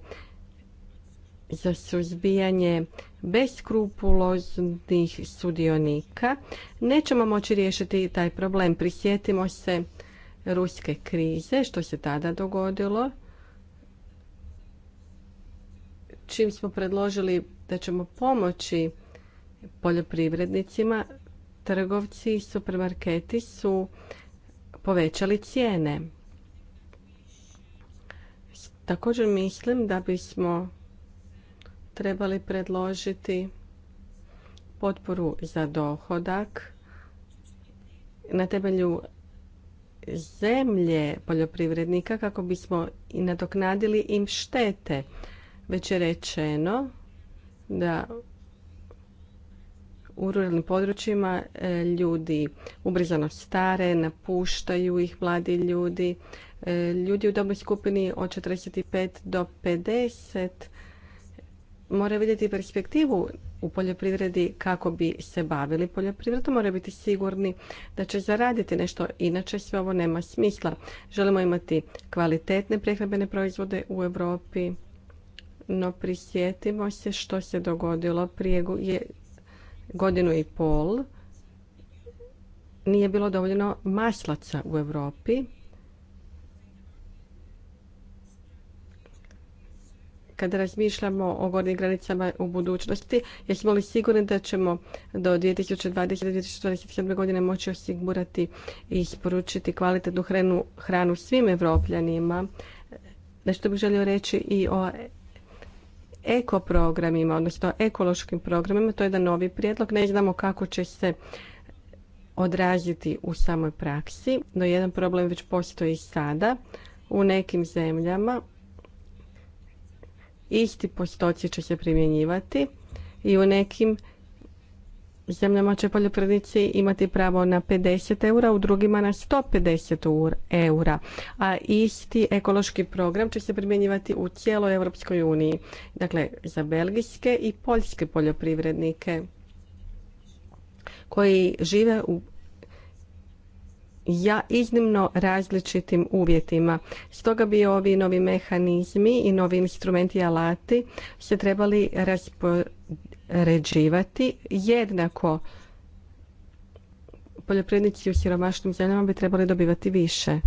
za suzbijanje beskrupuloznih sudionika nećemo moći riješiti taj problem. Prisjetimo se ruske krize, što se tada dogodilo. Čim smo predložili da ćemo pomoći poljoprivrednicima, trgovci i supermarketi su povećali cijene. Također mislim da bismo trebali predložiti potporu za dohodak na temelju zemlje poljoprivrednika kako bismo i nadoknadili im štete. Već je rečeno da u ruralnim područjima e, ljudi ubrzano stare, napuštaju ih mladi ljudi, e, ljudi u dobnoj skupini od 45 do 50 moraju vidjeti perspektivu u poljoprivredi kako bi se bavili poljoprivredom, moraju biti sigurni da će zaraditi nešto, inače sve ovo nema smisla. Želimo imati kvalitetne prehrambene proizvode u Europi, no prisjetimo se što se dogodilo prije godinu i pol. Nije bilo dovoljno maslaca u Europi Kada razmišljamo o gornjim granicama u budućnosti, jesmo li sigurni da ćemo do 2020-2027. godine moći osigurati i isporučiti kvalitetnu hranu, hranu svim evropljanima? Nešto bih želio reći i o ekoprogramima, odnosno ekološkim programima. To je jedan novi prijedlog. Ne znamo kako će se odraziti u samoj praksi, no jedan problem već postoji sada u nekim zemljama isti postoci će se primjenjivati i u nekim zemljama će poljoprivrednici imati pravo na 50 eura, u drugima na 150 eura, a isti ekološki program će se primjenjivati u cijeloj Europskoj uniji, dakle za belgijske i poljske poljoprivrednike koji žive u ja iznimno različitim uvjetima. Stoga bi ovi novi mehanizmi i novi instrumenti i alati se trebali raspoređivati jednako. Poljoprivrednici u siromašnim zemljama bi trebali dobivati više.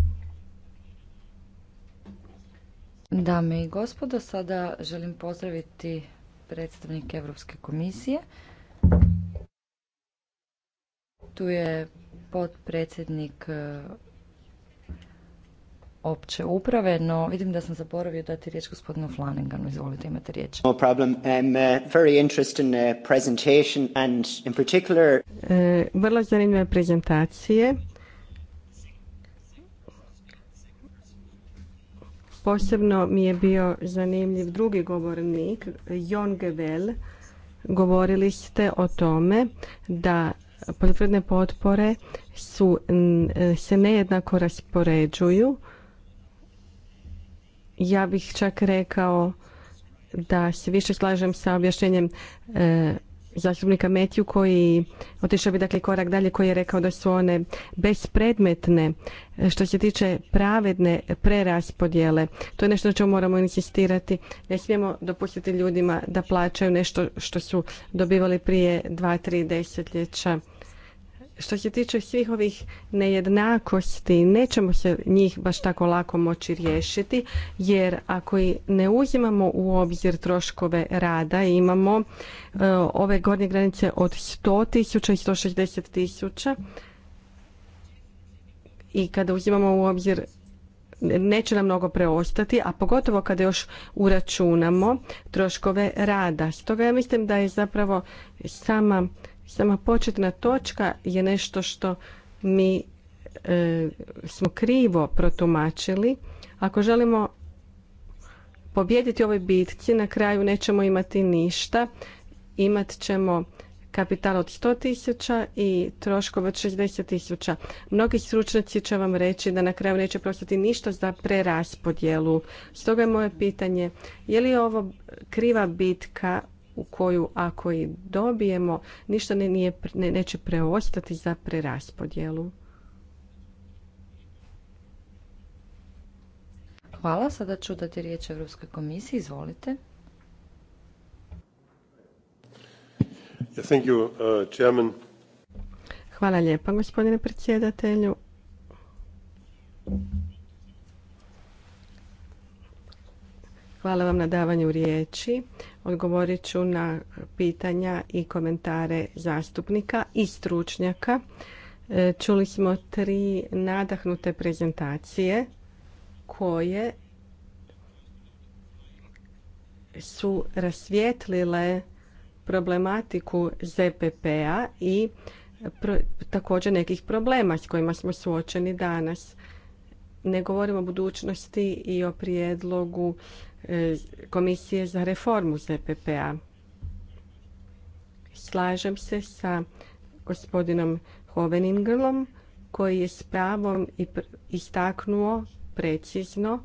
Dame i gospodo, sada želim pozdraviti predstavnike Europske komisije. Tu je potpredsjednik e, opće uprave, no vidim da sam zaboravio dati riječ gospodinu Flaninganu, Izvolite, imate riječ. No problem. vrlo zanimljive prezentacije. Posebno mi je bio zanimljiv drugi govornik, Jon Gevel. Govorili ste o tome da poljoprivredne potpore su, e, se nejednako raspoređuju. Ja bih čak rekao da se više slažem sa objašnjenjem e, zastupnika Metju koji otišao bi dakle korak dalje koji je rekao da su one bespredmetne e, što se tiče pravedne preraspodjele. To je nešto na čemu moramo insistirati. Ne smijemo dopustiti ljudima da plaćaju nešto što su dobivali prije dva, tri desetljeća što se tiče svih ovih nejednakosti, nećemo se njih baš tako lako moći riješiti, jer ako i ne uzimamo u obzir troškove rada, imamo e, ove gornje granice od 100.000 i 160.000 i kada uzimamo u obzir neće nam mnogo preostati, a pogotovo kada još uračunamo troškove rada. Stoga ja mislim da je zapravo sama Sama početna točka je nešto što mi e, smo krivo protumačili. Ako želimo pobijediti ovoj bitci, na kraju nećemo imati ništa. Imat ćemo kapital od 100 tisuća i troškova od 60 tisuća. Mnogi stručnjaci će vam reći da na kraju neće prostati ništa za preraspodjelu. Stoga je moje pitanje, je li ovo kriva bitka u koju ako i dobijemo ništa ne, nije, neće preostati za preraspodjelu. Hvala. Sada ću dati riječ Europskoj komisiji. Izvolite. Thank you, uh, Hvala lijepa, gospodine predsjedatelju. Hvala vam na davanju riječi. Odgovorit ću na pitanja i komentare zastupnika i stručnjaka. E, čuli smo tri nadahnute prezentacije koje su rasvijetlile problematiku ZPP-a i također nekih problema s kojima smo suočeni danas. Ne govorimo o budućnosti i o prijedlogu E, komisije za reformu ZPP-a. Slažem se sa gospodinom Hoveninglom koji je s pravom istaknuo precizno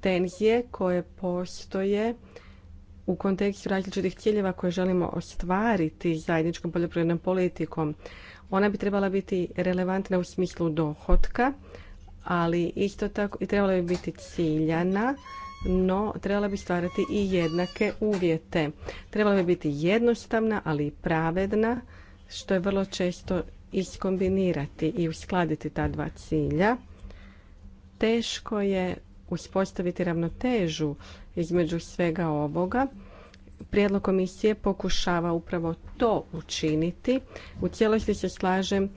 tenzije koje postoje u kontekstu različitih ciljeva koje želimo ostvariti zajedničkom poljoprivrednom politikom. Ona bi trebala biti relevantna u smislu dohotka, ali isto tako i trebala bi biti ciljana no trebala bi stvarati i jednake uvjete. Trebala bi biti jednostavna, ali i pravedna, što je vrlo često iskombinirati i uskladiti ta dva cilja. Teško je uspostaviti ravnotežu između svega ovoga. Prijedlog komisije pokušava upravo to učiniti. U cijelosti se slažem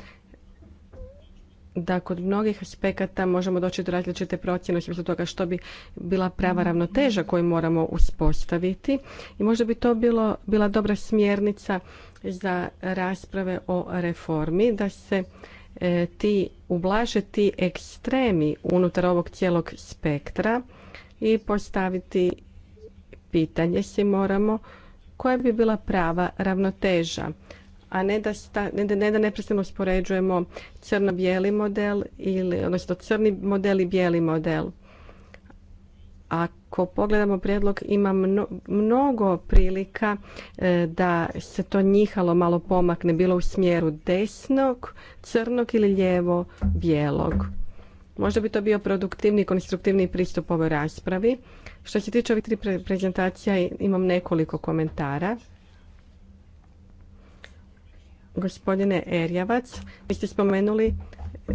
da kod mnogih aspekata možemo doći do različite procjene u smislu toga što bi bila prava ravnoteža koju moramo uspostaviti i možda bi to bilo, bila dobra smjernica za rasprave o reformi da se e, ti ublaže ti ekstremi unutar ovog cijelog spektra i postaviti pitanje si moramo koja bi bila prava ravnoteža a ne da, sta, ne, ne da neprestano uspoređujemo crno-bijeli model, ili, odnosno crni model i bijeli model. Ako pogledamo prijedlog, ima mnogo prilika e, da se to njihalo malo pomakne, bilo u smjeru desnog, crnog ili lijevo bijelog. Možda bi to bio produktivni i konstruktivni pristup ovoj raspravi. Što se tiče ovih tri prezentacija, imam nekoliko komentara. Gospodine Erjavac, vi ste spomenuli eh,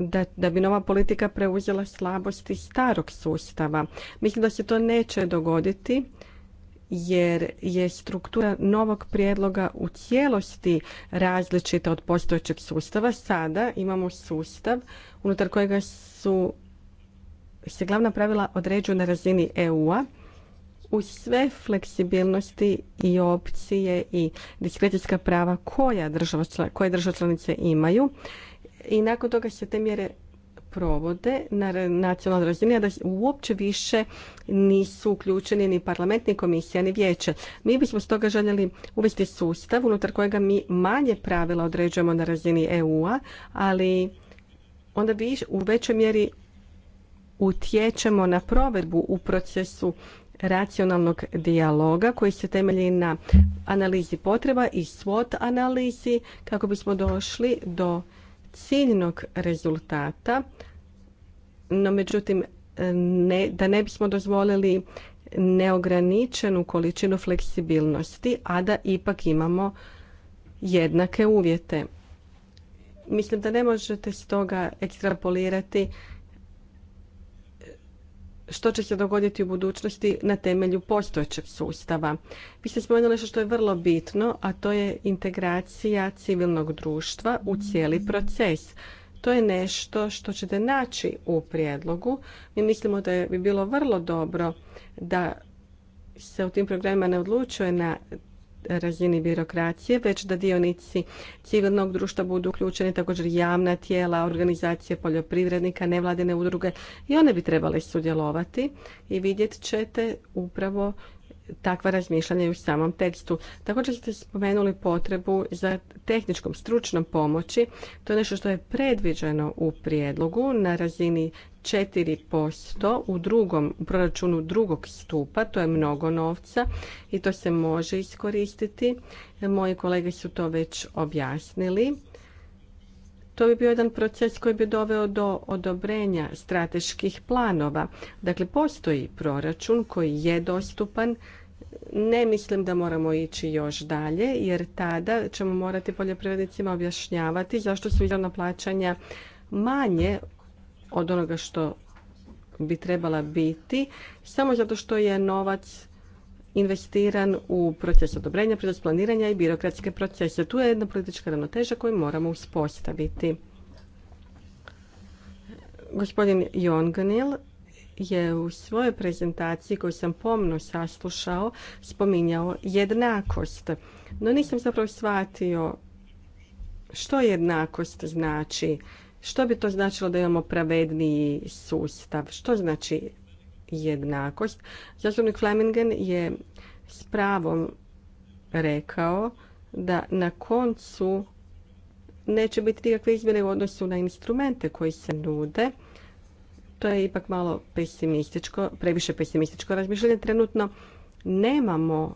da, da bi nova politika preuzela slabosti starog sustava. Mislim da se to neće dogoditi jer je struktura novog prijedloga u cijelosti različita od postojećeg sustava. Sada imamo sustav unutar kojega su se glavna pravila određuju na razini EU-a uz sve fleksibilnosti i opcije i diskrecijska prava koja država, koje države članice imaju i nakon toga se te mjere provode na nacionalnoj razini, a da uopće više nisu uključeni ni parlament, ni komisija, ni vijeće. Mi bismo stoga željeli uvesti sustav unutar kojega mi manje pravila određujemo na razini EU-a, ali onda bi u većoj mjeri utječemo na provedbu u procesu racionalnog dijaloga koji se temelji na analizi potreba i SWOT analizi kako bismo došli do ciljnog rezultata. No međutim, ne, da ne bismo dozvolili neograničenu količinu fleksibilnosti, a da ipak imamo jednake uvjete. Mislim da ne možete stoga ekstrapolirati što će se dogoditi u budućnosti na temelju postojećeg sustava. Vi ste spomenuli nešto što je vrlo bitno, a to je integracija civilnog društva u cijeli proces. To je nešto što ćete naći u prijedlogu. Mi mislimo da bi bilo vrlo dobro da se u tim programima ne odlučuje na razini birokracije, već da dionici civilnog društva budu uključeni također javna tijela, organizacije poljoprivrednika, nevladine udruge i one bi trebale sudjelovati i vidjet ćete upravo takva razmišljanja u samom tekstu. Također ste spomenuli potrebu za tehničkom stručnom pomoći. To je nešto što je predviđeno u prijedlogu na razini 4% u drugom u proračunu drugog stupa, to je mnogo novca i to se može iskoristiti. Moji kolege su to već objasnili. To bi bio jedan proces koji bi doveo do odobrenja strateških planova. Dakle, postoji proračun koji je dostupan, ne mislim da moramo ići još dalje jer tada ćemo morati poljoprivrednicima objašnjavati zašto su izravna plaćanja manje od onoga što bi trebala biti samo zato što je novac investiran u proces odobrenja, proces planiranja i birokratske procese. Tu je jedna politička ravnoteža koju moramo uspostaviti. Gospodin Jonganil je u svojoj prezentaciji koju sam pomno saslušao spominjao jednakost. No nisam zapravo shvatio što jednakost znači, što bi to značilo da imamo pravedniji sustav, što znači jednakost. Zastupnik Flemingen je s pravom rekao da na koncu neće biti nikakve izmjene u odnosu na instrumente koji se nude to je ipak malo pesimističko, previše pesimističko razmišljanje. Trenutno nemamo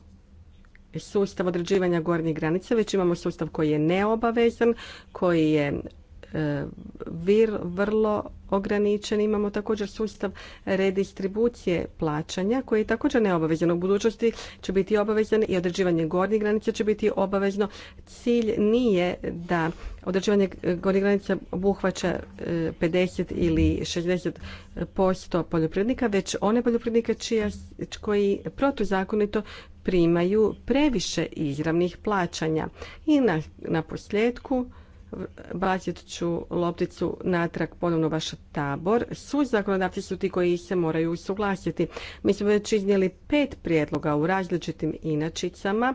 sustav određivanja gornjih granica, već imamo sustav koji je neobavezan, koji je E, vrlo ograničen. Imamo također sustav redistribucije plaćanja koji je također neobavezan. U budućnosti će biti obavezan i određivanje gornjih granica će biti obavezno. Cilj nije da određivanje gornjih granica obuhvaća 50 e, ili 60% poljoprivrednika, već one poljoprivrednike koji protuzakonito primaju previše izravnih plaćanja. I na, na posljedku bacit ću lopticu natrag ponovno vaš tabor. Su zakonodavci su ti koji se moraju usuglasiti. Mi smo već iznijeli pet prijedloga u različitim inačicama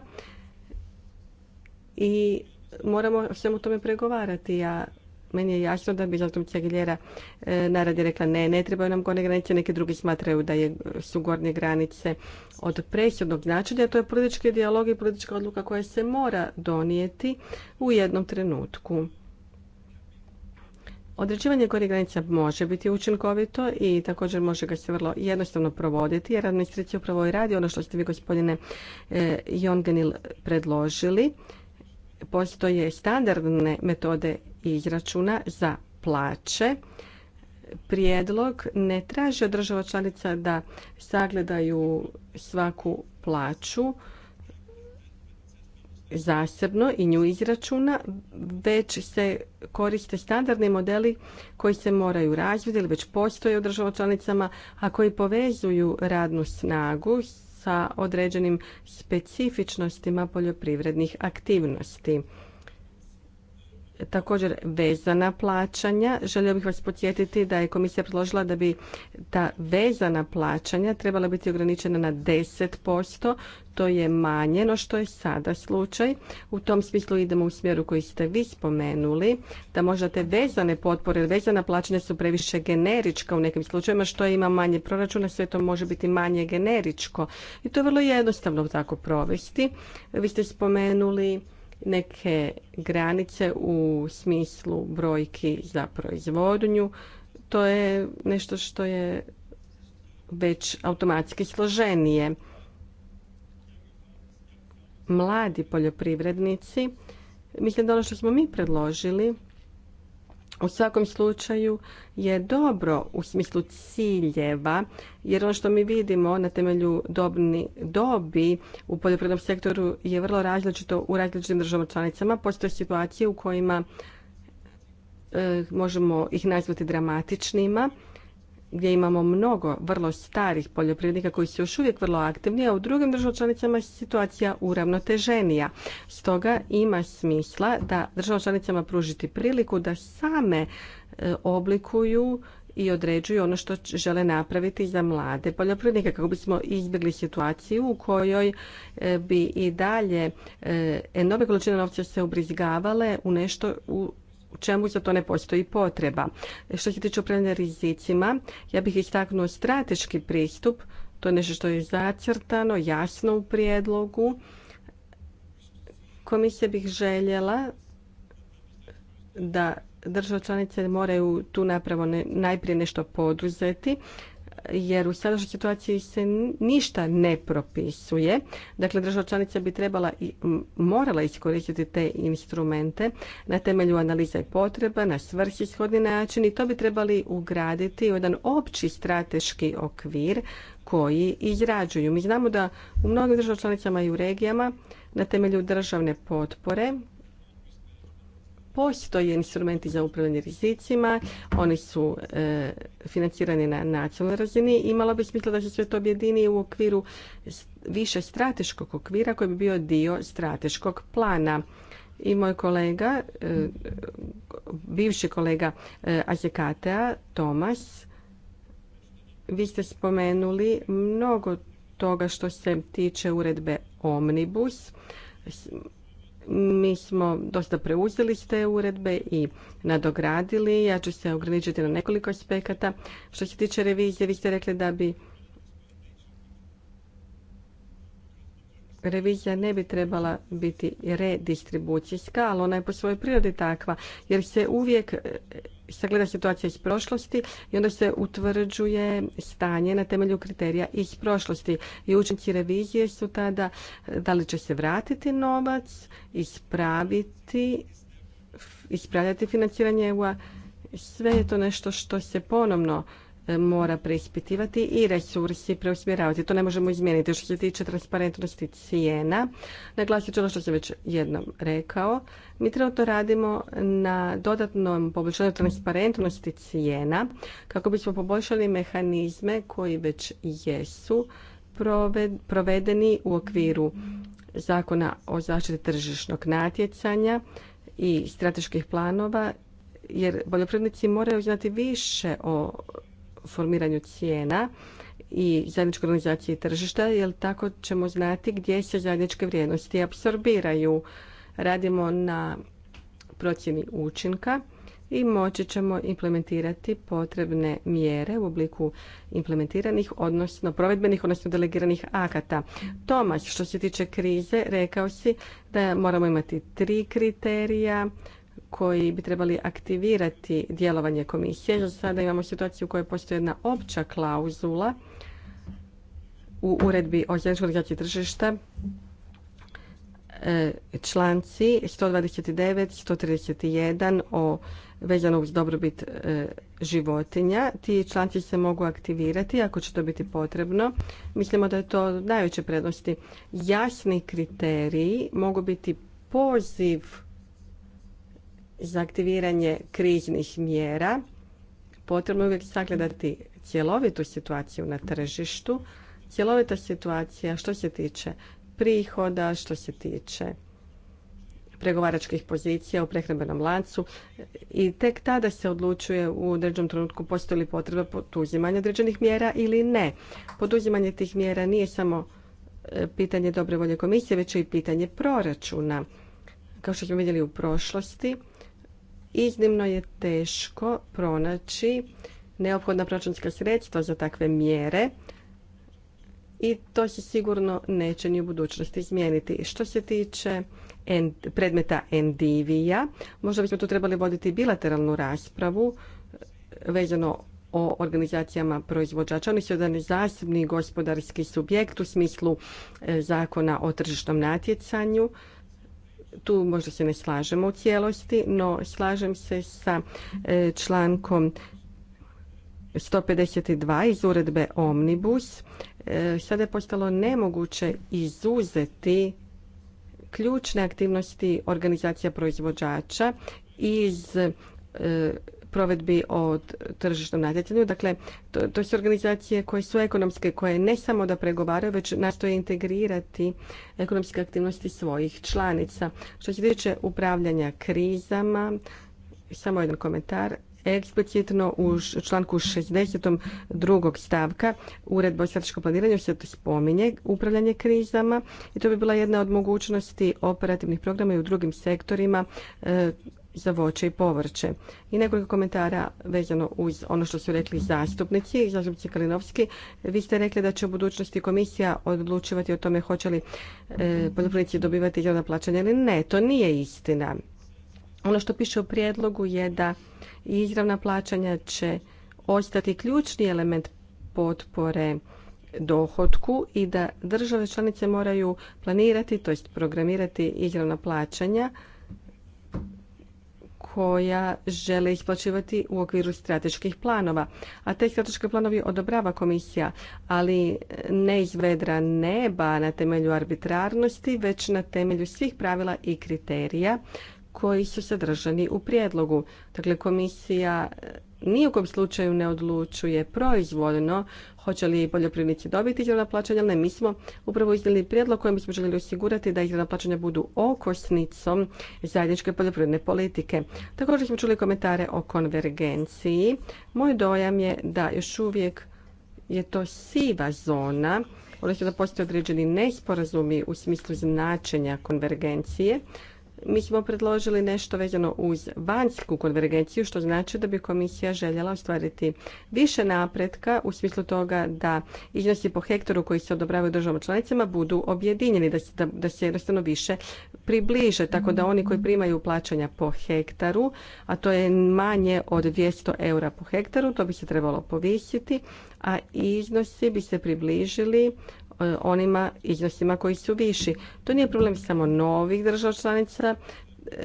i moramo svemu tome pregovarati. Ja meni je jasno da bi zatim Čegljera e, naradi rekla ne, ne trebaju nam gornje granice, neki drugi smatraju da je, su gornje granice od presudnog značenja, to je politički dijalog i politička odluka koja se mora donijeti u jednom trenutku. Određivanje gornjih granica može biti učinkovito i također može ga se vrlo jednostavno provoditi jer administracija upravo i radi ono što ste vi gospodine e, Jongenil predložili postoje standardne metode izračuna za plaće prijedlog ne traži od država članica da sagledaju svaku plaću zasebno i nju izračuna, već se koriste standardni modeli koji se moraju razviti ili već postoje u državama članicama, a koji povezuju radnu snagu sa određenim specifičnostima poljoprivrednih aktivnosti također vezana plaćanja. Želio bih vas podsjetiti da je komisija predložila da bi ta vezana plaćanja trebala biti ograničena na 10%. To je manje no što je sada slučaj. U tom smislu idemo u smjeru koji ste vi spomenuli, da možda te vezane potpore, vezana plaćanja su previše generička u nekim slučajevima, što ima manje proračuna, sve to može biti manje generičko. I to je vrlo jednostavno tako provesti. Vi ste spomenuli neke granice u smislu brojki za proizvodnju. To je nešto što je već automatski složenije. Mladi poljoprivrednici, mislim da ono što smo mi predložili u svakom slučaju je dobro u smislu ciljeva, jer ono što mi vidimo na temelju dobni dobi u poljoprivrednom sektoru je vrlo različito u različitim državama članicama. Postoje situacije u kojima e, možemo ih nazvati dramatičnima, gdje imamo mnogo vrlo starih poljoprivrednika koji su još uvijek vrlo aktivni, a u drugim državama članicama je situacija uravnoteženija. Stoga ima smisla da državama članicama pružiti priliku da same e, oblikuju i određuju ono što žele napraviti za mlade poljoprivrednike kako bismo izbjegli situaciju u kojoj e, bi i dalje e, nove količine novca se ubrizgavale u nešto u u čemu za to ne postoji potreba. E, što se tiče upravljanja rizicima, ja bih istaknuo strateški pristup, to je nešto što je zacrtano, jasno u prijedlogu. Komisija bih željela da države članice moraju tu napravo najprije nešto poduzeti jer u sadašnjoj situaciji se ništa ne propisuje. Dakle, država članica bi trebala i morala iskoristiti te instrumente na temelju analiza i potreba, na svrsishodni način i to bi trebali ugraditi u jedan opći strateški okvir koji izrađuju. Mi znamo da u mnogim državama članicama i u regijama na temelju državne potpore Postoje instrumenti za upravljanje rizicima, oni su e, financirani na nacionalnoj razini i imalo bi smisla da se sve to objedini u okviru više strateškog okvira koji bi bio dio strateškog plana. I moj kolega, e, bivši kolega e, Azekatea, Tomas, vi ste spomenuli mnogo toga što se tiče uredbe Omnibus mi smo dosta preuzeli s te uredbe i nadogradili. Ja ću se ograničiti na nekoliko aspekata. Što se tiče revizije, vi ste rekli da bi revizija ne bi trebala biti redistribucijska, ali ona je po svojoj prirodi takva, jer se uvijek e, sagleda situacija iz prošlosti i onda se utvrđuje stanje na temelju kriterija iz prošlosti. I učinci revizije su tada da li će se vratiti novac, ispraviti, ispravljati financiranje EU-a, sve je to nešto što se ponovno E, mora preispitivati i resursi preusmjeravati. To ne možemo izmijeniti. Što se tiče transparentnosti cijena, naglasit ću ono što sam već jednom rekao. Mi trenutno radimo na dodatnom poboljšanju transparentnosti cijena kako bismo poboljšali mehanizme koji već jesu provedeni u okviru zakona o zaštiti tržišnog natjecanja i strateških planova jer poljoprivrednici moraju znati više o formiranju cijena i zajedničkoj organizacije tržišta, jer tako ćemo znati gdje se zajedničke vrijednosti apsorbiraju. Radimo na procjeni učinka i moći ćemo implementirati potrebne mjere u obliku implementiranih, odnosno provedbenih, odnosno delegiranih akata. Tomas, što se tiče krize, rekao si da moramo imati tri kriterija koji bi trebali aktivirati djelovanje komisije. Za sada imamo situaciju u kojoj postoji jedna opća klauzula u uredbi o zajedničkoj organizaciji tržišta e, članci 129, 131 o vezano uz dobrobit e, životinja. Ti članci se mogu aktivirati ako će to biti potrebno. Mislimo da je to najveće prednosti. Jasni kriteriji mogu biti poziv za aktiviranje kriznih mjera potrebno je uvijek sagledati cjelovitu situaciju na tržištu, cjelovita situacija što se tiče prihoda, što se tiče pregovaračkih pozicija u prehrambenom lancu i tek tada se odlučuje u određenom trenutku postoji li potreba poduzimanja određenih mjera ili ne. Poduzimanje tih mjera nije samo e, pitanje dobre volje komisije, već i pitanje proračuna. Kao što smo vidjeli u prošlosti, Iznimno je teško pronaći neophodna proračunska sredstva za takve mjere i to se sigurno neće ni u budućnosti izmijeniti. Što se tiče predmeta Endivija, možda bismo tu trebali voditi bilateralnu raspravu vezano o organizacijama proizvođača. Oni su jedan zasebni gospodarski subjekt u smislu e, zakona o tržišnom natjecanju tu možda se ne slažemo u cijelosti, no slažem se sa e, člankom 152 iz uredbe Omnibus. E, sada je postalo nemoguće izuzeti ključne aktivnosti organizacija proizvođača iz e, provedbi o tržišnom natjecanju. Dakle, to, to su organizacije koje su ekonomske, koje ne samo da pregovaraju, već nastoje integrirati ekonomske aktivnosti svojih članica. Što se tiče upravljanja krizama, samo jedan komentar eksplicitno u članku 60. drugog stavka uredba o strateškom planiranju se spominje upravljanje krizama i to bi bila jedna od mogućnosti operativnih programa i u drugim sektorima e, za voće i povrće. I nekoliko komentara vezano uz ono što su rekli zastupnici, zastupnici Kalinovski. Vi ste rekli da će u budućnosti komisija odlučivati o tome hoće li e, poljoprivrednici dobivati izravna plaćanja ili ne. To nije istina. Ono što piše u prijedlogu je da izravna plaćanja će ostati ključni element potpore dohotku i da države članice moraju planirati, to jest programirati izravna plaćanja koja žele isplaćivati u okviru strateških planova. A te strateške planovi odobrava komisija, ali ne iz vedra neba na temelju arbitrarnosti, već na temelju svih pravila i kriterija koji su sadržani u prijedlogu. Dakle, komisija e, ni u kom slučaju ne odlučuje proizvoljno hoće li poljoprivrednici dobiti izravna plaćanja, ali ne, mi smo upravo iznijeli prijedlog kojim bismo željeli osigurati da izravna plaćanja budu okosnicom zajedničke poljoprivredne politike. Također smo čuli komentare o konvergenciji. Moj dojam je da još uvijek je to siva zona, odnosno da postoje određeni nesporazumi u smislu značenja konvergencije mi smo predložili nešto vezano uz vanjsku konvergenciju, što znači da bi komisija željela ostvariti više napretka u smislu toga da iznosi po hektaru koji se odobravaju državama članicama budu objedinjeni, da se, da, da se jednostavno više približe, tako da oni koji primaju plaćanja po hektaru, a to je manje od 200 eura po hektaru, to bi se trebalo povisiti, a iznosi bi se približili E, onima iznosima koji su viši. To nije problem samo novih država članica,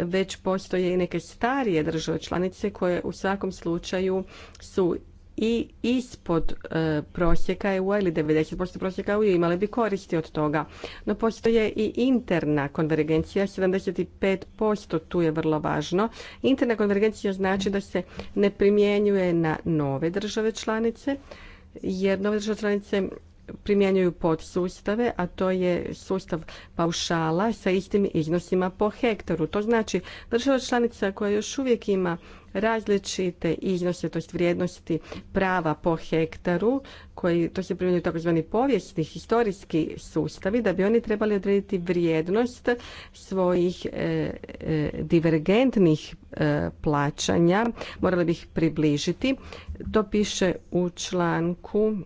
već postoje i neke starije države članice koje u svakom slučaju su i ispod e, prosjeka eu ili 90% prosjeka EU imale bi koristi od toga. No postoje i interna konvergencija, 75% tu je vrlo važno. Interna konvergencija znači da se ne primjenjuje na nove države članice, jer nove države članice primjenjuju podsustave, a to je sustav paušala sa istim iznosima po hektaru. To znači država članica koja još uvijek ima različite iznose, to vrijednosti prava po hektaru, koji, to se primjenjuju takozvani povijesni, historijski sustavi, da bi oni trebali odrediti vrijednost svojih e, e, divergentnih e, plaćanja, morali bi ih približiti. To piše u članku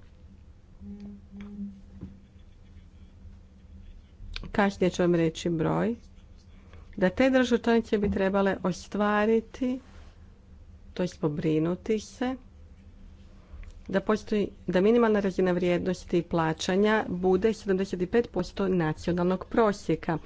kasnije ću vam reći broj, da te državčanice bi trebale ostvariti, to je pobrinuti se, da, postoji, da minimalna razina vrijednosti plaćanja bude 75% nacionalnog prosjeka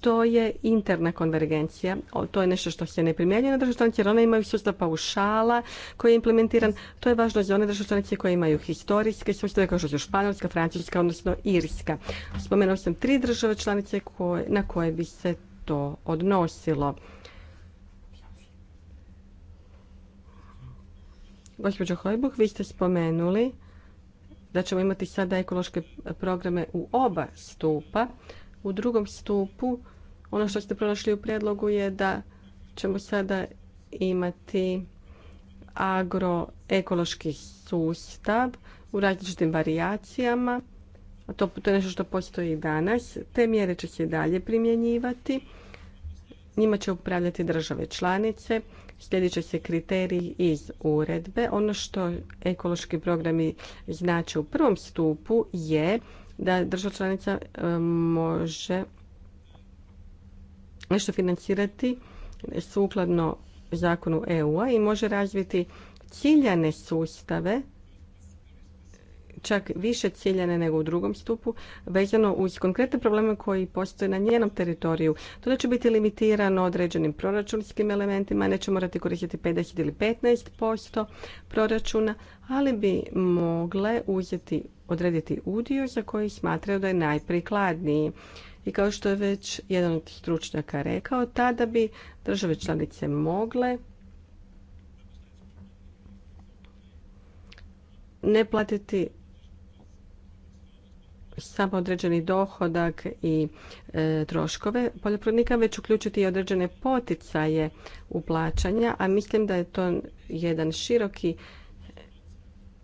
to je interna konvergencija. To je nešto što se ne primjenjuje na države članice jer one imaju sustav paušala koji je implementiran. To je važno za one države članice koje imaju historijske sustave kao što su Španjolska, Francuska, odnosno Irska. Spomenuo sam tri države članice na koje bi se to odnosilo. Gospođo Hojbuh, vi ste spomenuli da ćemo imati sada ekološke programe u oba stupa. U drugom stupu, ono što ste pronašli u predlogu je da ćemo sada imati agroekološki sustav u različitim varijacijama. A to, je nešto što postoji i danas. Te mjere će se dalje primjenjivati. Njima će upravljati države članice. Slijedit će se kriteriji iz uredbe. Ono što ekološki programi znače u prvom stupu je da država članica e, može nešto financirati sukladno zakonu EU-a i može razviti ciljane sustave čak više ciljane nego u drugom stupu, vezano uz konkretne probleme koji postoje na njenom teritoriju. To da će biti limitirano određenim proračunskim elementima, neće morati koristiti 50 ili 15% proračuna, ali bi mogle uzeti, odrediti udio za koji smatraju da je najprikladniji. I kao što je već jedan od stručnjaka rekao, tada bi države članice mogle ne platiti samo određeni dohodak i e, troškove poljoprivrednika, već uključiti i određene poticaje u plaćanja, a mislim da je to jedan široki,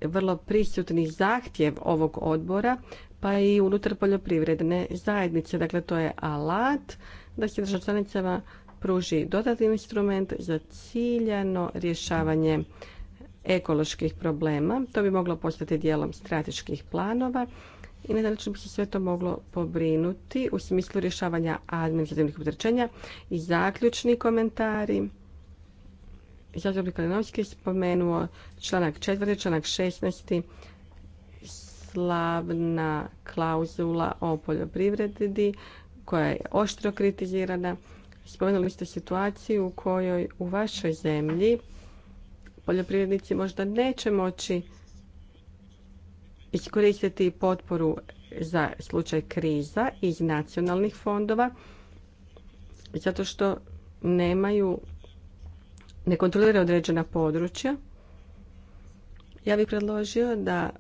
vrlo prisutni zahtjev ovog odbora, pa i unutar poljoprivredne zajednice. Dakle, to je alat da se državčanicama pruži dodatni instrument za ciljano rješavanje ekoloških problema. To bi moglo postati dijelom strateških planova i ne znači način bi se sve to moglo pobrinuti u smislu rješavanja administrativnih opterećenja i zaključni komentari. Zastupnik Kalinovski spomenuo članak 4. članak 16. slavna klauzula o poljoprivredi koja je oštro kritizirana. Spomenuli ste situaciju u kojoj u vašoj zemlji poljoprivrednici možda neće moći iskoristiti potporu za slučaj kriza iz nacionalnih fondova zato što nemaju ne kontrolira određena područja. Ja bih predložio da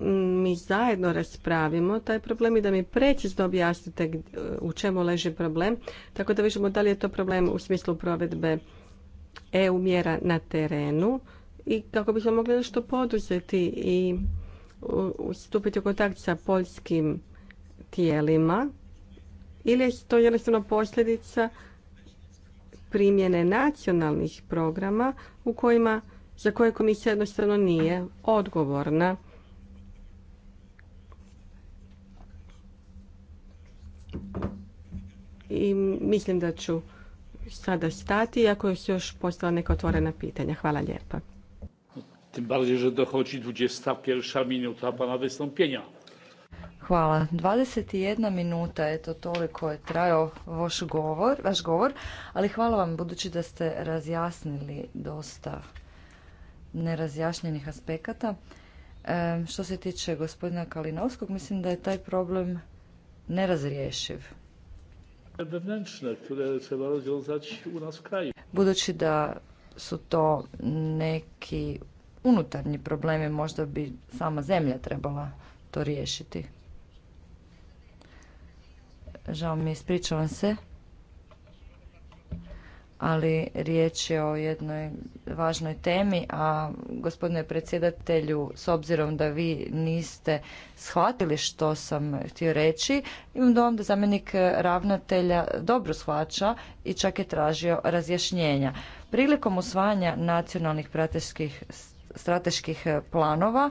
mi zajedno raspravimo taj problem i da mi precizno objasnite u čemu leži problem, tako da vidimo da li je to problem u smislu provedbe EU mjera na terenu i kako bismo mogli nešto poduzeti i stupiti u kontakt sa poljskim tijelima ili je to jednostavno posljedica primjene nacionalnih programa u kojima, za koje komisija jednostavno nije odgovorna. I mislim da ću sada stati, ako su još postala neka otvorena pitanja. Hvala lijepa. Tym bardziej, że dochodzi 21 minuta pana wystąpienia. Hvala. 21 minuta, to toliko je trajao vaš govor, vaš govor, ali hvala vam budući da ste razjasnili dosta nerazjašnjenih aspekata. E, što se tiče gospodina Kalinovskog, mislim da je taj problem nerazriješiv. Budući da su to neki unutarnji problemi, možda bi sama zemlja trebala to riješiti. Žao mi, ispričavam se, ali riječ je o jednoj važnoj temi, a gospodine predsjedatelju, s obzirom da vi niste shvatili što sam htio reći, imam dom da zamjenik ravnatelja dobro shvaća i čak je tražio razjašnjenja. Prilikom usvajanja nacionalnih prateških strateških e, planova,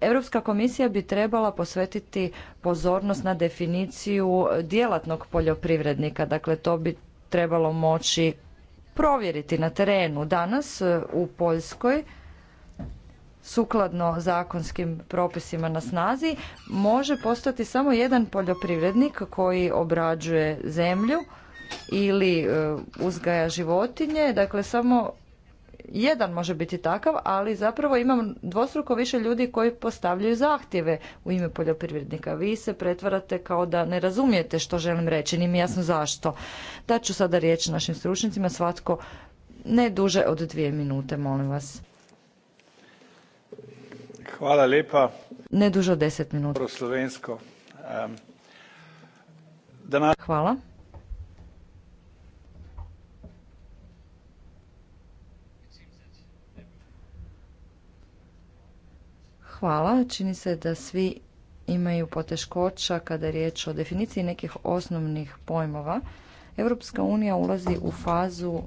Europska komisija bi trebala posvetiti pozornost na definiciju djelatnog poljoprivrednika, dakle to bi trebalo moći provjeriti na terenu. Danas e, u Poljskoj sukladno zakonskim propisima na snazi može postati samo jedan poljoprivrednik koji obrađuje zemlju ili e, uzgaja životinje, dakle samo jedan može biti takav, ali zapravo imam dvostruko više ljudi koji postavljaju zahtjeve u ime poljoprivrednika. Vi se pretvarate kao da ne razumijete što želim reći, nije mi jasno zašto. ću sada riječ našim stručnicima, svatko ne duže od dvije minute, molim vas. Hvala lepa. Ne duže od deset minuta. Ehm, Hvala. Hvala. Čini se da svi imaju poteškoća kada je riječ o definiciji nekih osnovnih pojmova. Europska unija ulazi u fazu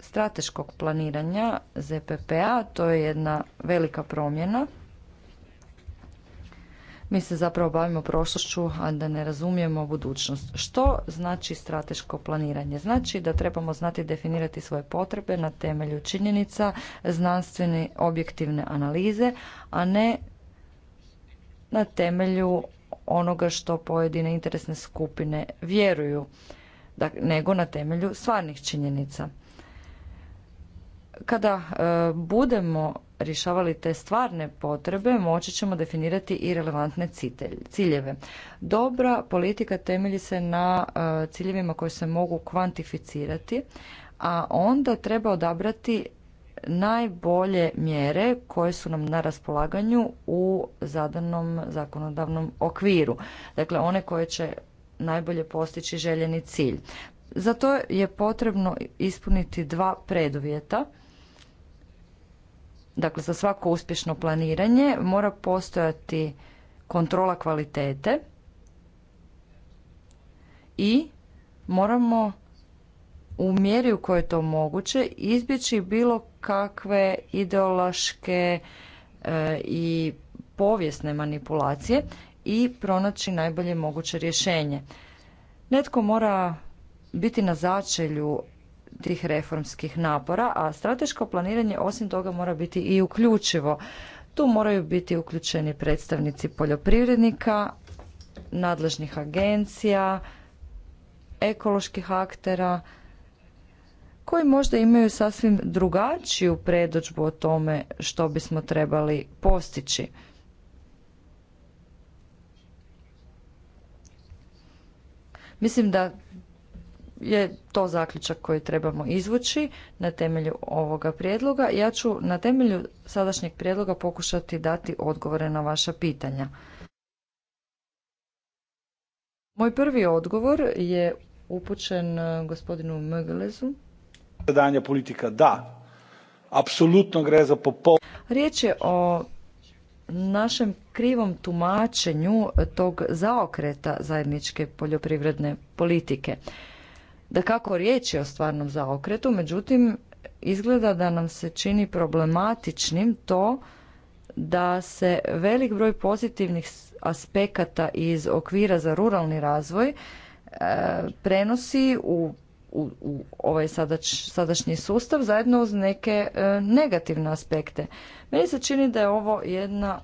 strateškog planiranja ZPP-a, to je jedna velika promjena mi se zapravo bavimo prošlošću, a da ne razumijemo budućnost. Što znači strateško planiranje? Znači da trebamo znati definirati svoje potrebe na temelju činjenica, znanstvene objektivne analize, a ne na temelju onoga što pojedine interesne skupine vjeruju, nego na temelju stvarnih činjenica. Kada e, budemo rješavali te stvarne potrebe, moći ćemo definirati i relevantne ciljeve. Dobra politika temelji se na e, ciljevima koji se mogu kvantificirati, a onda treba odabrati najbolje mjere koje su nam na raspolaganju u zadanom zakonodavnom okviru. Dakle, one koje će najbolje postići željeni cilj. Za to je potrebno ispuniti dva preduvjeta Dakle, za svako uspješno planiranje mora postojati kontrola kvalitete i moramo u mjeri u kojoj je to moguće izbjeći bilo kakve ideološke e, i povijesne manipulacije i pronaći najbolje moguće rješenje. Netko mora biti na začelju tih reformskih napora, a strateško planiranje osim toga mora biti i uključivo. Tu moraju biti uključeni predstavnici poljoprivrednika, nadležnih agencija, ekoloških aktera, koji možda imaju sasvim drugačiju predođbu o tome što bismo trebali postići. Mislim da je to zaključak koji trebamo izvući na temelju ovoga prijedloga. Ja ću na temelju sadašnjeg prijedloga pokušati dati odgovore na vaša pitanja. Moj prvi odgovor je upućen e, gospodinu Mögelezu. politika da, apsolutno gre za popol... Riječ je o našem krivom tumačenju tog zaokreta zajedničke poljoprivredne politike da kako riječ je o stvarnom zaokretu, međutim izgleda da nam se čini problematičnim to da se velik broj pozitivnih aspekata iz okvira za ruralni razvoj e, prenosi u, u, u ovaj sadašnji sustav zajedno uz neke e, negativne aspekte. Meni se čini da je ovo jedna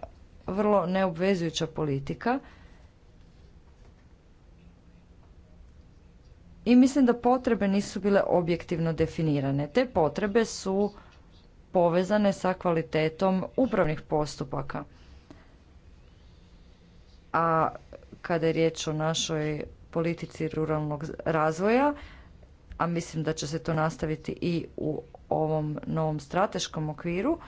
vrlo neobvezujuća politika i mislim da potrebe nisu bile objektivno definirane. Te potrebe su povezane sa kvalitetom upravnih postupaka. A kada je riječ o našoj politici ruralnog razvoja, a mislim da će se to nastaviti i u ovom novom strateškom okviru,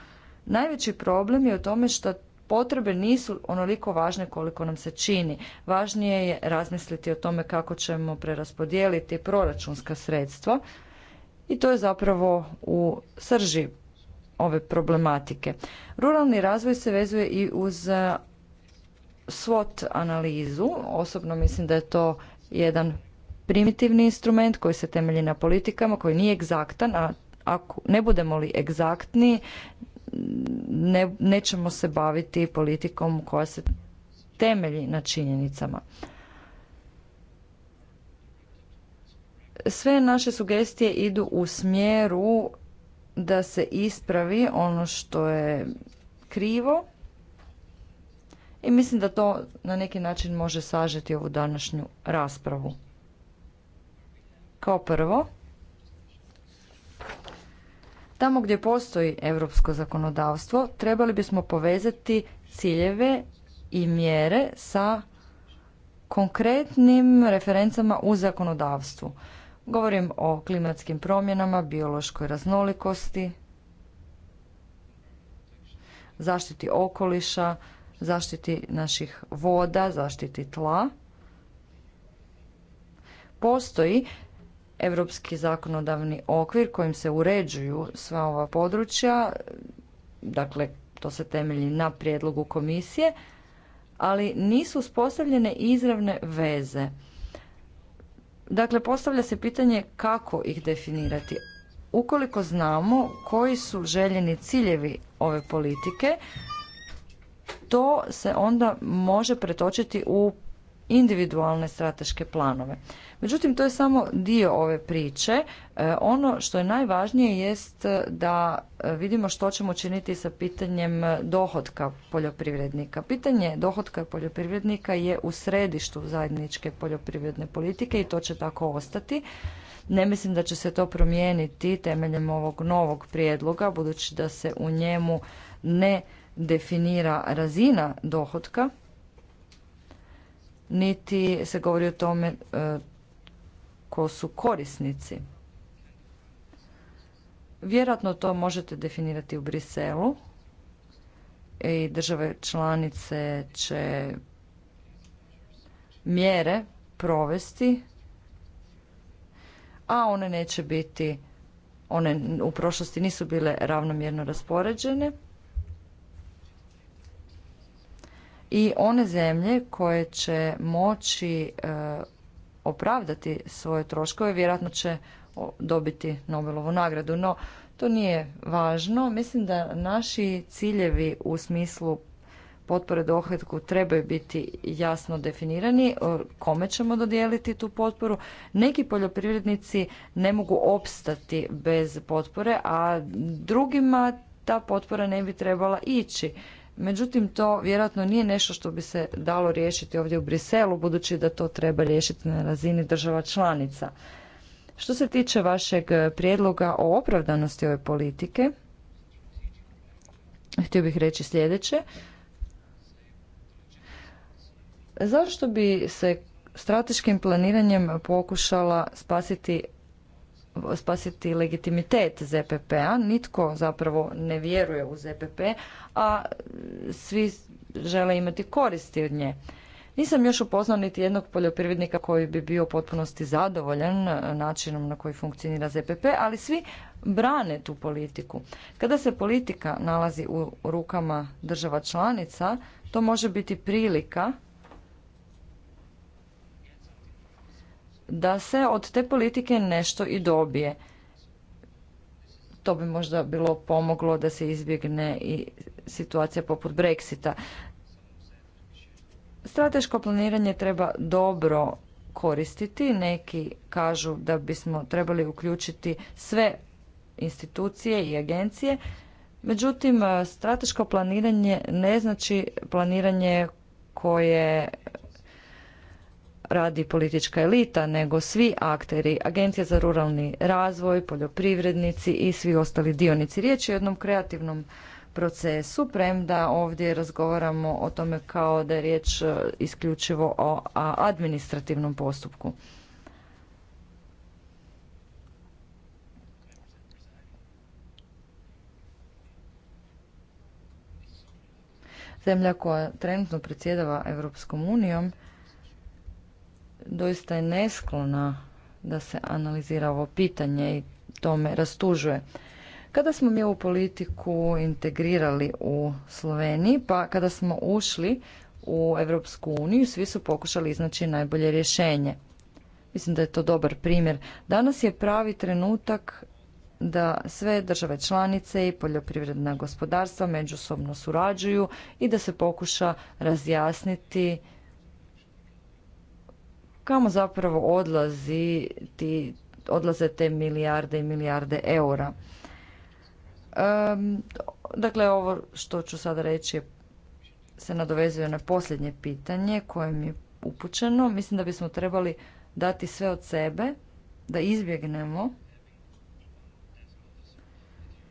najveći problem je u tome što potrebe nisu onoliko važne koliko nam se čini. Važnije je razmisliti o tome kako ćemo preraspodijeliti proračunska sredstva i to je zapravo u srži ove problematike. Ruralni razvoj se vezuje i uz e, SWOT analizu. Osobno mislim da je to jedan primitivni instrument koji se temelji na politikama, koji nije egzaktan, a ako ne budemo li egzaktni, ne, nećemo se baviti politikom koja se temelji na činjenicama. Sve naše sugestije idu u smjeru da se ispravi ono što je krivo i mislim da to na neki način može sažeti ovu današnju raspravu. Kao prvo, Tamo gdje postoji europsko zakonodavstvo trebali bismo povezati ciljeve i mjere sa konkretnim referencama u zakonodavstvu. Govorim o klimatskim promjenama, biološkoj raznolikosti, zaštiti okoliša, zaštiti naših voda, zaštiti tla. Postoji europski zakonodavni okvir kojim se uređuju sva ova područja, dakle to se temelji na prijedlogu komisije, ali nisu uspostavljene izravne veze. Dakle, postavlja se pitanje kako ih definirati. Ukoliko znamo koji su željeni ciljevi ove politike, to se onda može pretočiti u individualne strateške planove. Međutim, to je samo dio ove priče. E, ono što je najvažnije jest e, da e, vidimo što ćemo činiti sa pitanjem dohotka poljoprivrednika. Pitanje dohotka poljoprivrednika je u središtu zajedničke poljoprivredne politike i to će tako ostati. Ne mislim da će se to promijeniti temeljem ovog novog prijedloga, budući da se u njemu ne definira razina dohotka niti se govori o tome e, ko su korisnici. Vjerojatno to možete definirati u Briselu i države članice će mjere provesti, a one neće biti, one u prošlosti nisu bile ravnomjerno raspoređene. i one zemlje koje će moći e, opravdati svoje troškove vjerojatno će dobiti Nobelovu nagradu. No, to nije važno. Mislim da naši ciljevi u smislu potpore dohodku trebaju biti jasno definirani, e, kome ćemo dodijeliti tu potporu. Neki poljoprivrednici ne mogu opstati bez potpore, a drugima ta potpora ne bi trebala ići. Međutim, to vjerojatno nije nešto što bi se dalo riješiti ovdje u Briselu, budući da to treba riješiti na razini država članica. Što se tiče vašeg prijedloga o opravdanosti ove politike, htio bih reći sljedeće. Zašto bi se strateškim planiranjem pokušala spasiti spasiti legitimitet ZPP-a. Nitko zapravo ne vjeruje u ZPP, a svi žele imati koristi od nje. Nisam još upoznao niti jednog poljoprivrednika koji bi bio u potpunosti zadovoljan e, načinom na koji funkcionira ZPP, ali svi brane tu politiku. Kada se politika nalazi u rukama država članica, to može biti prilika da se od te politike nešto i dobije. To bi možda bilo pomoglo da se izbjegne i situacija poput Brexita. Strateško planiranje treba dobro koristiti. Neki kažu da bismo trebali uključiti sve institucije i agencije. Međutim, strateško planiranje ne znači planiranje koje radi politička elita, nego svi akteri, Agencija za ruralni razvoj, poljoprivrednici i svi ostali dionici. Riječ je o jednom kreativnom procesu, premda ovdje razgovaramo o tome kao da je riječ e, isključivo o administrativnom postupku. Zemlja koja trenutno predsjedava Europskom unijom doista je nesklona da se analizira ovo pitanje i to me rastužuje. Kada smo mi ovu politiku integrirali u Sloveniji, pa kada smo ušli u Europsku uniju, svi su pokušali iznaći najbolje rješenje. Mislim da je to dobar primjer. Danas je pravi trenutak da sve države članice i poljoprivredna gospodarstva međusobno surađuju i da se pokuša razjasniti kamo zapravo odlazi ti, odlaze te milijarde i milijarde eura. dakle, ovo što ću sada reći se nadovezuje na posljednje pitanje koje mi je upućeno. Mislim da bismo trebali dati sve od sebe da izbjegnemo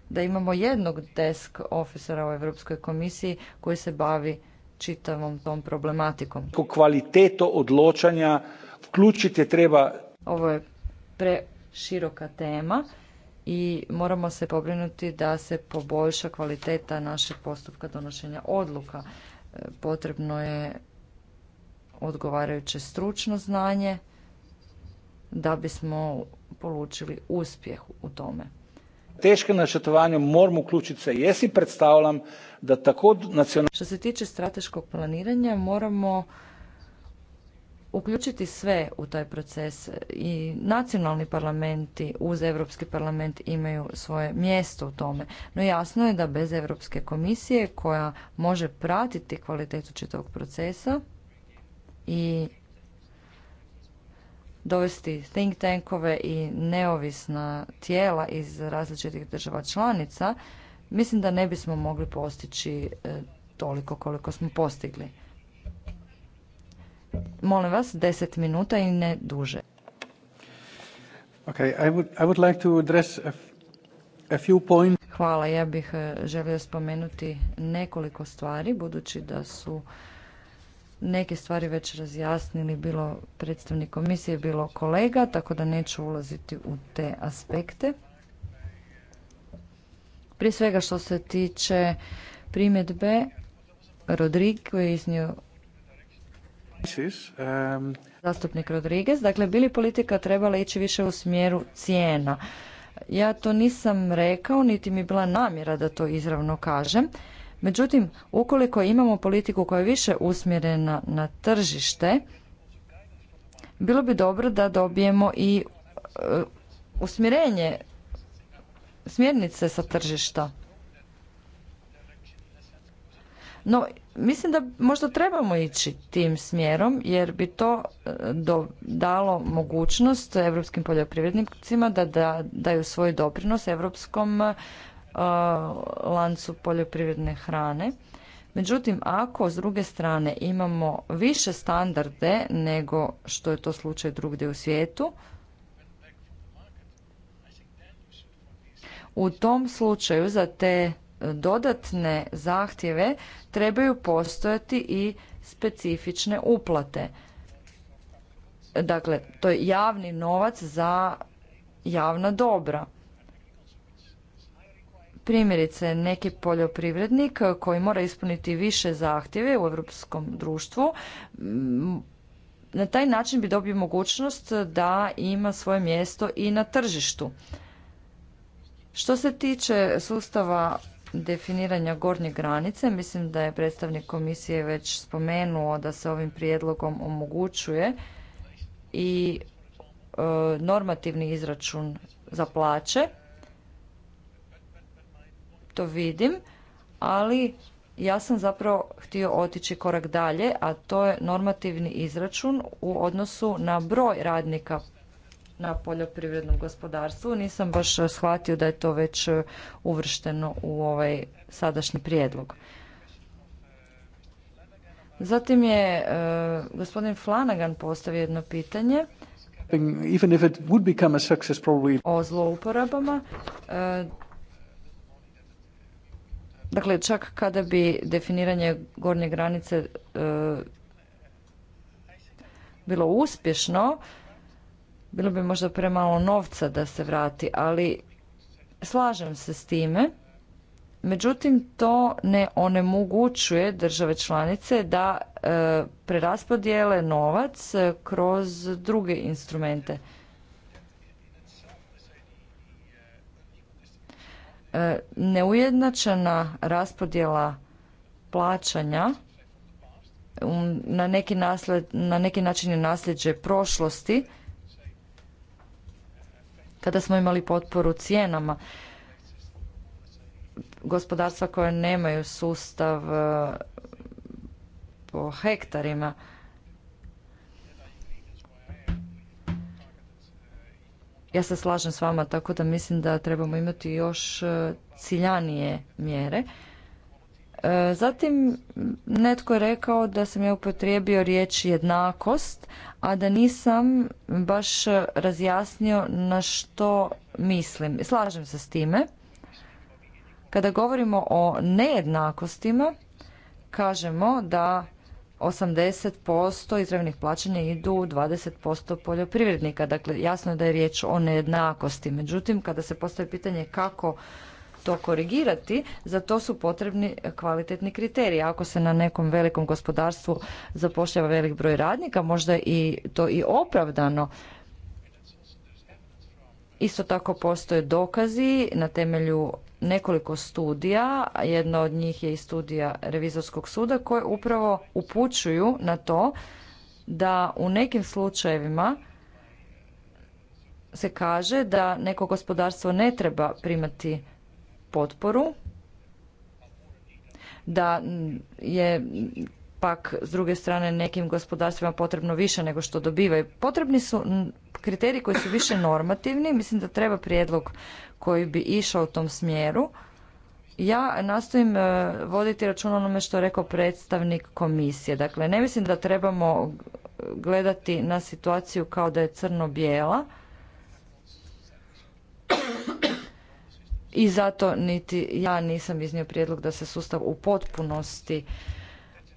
da imamo jednog desk ofisera u Europskoj komisiji koji se bavi čitavom tom problematikom. Kvaliteto odločanja vključiti treba... Ovo je preširoka tema i moramo se pobrinuti da se poboljša kvaliteta našeg postupka donošenja odluka. E, potrebno je odgovarajuće stručno znanje da bismo polučili uspjeh u tome strateškem načrtovanju moramo uključiti se. Jesi si predstavljam da tako nacionalno... Što se tiče strateškog planiranja, moramo uključiti sve u taj proces i nacionalni parlamenti uz Europski parlament imaju svoje mjesto u tome. No jasno je da bez Europske komisije koja može pratiti kvalitetu čitavog procesa i dovesti think tankove i neovisna tijela iz različitih država članica, mislim da ne bismo mogli postići e, toliko koliko smo postigli. Molim vas, deset minuta i ne duže. a, Hvala, ja bih e, želio spomenuti nekoliko stvari, budući da su neke stvari već razjasnili bilo predstavnik komisije, bilo kolega, tako da neću ulaziti u te aspekte. Prije svega što se tiče primjedbe, Rodrig koji je iznio zastupnik Rodriguez, dakle bili politika trebala ići više u smjeru cijena. Ja to nisam rekao, niti mi bila namjera da to izravno kažem. Međutim, ukoliko imamo politiku koja je više usmjerena na tržište, bilo bi dobro da dobijemo i e, usmjerenje smjernice sa tržišta. No, mislim da možda trebamo ići tim smjerom jer bi to e, dalo mogućnost europskim poljoprivrednicima da, da daju svoj doprinos europskom lancu poljoprivredne hrane. Međutim, ako s druge strane imamo više standarde nego što je to slučaj drugdje u svijetu, u tom slučaju za te dodatne zahtjeve trebaju postojati i specifične uplate. Dakle, to je javni novac za javna dobra. Primjerice, neki poljoprivrednik koji mora ispuniti više zahtjeve u europskom društvu, na taj način bi dobio mogućnost da ima svoje mjesto i na tržištu. Što se tiče sustava definiranja gornje granice, mislim da je predstavnik komisije već spomenuo da se ovim prijedlogom omogućuje i e, normativni izračun za plaće to vidim, ali ja sam zapravo htio otići korak dalje, a to je normativni izračun u odnosu na broj radnika na poljoprivrednom gospodarstvu. Nisam baš shvatio da je to već uvršteno u ovaj sadašnji prijedlog. Zatim je e, gospodin Flanagan postavio jedno pitanje o zlouporabama. E, Dakle, čak kada bi definiranje gornje granice e, bilo uspješno, bilo bi možda premalo novca da se vrati, ali slažem se s time. Međutim, to ne onemogućuje države članice da e, preraspodijele novac kroz druge instrumente. E, neujednačena raspodjela plaćanja um, na neki, nasled, na neki način je nasljeđe prošlosti kada smo imali potporu cijenama gospodarstva koje nemaju sustav e, po hektarima Ja se slažem s vama, tako da mislim da trebamo imati još e, ciljanije mjere. E, zatim, netko je rekao da sam ja upotrijebio riječ jednakost, a da nisam baš razjasnio na što mislim. Slažem se s time. Kada govorimo o nejednakostima, kažemo da 80% izravnih plaćanja idu 20% poljoprivrednika. Dakle, jasno je da je riječ o nejednakosti. Međutim, kada se postoje pitanje kako to korigirati, za to su potrebni kvalitetni kriteriji. Ako se na nekom velikom gospodarstvu zapošljava velik broj radnika, možda i to i opravdano. Isto tako postoje dokazi na temelju nekoliko studija, jedna od njih je i studija revizorskog suda koje upravo upućuju na to da u nekim slučajevima se kaže da neko gospodarstvo ne treba primati potporu, da je pak s druge strane nekim gospodarstvima potrebno više nego što dobivaju. Potrebni su kriteriji koji su više normativni, mislim da treba prijedlog koji bi išao u tom smjeru. Ja nastojim e, voditi račun onome što je rekao predstavnik komisije. Dakle, ne mislim da trebamo gledati na situaciju kao da je crno-bijela i zato niti ja nisam iznio prijedlog da se sustav u potpunosti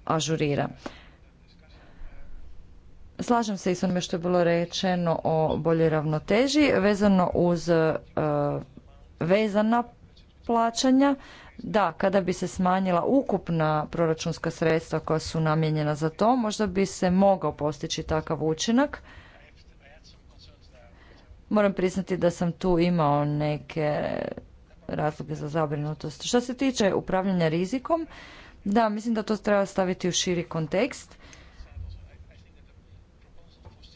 ažurira. Slažem se i s onime što je bilo rečeno o boljoj ravnoteži vezano uz e, vezana plaćanja. Da, kada bi se smanjila ukupna proračunska sredstva koja su namijenjena za to, možda bi se mogao postići takav učinak. Moram priznati da sam tu imao neke razloge za zabrinutost. Što se tiče upravljanja rizikom, da, mislim da to treba staviti u širi kontekst.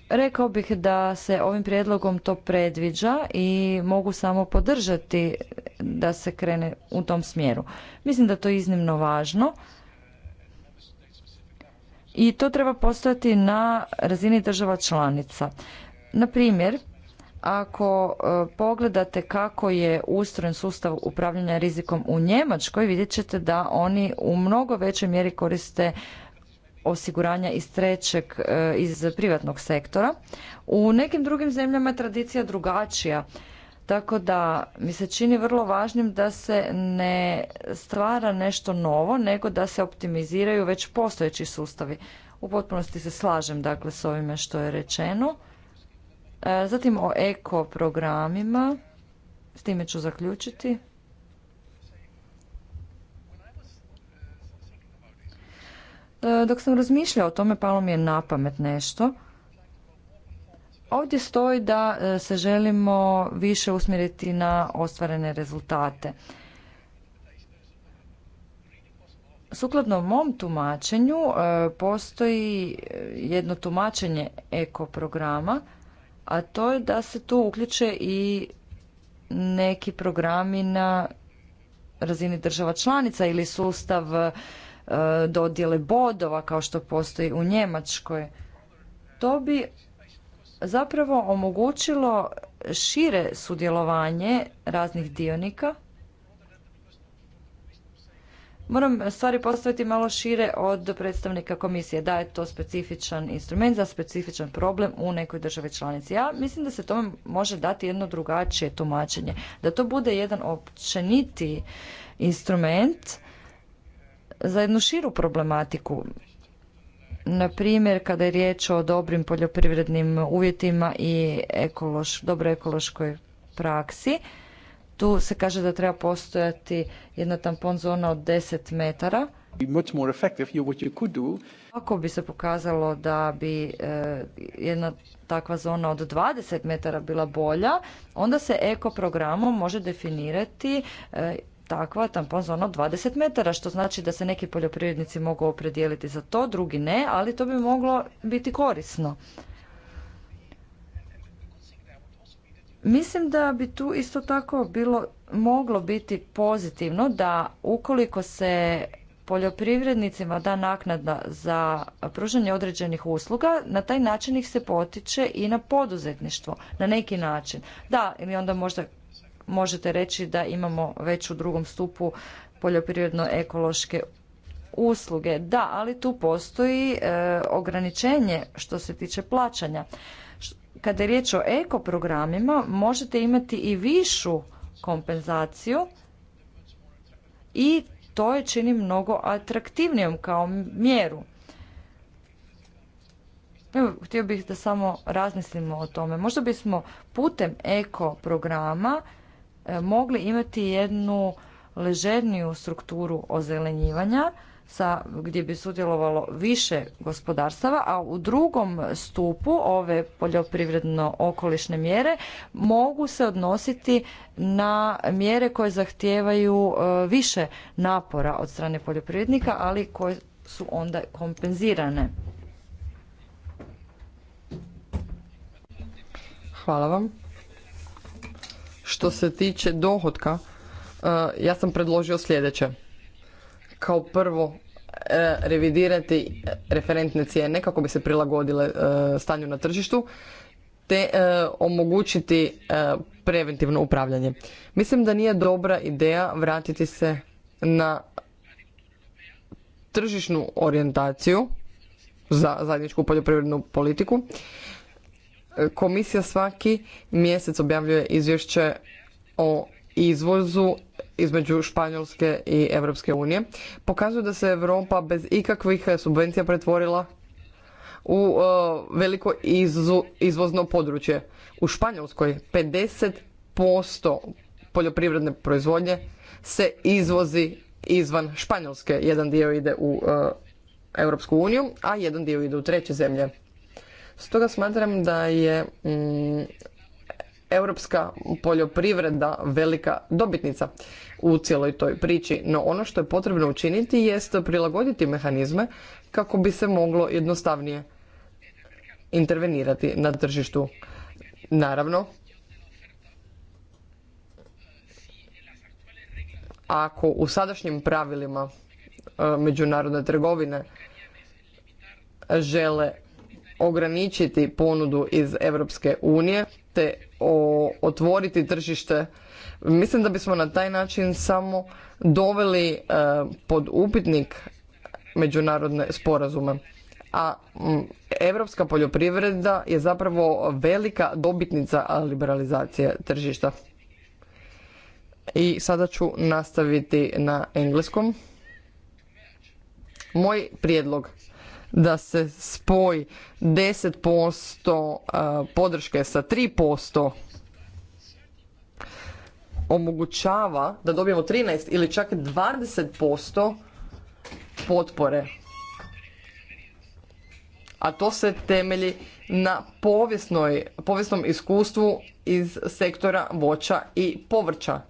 Rekao bih da se ovim prijedlogom to predviđa i mogu samo podržati da se krene u tom smjeru. Mislim da to je iznimno važno i to treba postojati na razini država članica. Na primjer, ako e, pogledate kako je ustrojen sustav upravljanja rizikom u Njemačkoj, vidjet ćete da oni u mnogo većoj mjeri koriste osiguranja iz trećeg, e, iz privatnog sektora. U nekim drugim zemljama je tradicija drugačija. Tako da mi se čini vrlo važnim da se ne stvara nešto novo, nego da se optimiziraju već postojeći sustavi. U potpunosti se slažem dakle s ovime što je rečeno. E, zatim o eko programima, s time ću zaključiti. E, dok sam razmišljao o tome, palo mi je na pamet nešto. Ovdje stoji da e, se želimo više usmjeriti na ostvarene rezultate. Sukladno mom tumačenju postoji jedno tumačenje eko programa a to je da se tu uključe i neki programi na razini država članica ili sustav e, dodjele bodova kao što postoji u Njemačkoj. To bi zapravo omogućilo šire sudjelovanje raznih dionika Moram stvari postaviti malo šire od predstavnika komisije. Da je to specifičan instrument za specifičan problem u nekoj državi članici. Ja mislim da se tome može dati jedno drugačije tumačenje. Da to bude jedan općeniti instrument za jednu širu problematiku. Na primjer, kada je riječ o dobrim poljoprivrednim uvjetima i ekološ, dobro ekološkoj praksi, tu se kaže da treba postojati jedna tampon zona od 10 metara. Ako bi se pokazalo da bi e, jedna takva zona od 20 metara bila bolja, onda se eko programom može definirati e, takva tampon zona od 20 metara, što znači da se neki poljoprivrednici mogu opredijeliti za to, drugi ne, ali to bi moglo biti korisno. Mislim da bi tu isto tako bilo moglo biti pozitivno da ukoliko se poljoprivrednicima da naknada za pružanje određenih usluga, na taj način ih se potiče i na poduzetništvo, na neki način. Da, ili onda možda možete reći da imamo već u drugom stupu poljoprivredno-ekološke usluge. Da, ali tu postoji e, ograničenje što se tiče plaćanja kada je riječ o eko programima možete imati i višu kompenzaciju i to je čini mnogo atraktivnijom kao mjeru. Evo, htio bih da samo razmislimo o tome. Možda bismo putem eko programa e, mogli imati jednu ležerniju strukturu ozelenjivanja sa, gdje bi sudjelovalo više gospodarstava, a u drugom stupu ove poljoprivredno okolišne mjere mogu se odnositi na mjere koje zahtijevaju e, više napora od strane poljoprivrednika, ali koje su onda kompenzirane. Hvala vam. Što se tiče dohotka, e, ja sam predložio sljedeće. Kao prvo, E, revidirati referentne cijene kako bi se prilagodile e, stanju na tržištu te e, omogućiti preventivno upravljanje. Mislim da nije dobra ideja vratiti se na tržišnu orijentaciju za zajedničku poljoprivrednu politiku. Komisija svaki mjesec objavljuje izvješće o izvozu između Španjolske i Europske unije pokazuju da se Europa bez ikakvih subvencija pretvorila u uh, veliko izvozno područje. U Španjolskoj 50% poljoprivredne proizvodnje se izvozi izvan Španjolske. Jedan dio ide u uh, Europsku uniju, a jedan dio ide u treće zemlje. Stoga smatram da je mm, europska poljoprivreda velika dobitnica u cijeloj toj priči, no ono što je potrebno učiniti jest prilagoditi mehanizme kako bi se moglo jednostavnije intervenirati na tržištu. Naravno, ako u sadašnjim pravilima e, međunarodne trgovine žele ograničiti ponudu iz Europske unije te otvoriti tržište mislim da bismo na taj način samo doveli e, pod upitnik međunarodne sporazume a europska poljoprivreda je zapravo velika dobitnica liberalizacije tržišta i sada ću nastaviti na engleskom moj prijedlog da se spoji 10% e, podrške sa 3% omogućava da dobijemo 13 ili čak 20% potpore. A to se temelji na povijesnom iskustvu iz sektora voća i povrća.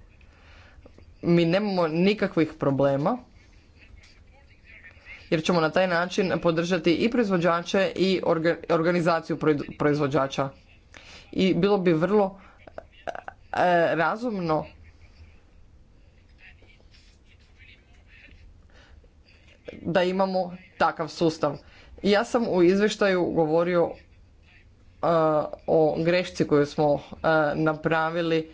Mi nemamo nikakvih problema jer ćemo na taj način podržati i proizvođače i organizaciju proizvođača. I bilo bi vrlo e, razumno da imamo takav sustav. Ja sam u izvještaju govorio e, o grešci koju smo e, napravili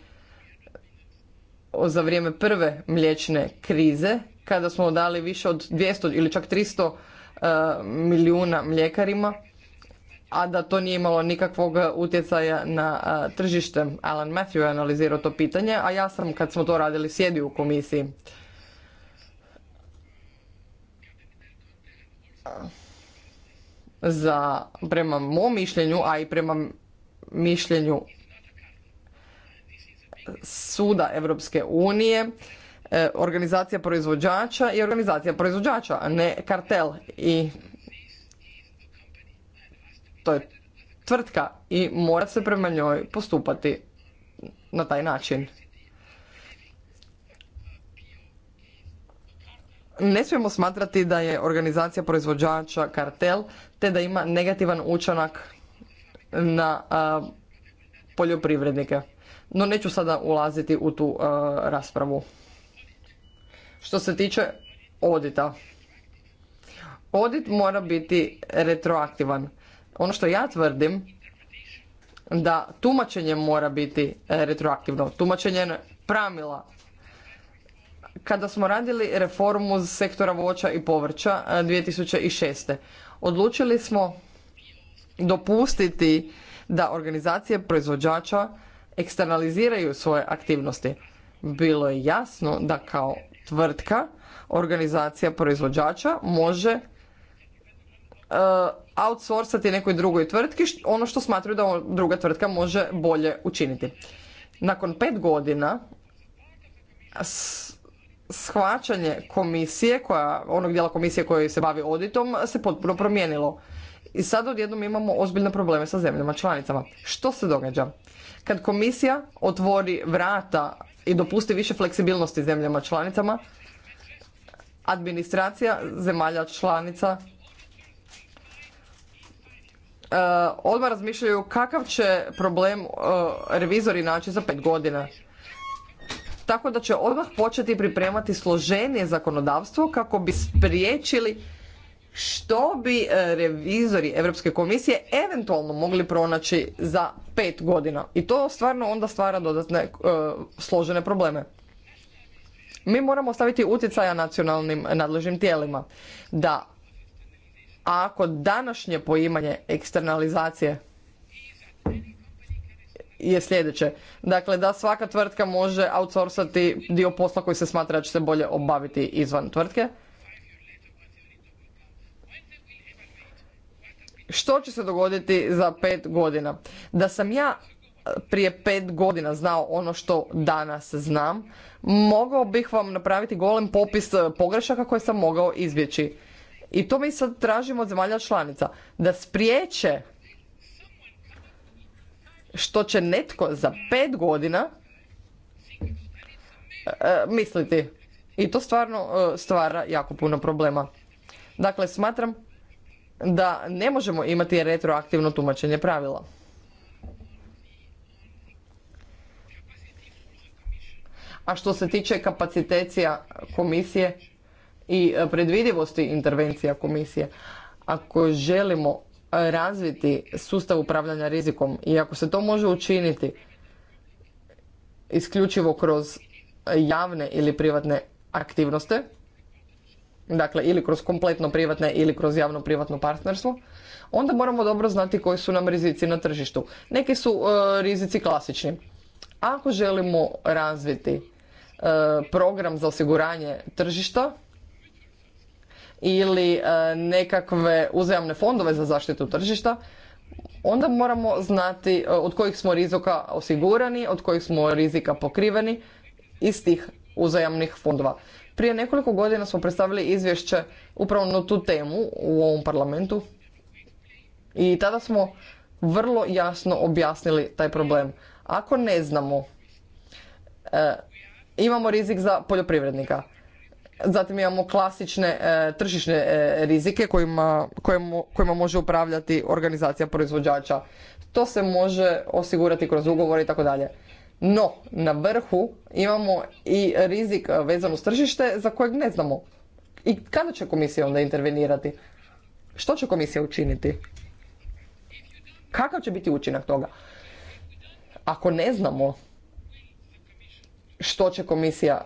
za vrijeme prve mliječne krize kada smo dali više od 200 ili čak 300 e, milijuna mljekarima, a da to nije imalo nikakvog utjecaja na e, tržište. Alan Matthew je analizirao to pitanje, a ja sam kad smo to radili sjedio u komisiji. Za, prema mom mišljenju, a i prema mišljenju suda Europske unije, E, organizacija proizvođača i organizacija proizvođača, a ne kartel i to je tvrtka i mora se prema njoj postupati na taj način. Ne smijemo smatrati da je organizacija proizvođača kartel te da ima negativan učanak na poljoprivrednike. No neću sada ulaziti u tu raspravu. Što se tiče odita, odit mora biti retroaktivan. Ono što ja tvrdim da tumačenje mora biti retroaktivno, tumačenje pravila. Kada smo radili reformu sektora voća i povrća 2006. Eh, odlučili smo dopustiti da organizacije proizvođača eksternaliziraju svoje aktivnosti. Bilo je jasno da kao tvrtka, organizacija proizvođača može e, outsourcati nekoj drugoj tvrtki ono što smatraju da druga tvrtka može bolje učiniti. Nakon pet godina shvaćanje komisije, koja, onog dijela komisije koji se bavi auditom, se potpuno promijenilo. I sad odjednom imamo ozbiljne probleme sa zemljama članicama. Što se događa? Kad komisija otvori vrata i dopusti više fleksibilnosti zemljama članicama, administracija zemalja članica eh, odmah razmišljaju kakav će problem eh, revizori naći za pet godina. Tako da će odmah početi pripremati složenije zakonodavstvo kako bi spriječili što bi e, revizori Europske komisije eventualno mogli pronaći za pet godina. I to stvarno onda stvara dodatne e, složene probleme. Mi moramo staviti utjecaja nacionalnim nadležnim tijelima da ako današnje poimanje eksternalizacije je sljedeće. Dakle, da svaka tvrtka može outsourcati dio posla koji se smatra da će se bolje obaviti izvan tvrtke, što će se dogoditi za pet godina. Da sam ja prije pet godina znao ono što danas znam, mogao bih vam napraviti golem popis pogrešaka koje sam mogao izbjeći. I to mi sad tražimo od zemalja članica. Da spriječe što će netko za pet godina e, misliti. I to stvarno e, stvara jako puno problema. Dakle, smatram da ne možemo imati retroaktivno tumačenje pravila. A što se tiče kapacitecija komisije i e, predvidivosti intervencija komisije, ako želimo razviti sustav upravljanja rizikom i ako se to može učiniti isključivo kroz javne ili privatne aktivnosti, dakle ili kroz kompletno privatne ili kroz javno privatno partnerstvo, onda moramo dobro znati koji su nam rizici na tržištu. Neki su e, rizici klasični. Ako želimo razviti e, program za osiguranje tržišta ili e, nekakve uzajamne fondove za zaštitu tržišta, onda moramo znati od kojih smo rizika osigurani, od kojih smo rizika pokriveni iz tih uzajamnih fondova. Prije nekoliko godina smo predstavili izvješće upravo na tu temu u ovom parlamentu i tada smo vrlo jasno objasnili taj problem. Ako ne znamo, e, imamo rizik za poljoprivrednika. Zatim imamo klasične e, tržišne e, rizike kojima, kojima može upravljati organizacija proizvođača. To se može osigurati kroz ugovore i tako dalje. No, na vrhu imamo i rizik e, vezan uz tržište za kojeg ne znamo. I kada će komisija onda intervenirati? Što će komisija učiniti? Kakav će biti učinak toga? Ako ne znamo što će komisija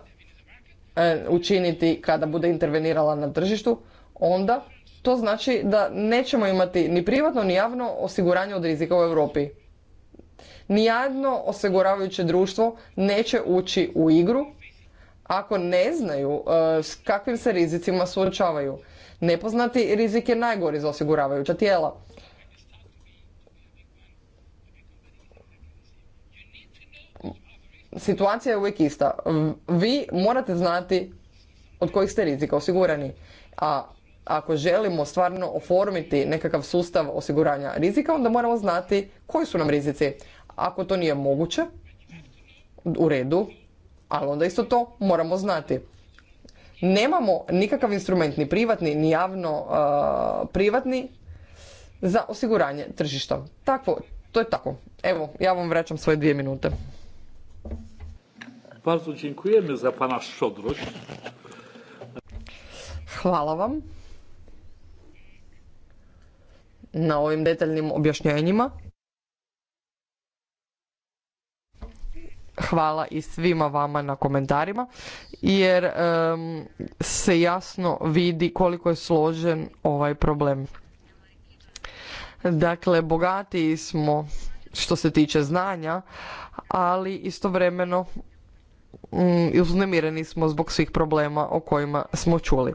e, učiniti kada bude intervenirala na tržištu, onda to znači da nećemo imati ni privatno ni javno osiguranje od rizika u Europi. Nijedno osiguravajuće društvo neće ući u igru ako ne znaju e, s kakvim se rizicima suočavaju. Nepoznati rizik je najgori za osiguravajuća tijela. Situacija je uvijek ista. Vi morate znati od kojih ste rizika osigurani. A ako želimo stvarno oformiti nekakav sustav osiguranja rizika, onda moramo znati koji su nam rizici. Ako to nije moguće, u redu, ali onda isto to moramo znati. Nemamo nikakav instrument, ni privatni, ni javno uh, privatni, za osiguranje tržišta. Tako, to je tako. Evo, ja vam vraćam svoje dvije minute. za Hvala vam na ovim detaljnim objašnjenjima. hvala i svima vama na komentarima jer se jasno vidi koliko je složen ovaj problem. Dakle, bogatiji smo što se tiče znanja, ali istovremeno um, mm, uznemireni smo zbog svih problema o kojima smo čuli.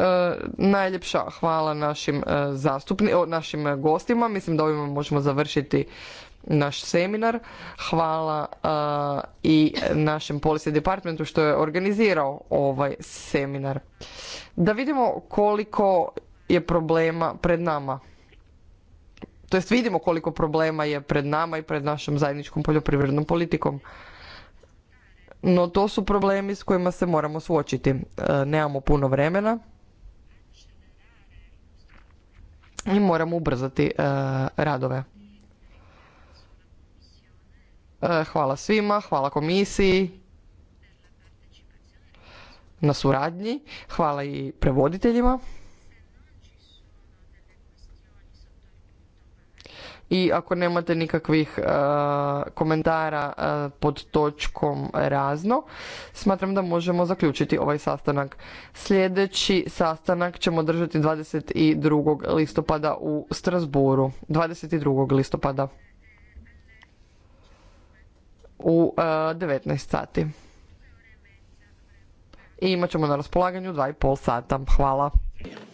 E, najljepša hvala našim e, zastupni, našim gostima. Mislim da ovim možemo završiti naš seminar. Hvala e, i našem policy departmentu što je organizirao ovaj seminar. Da vidimo koliko je problema pred nama. To jest vidimo koliko problema je pred nama i pred našom zajedničkom poljoprivrednom politikom. No to su problemi s kojima se moramo suočiti. nemamo puno vremena i moramo ubrzati e, radove. E, hvala svima, hvala komisiji na suradnji, hvala i prevoditeljima. i ako nemate nikakvih e, komentara e, pod točkom razno, smatram da možemo zaključiti ovaj sastanak. Sljedeći sastanak ćemo držati 22. listopada u Strasburu. 22. listopada u 19 e, sati. I imat ćemo na raspolaganju 2,5 sata. Hvala.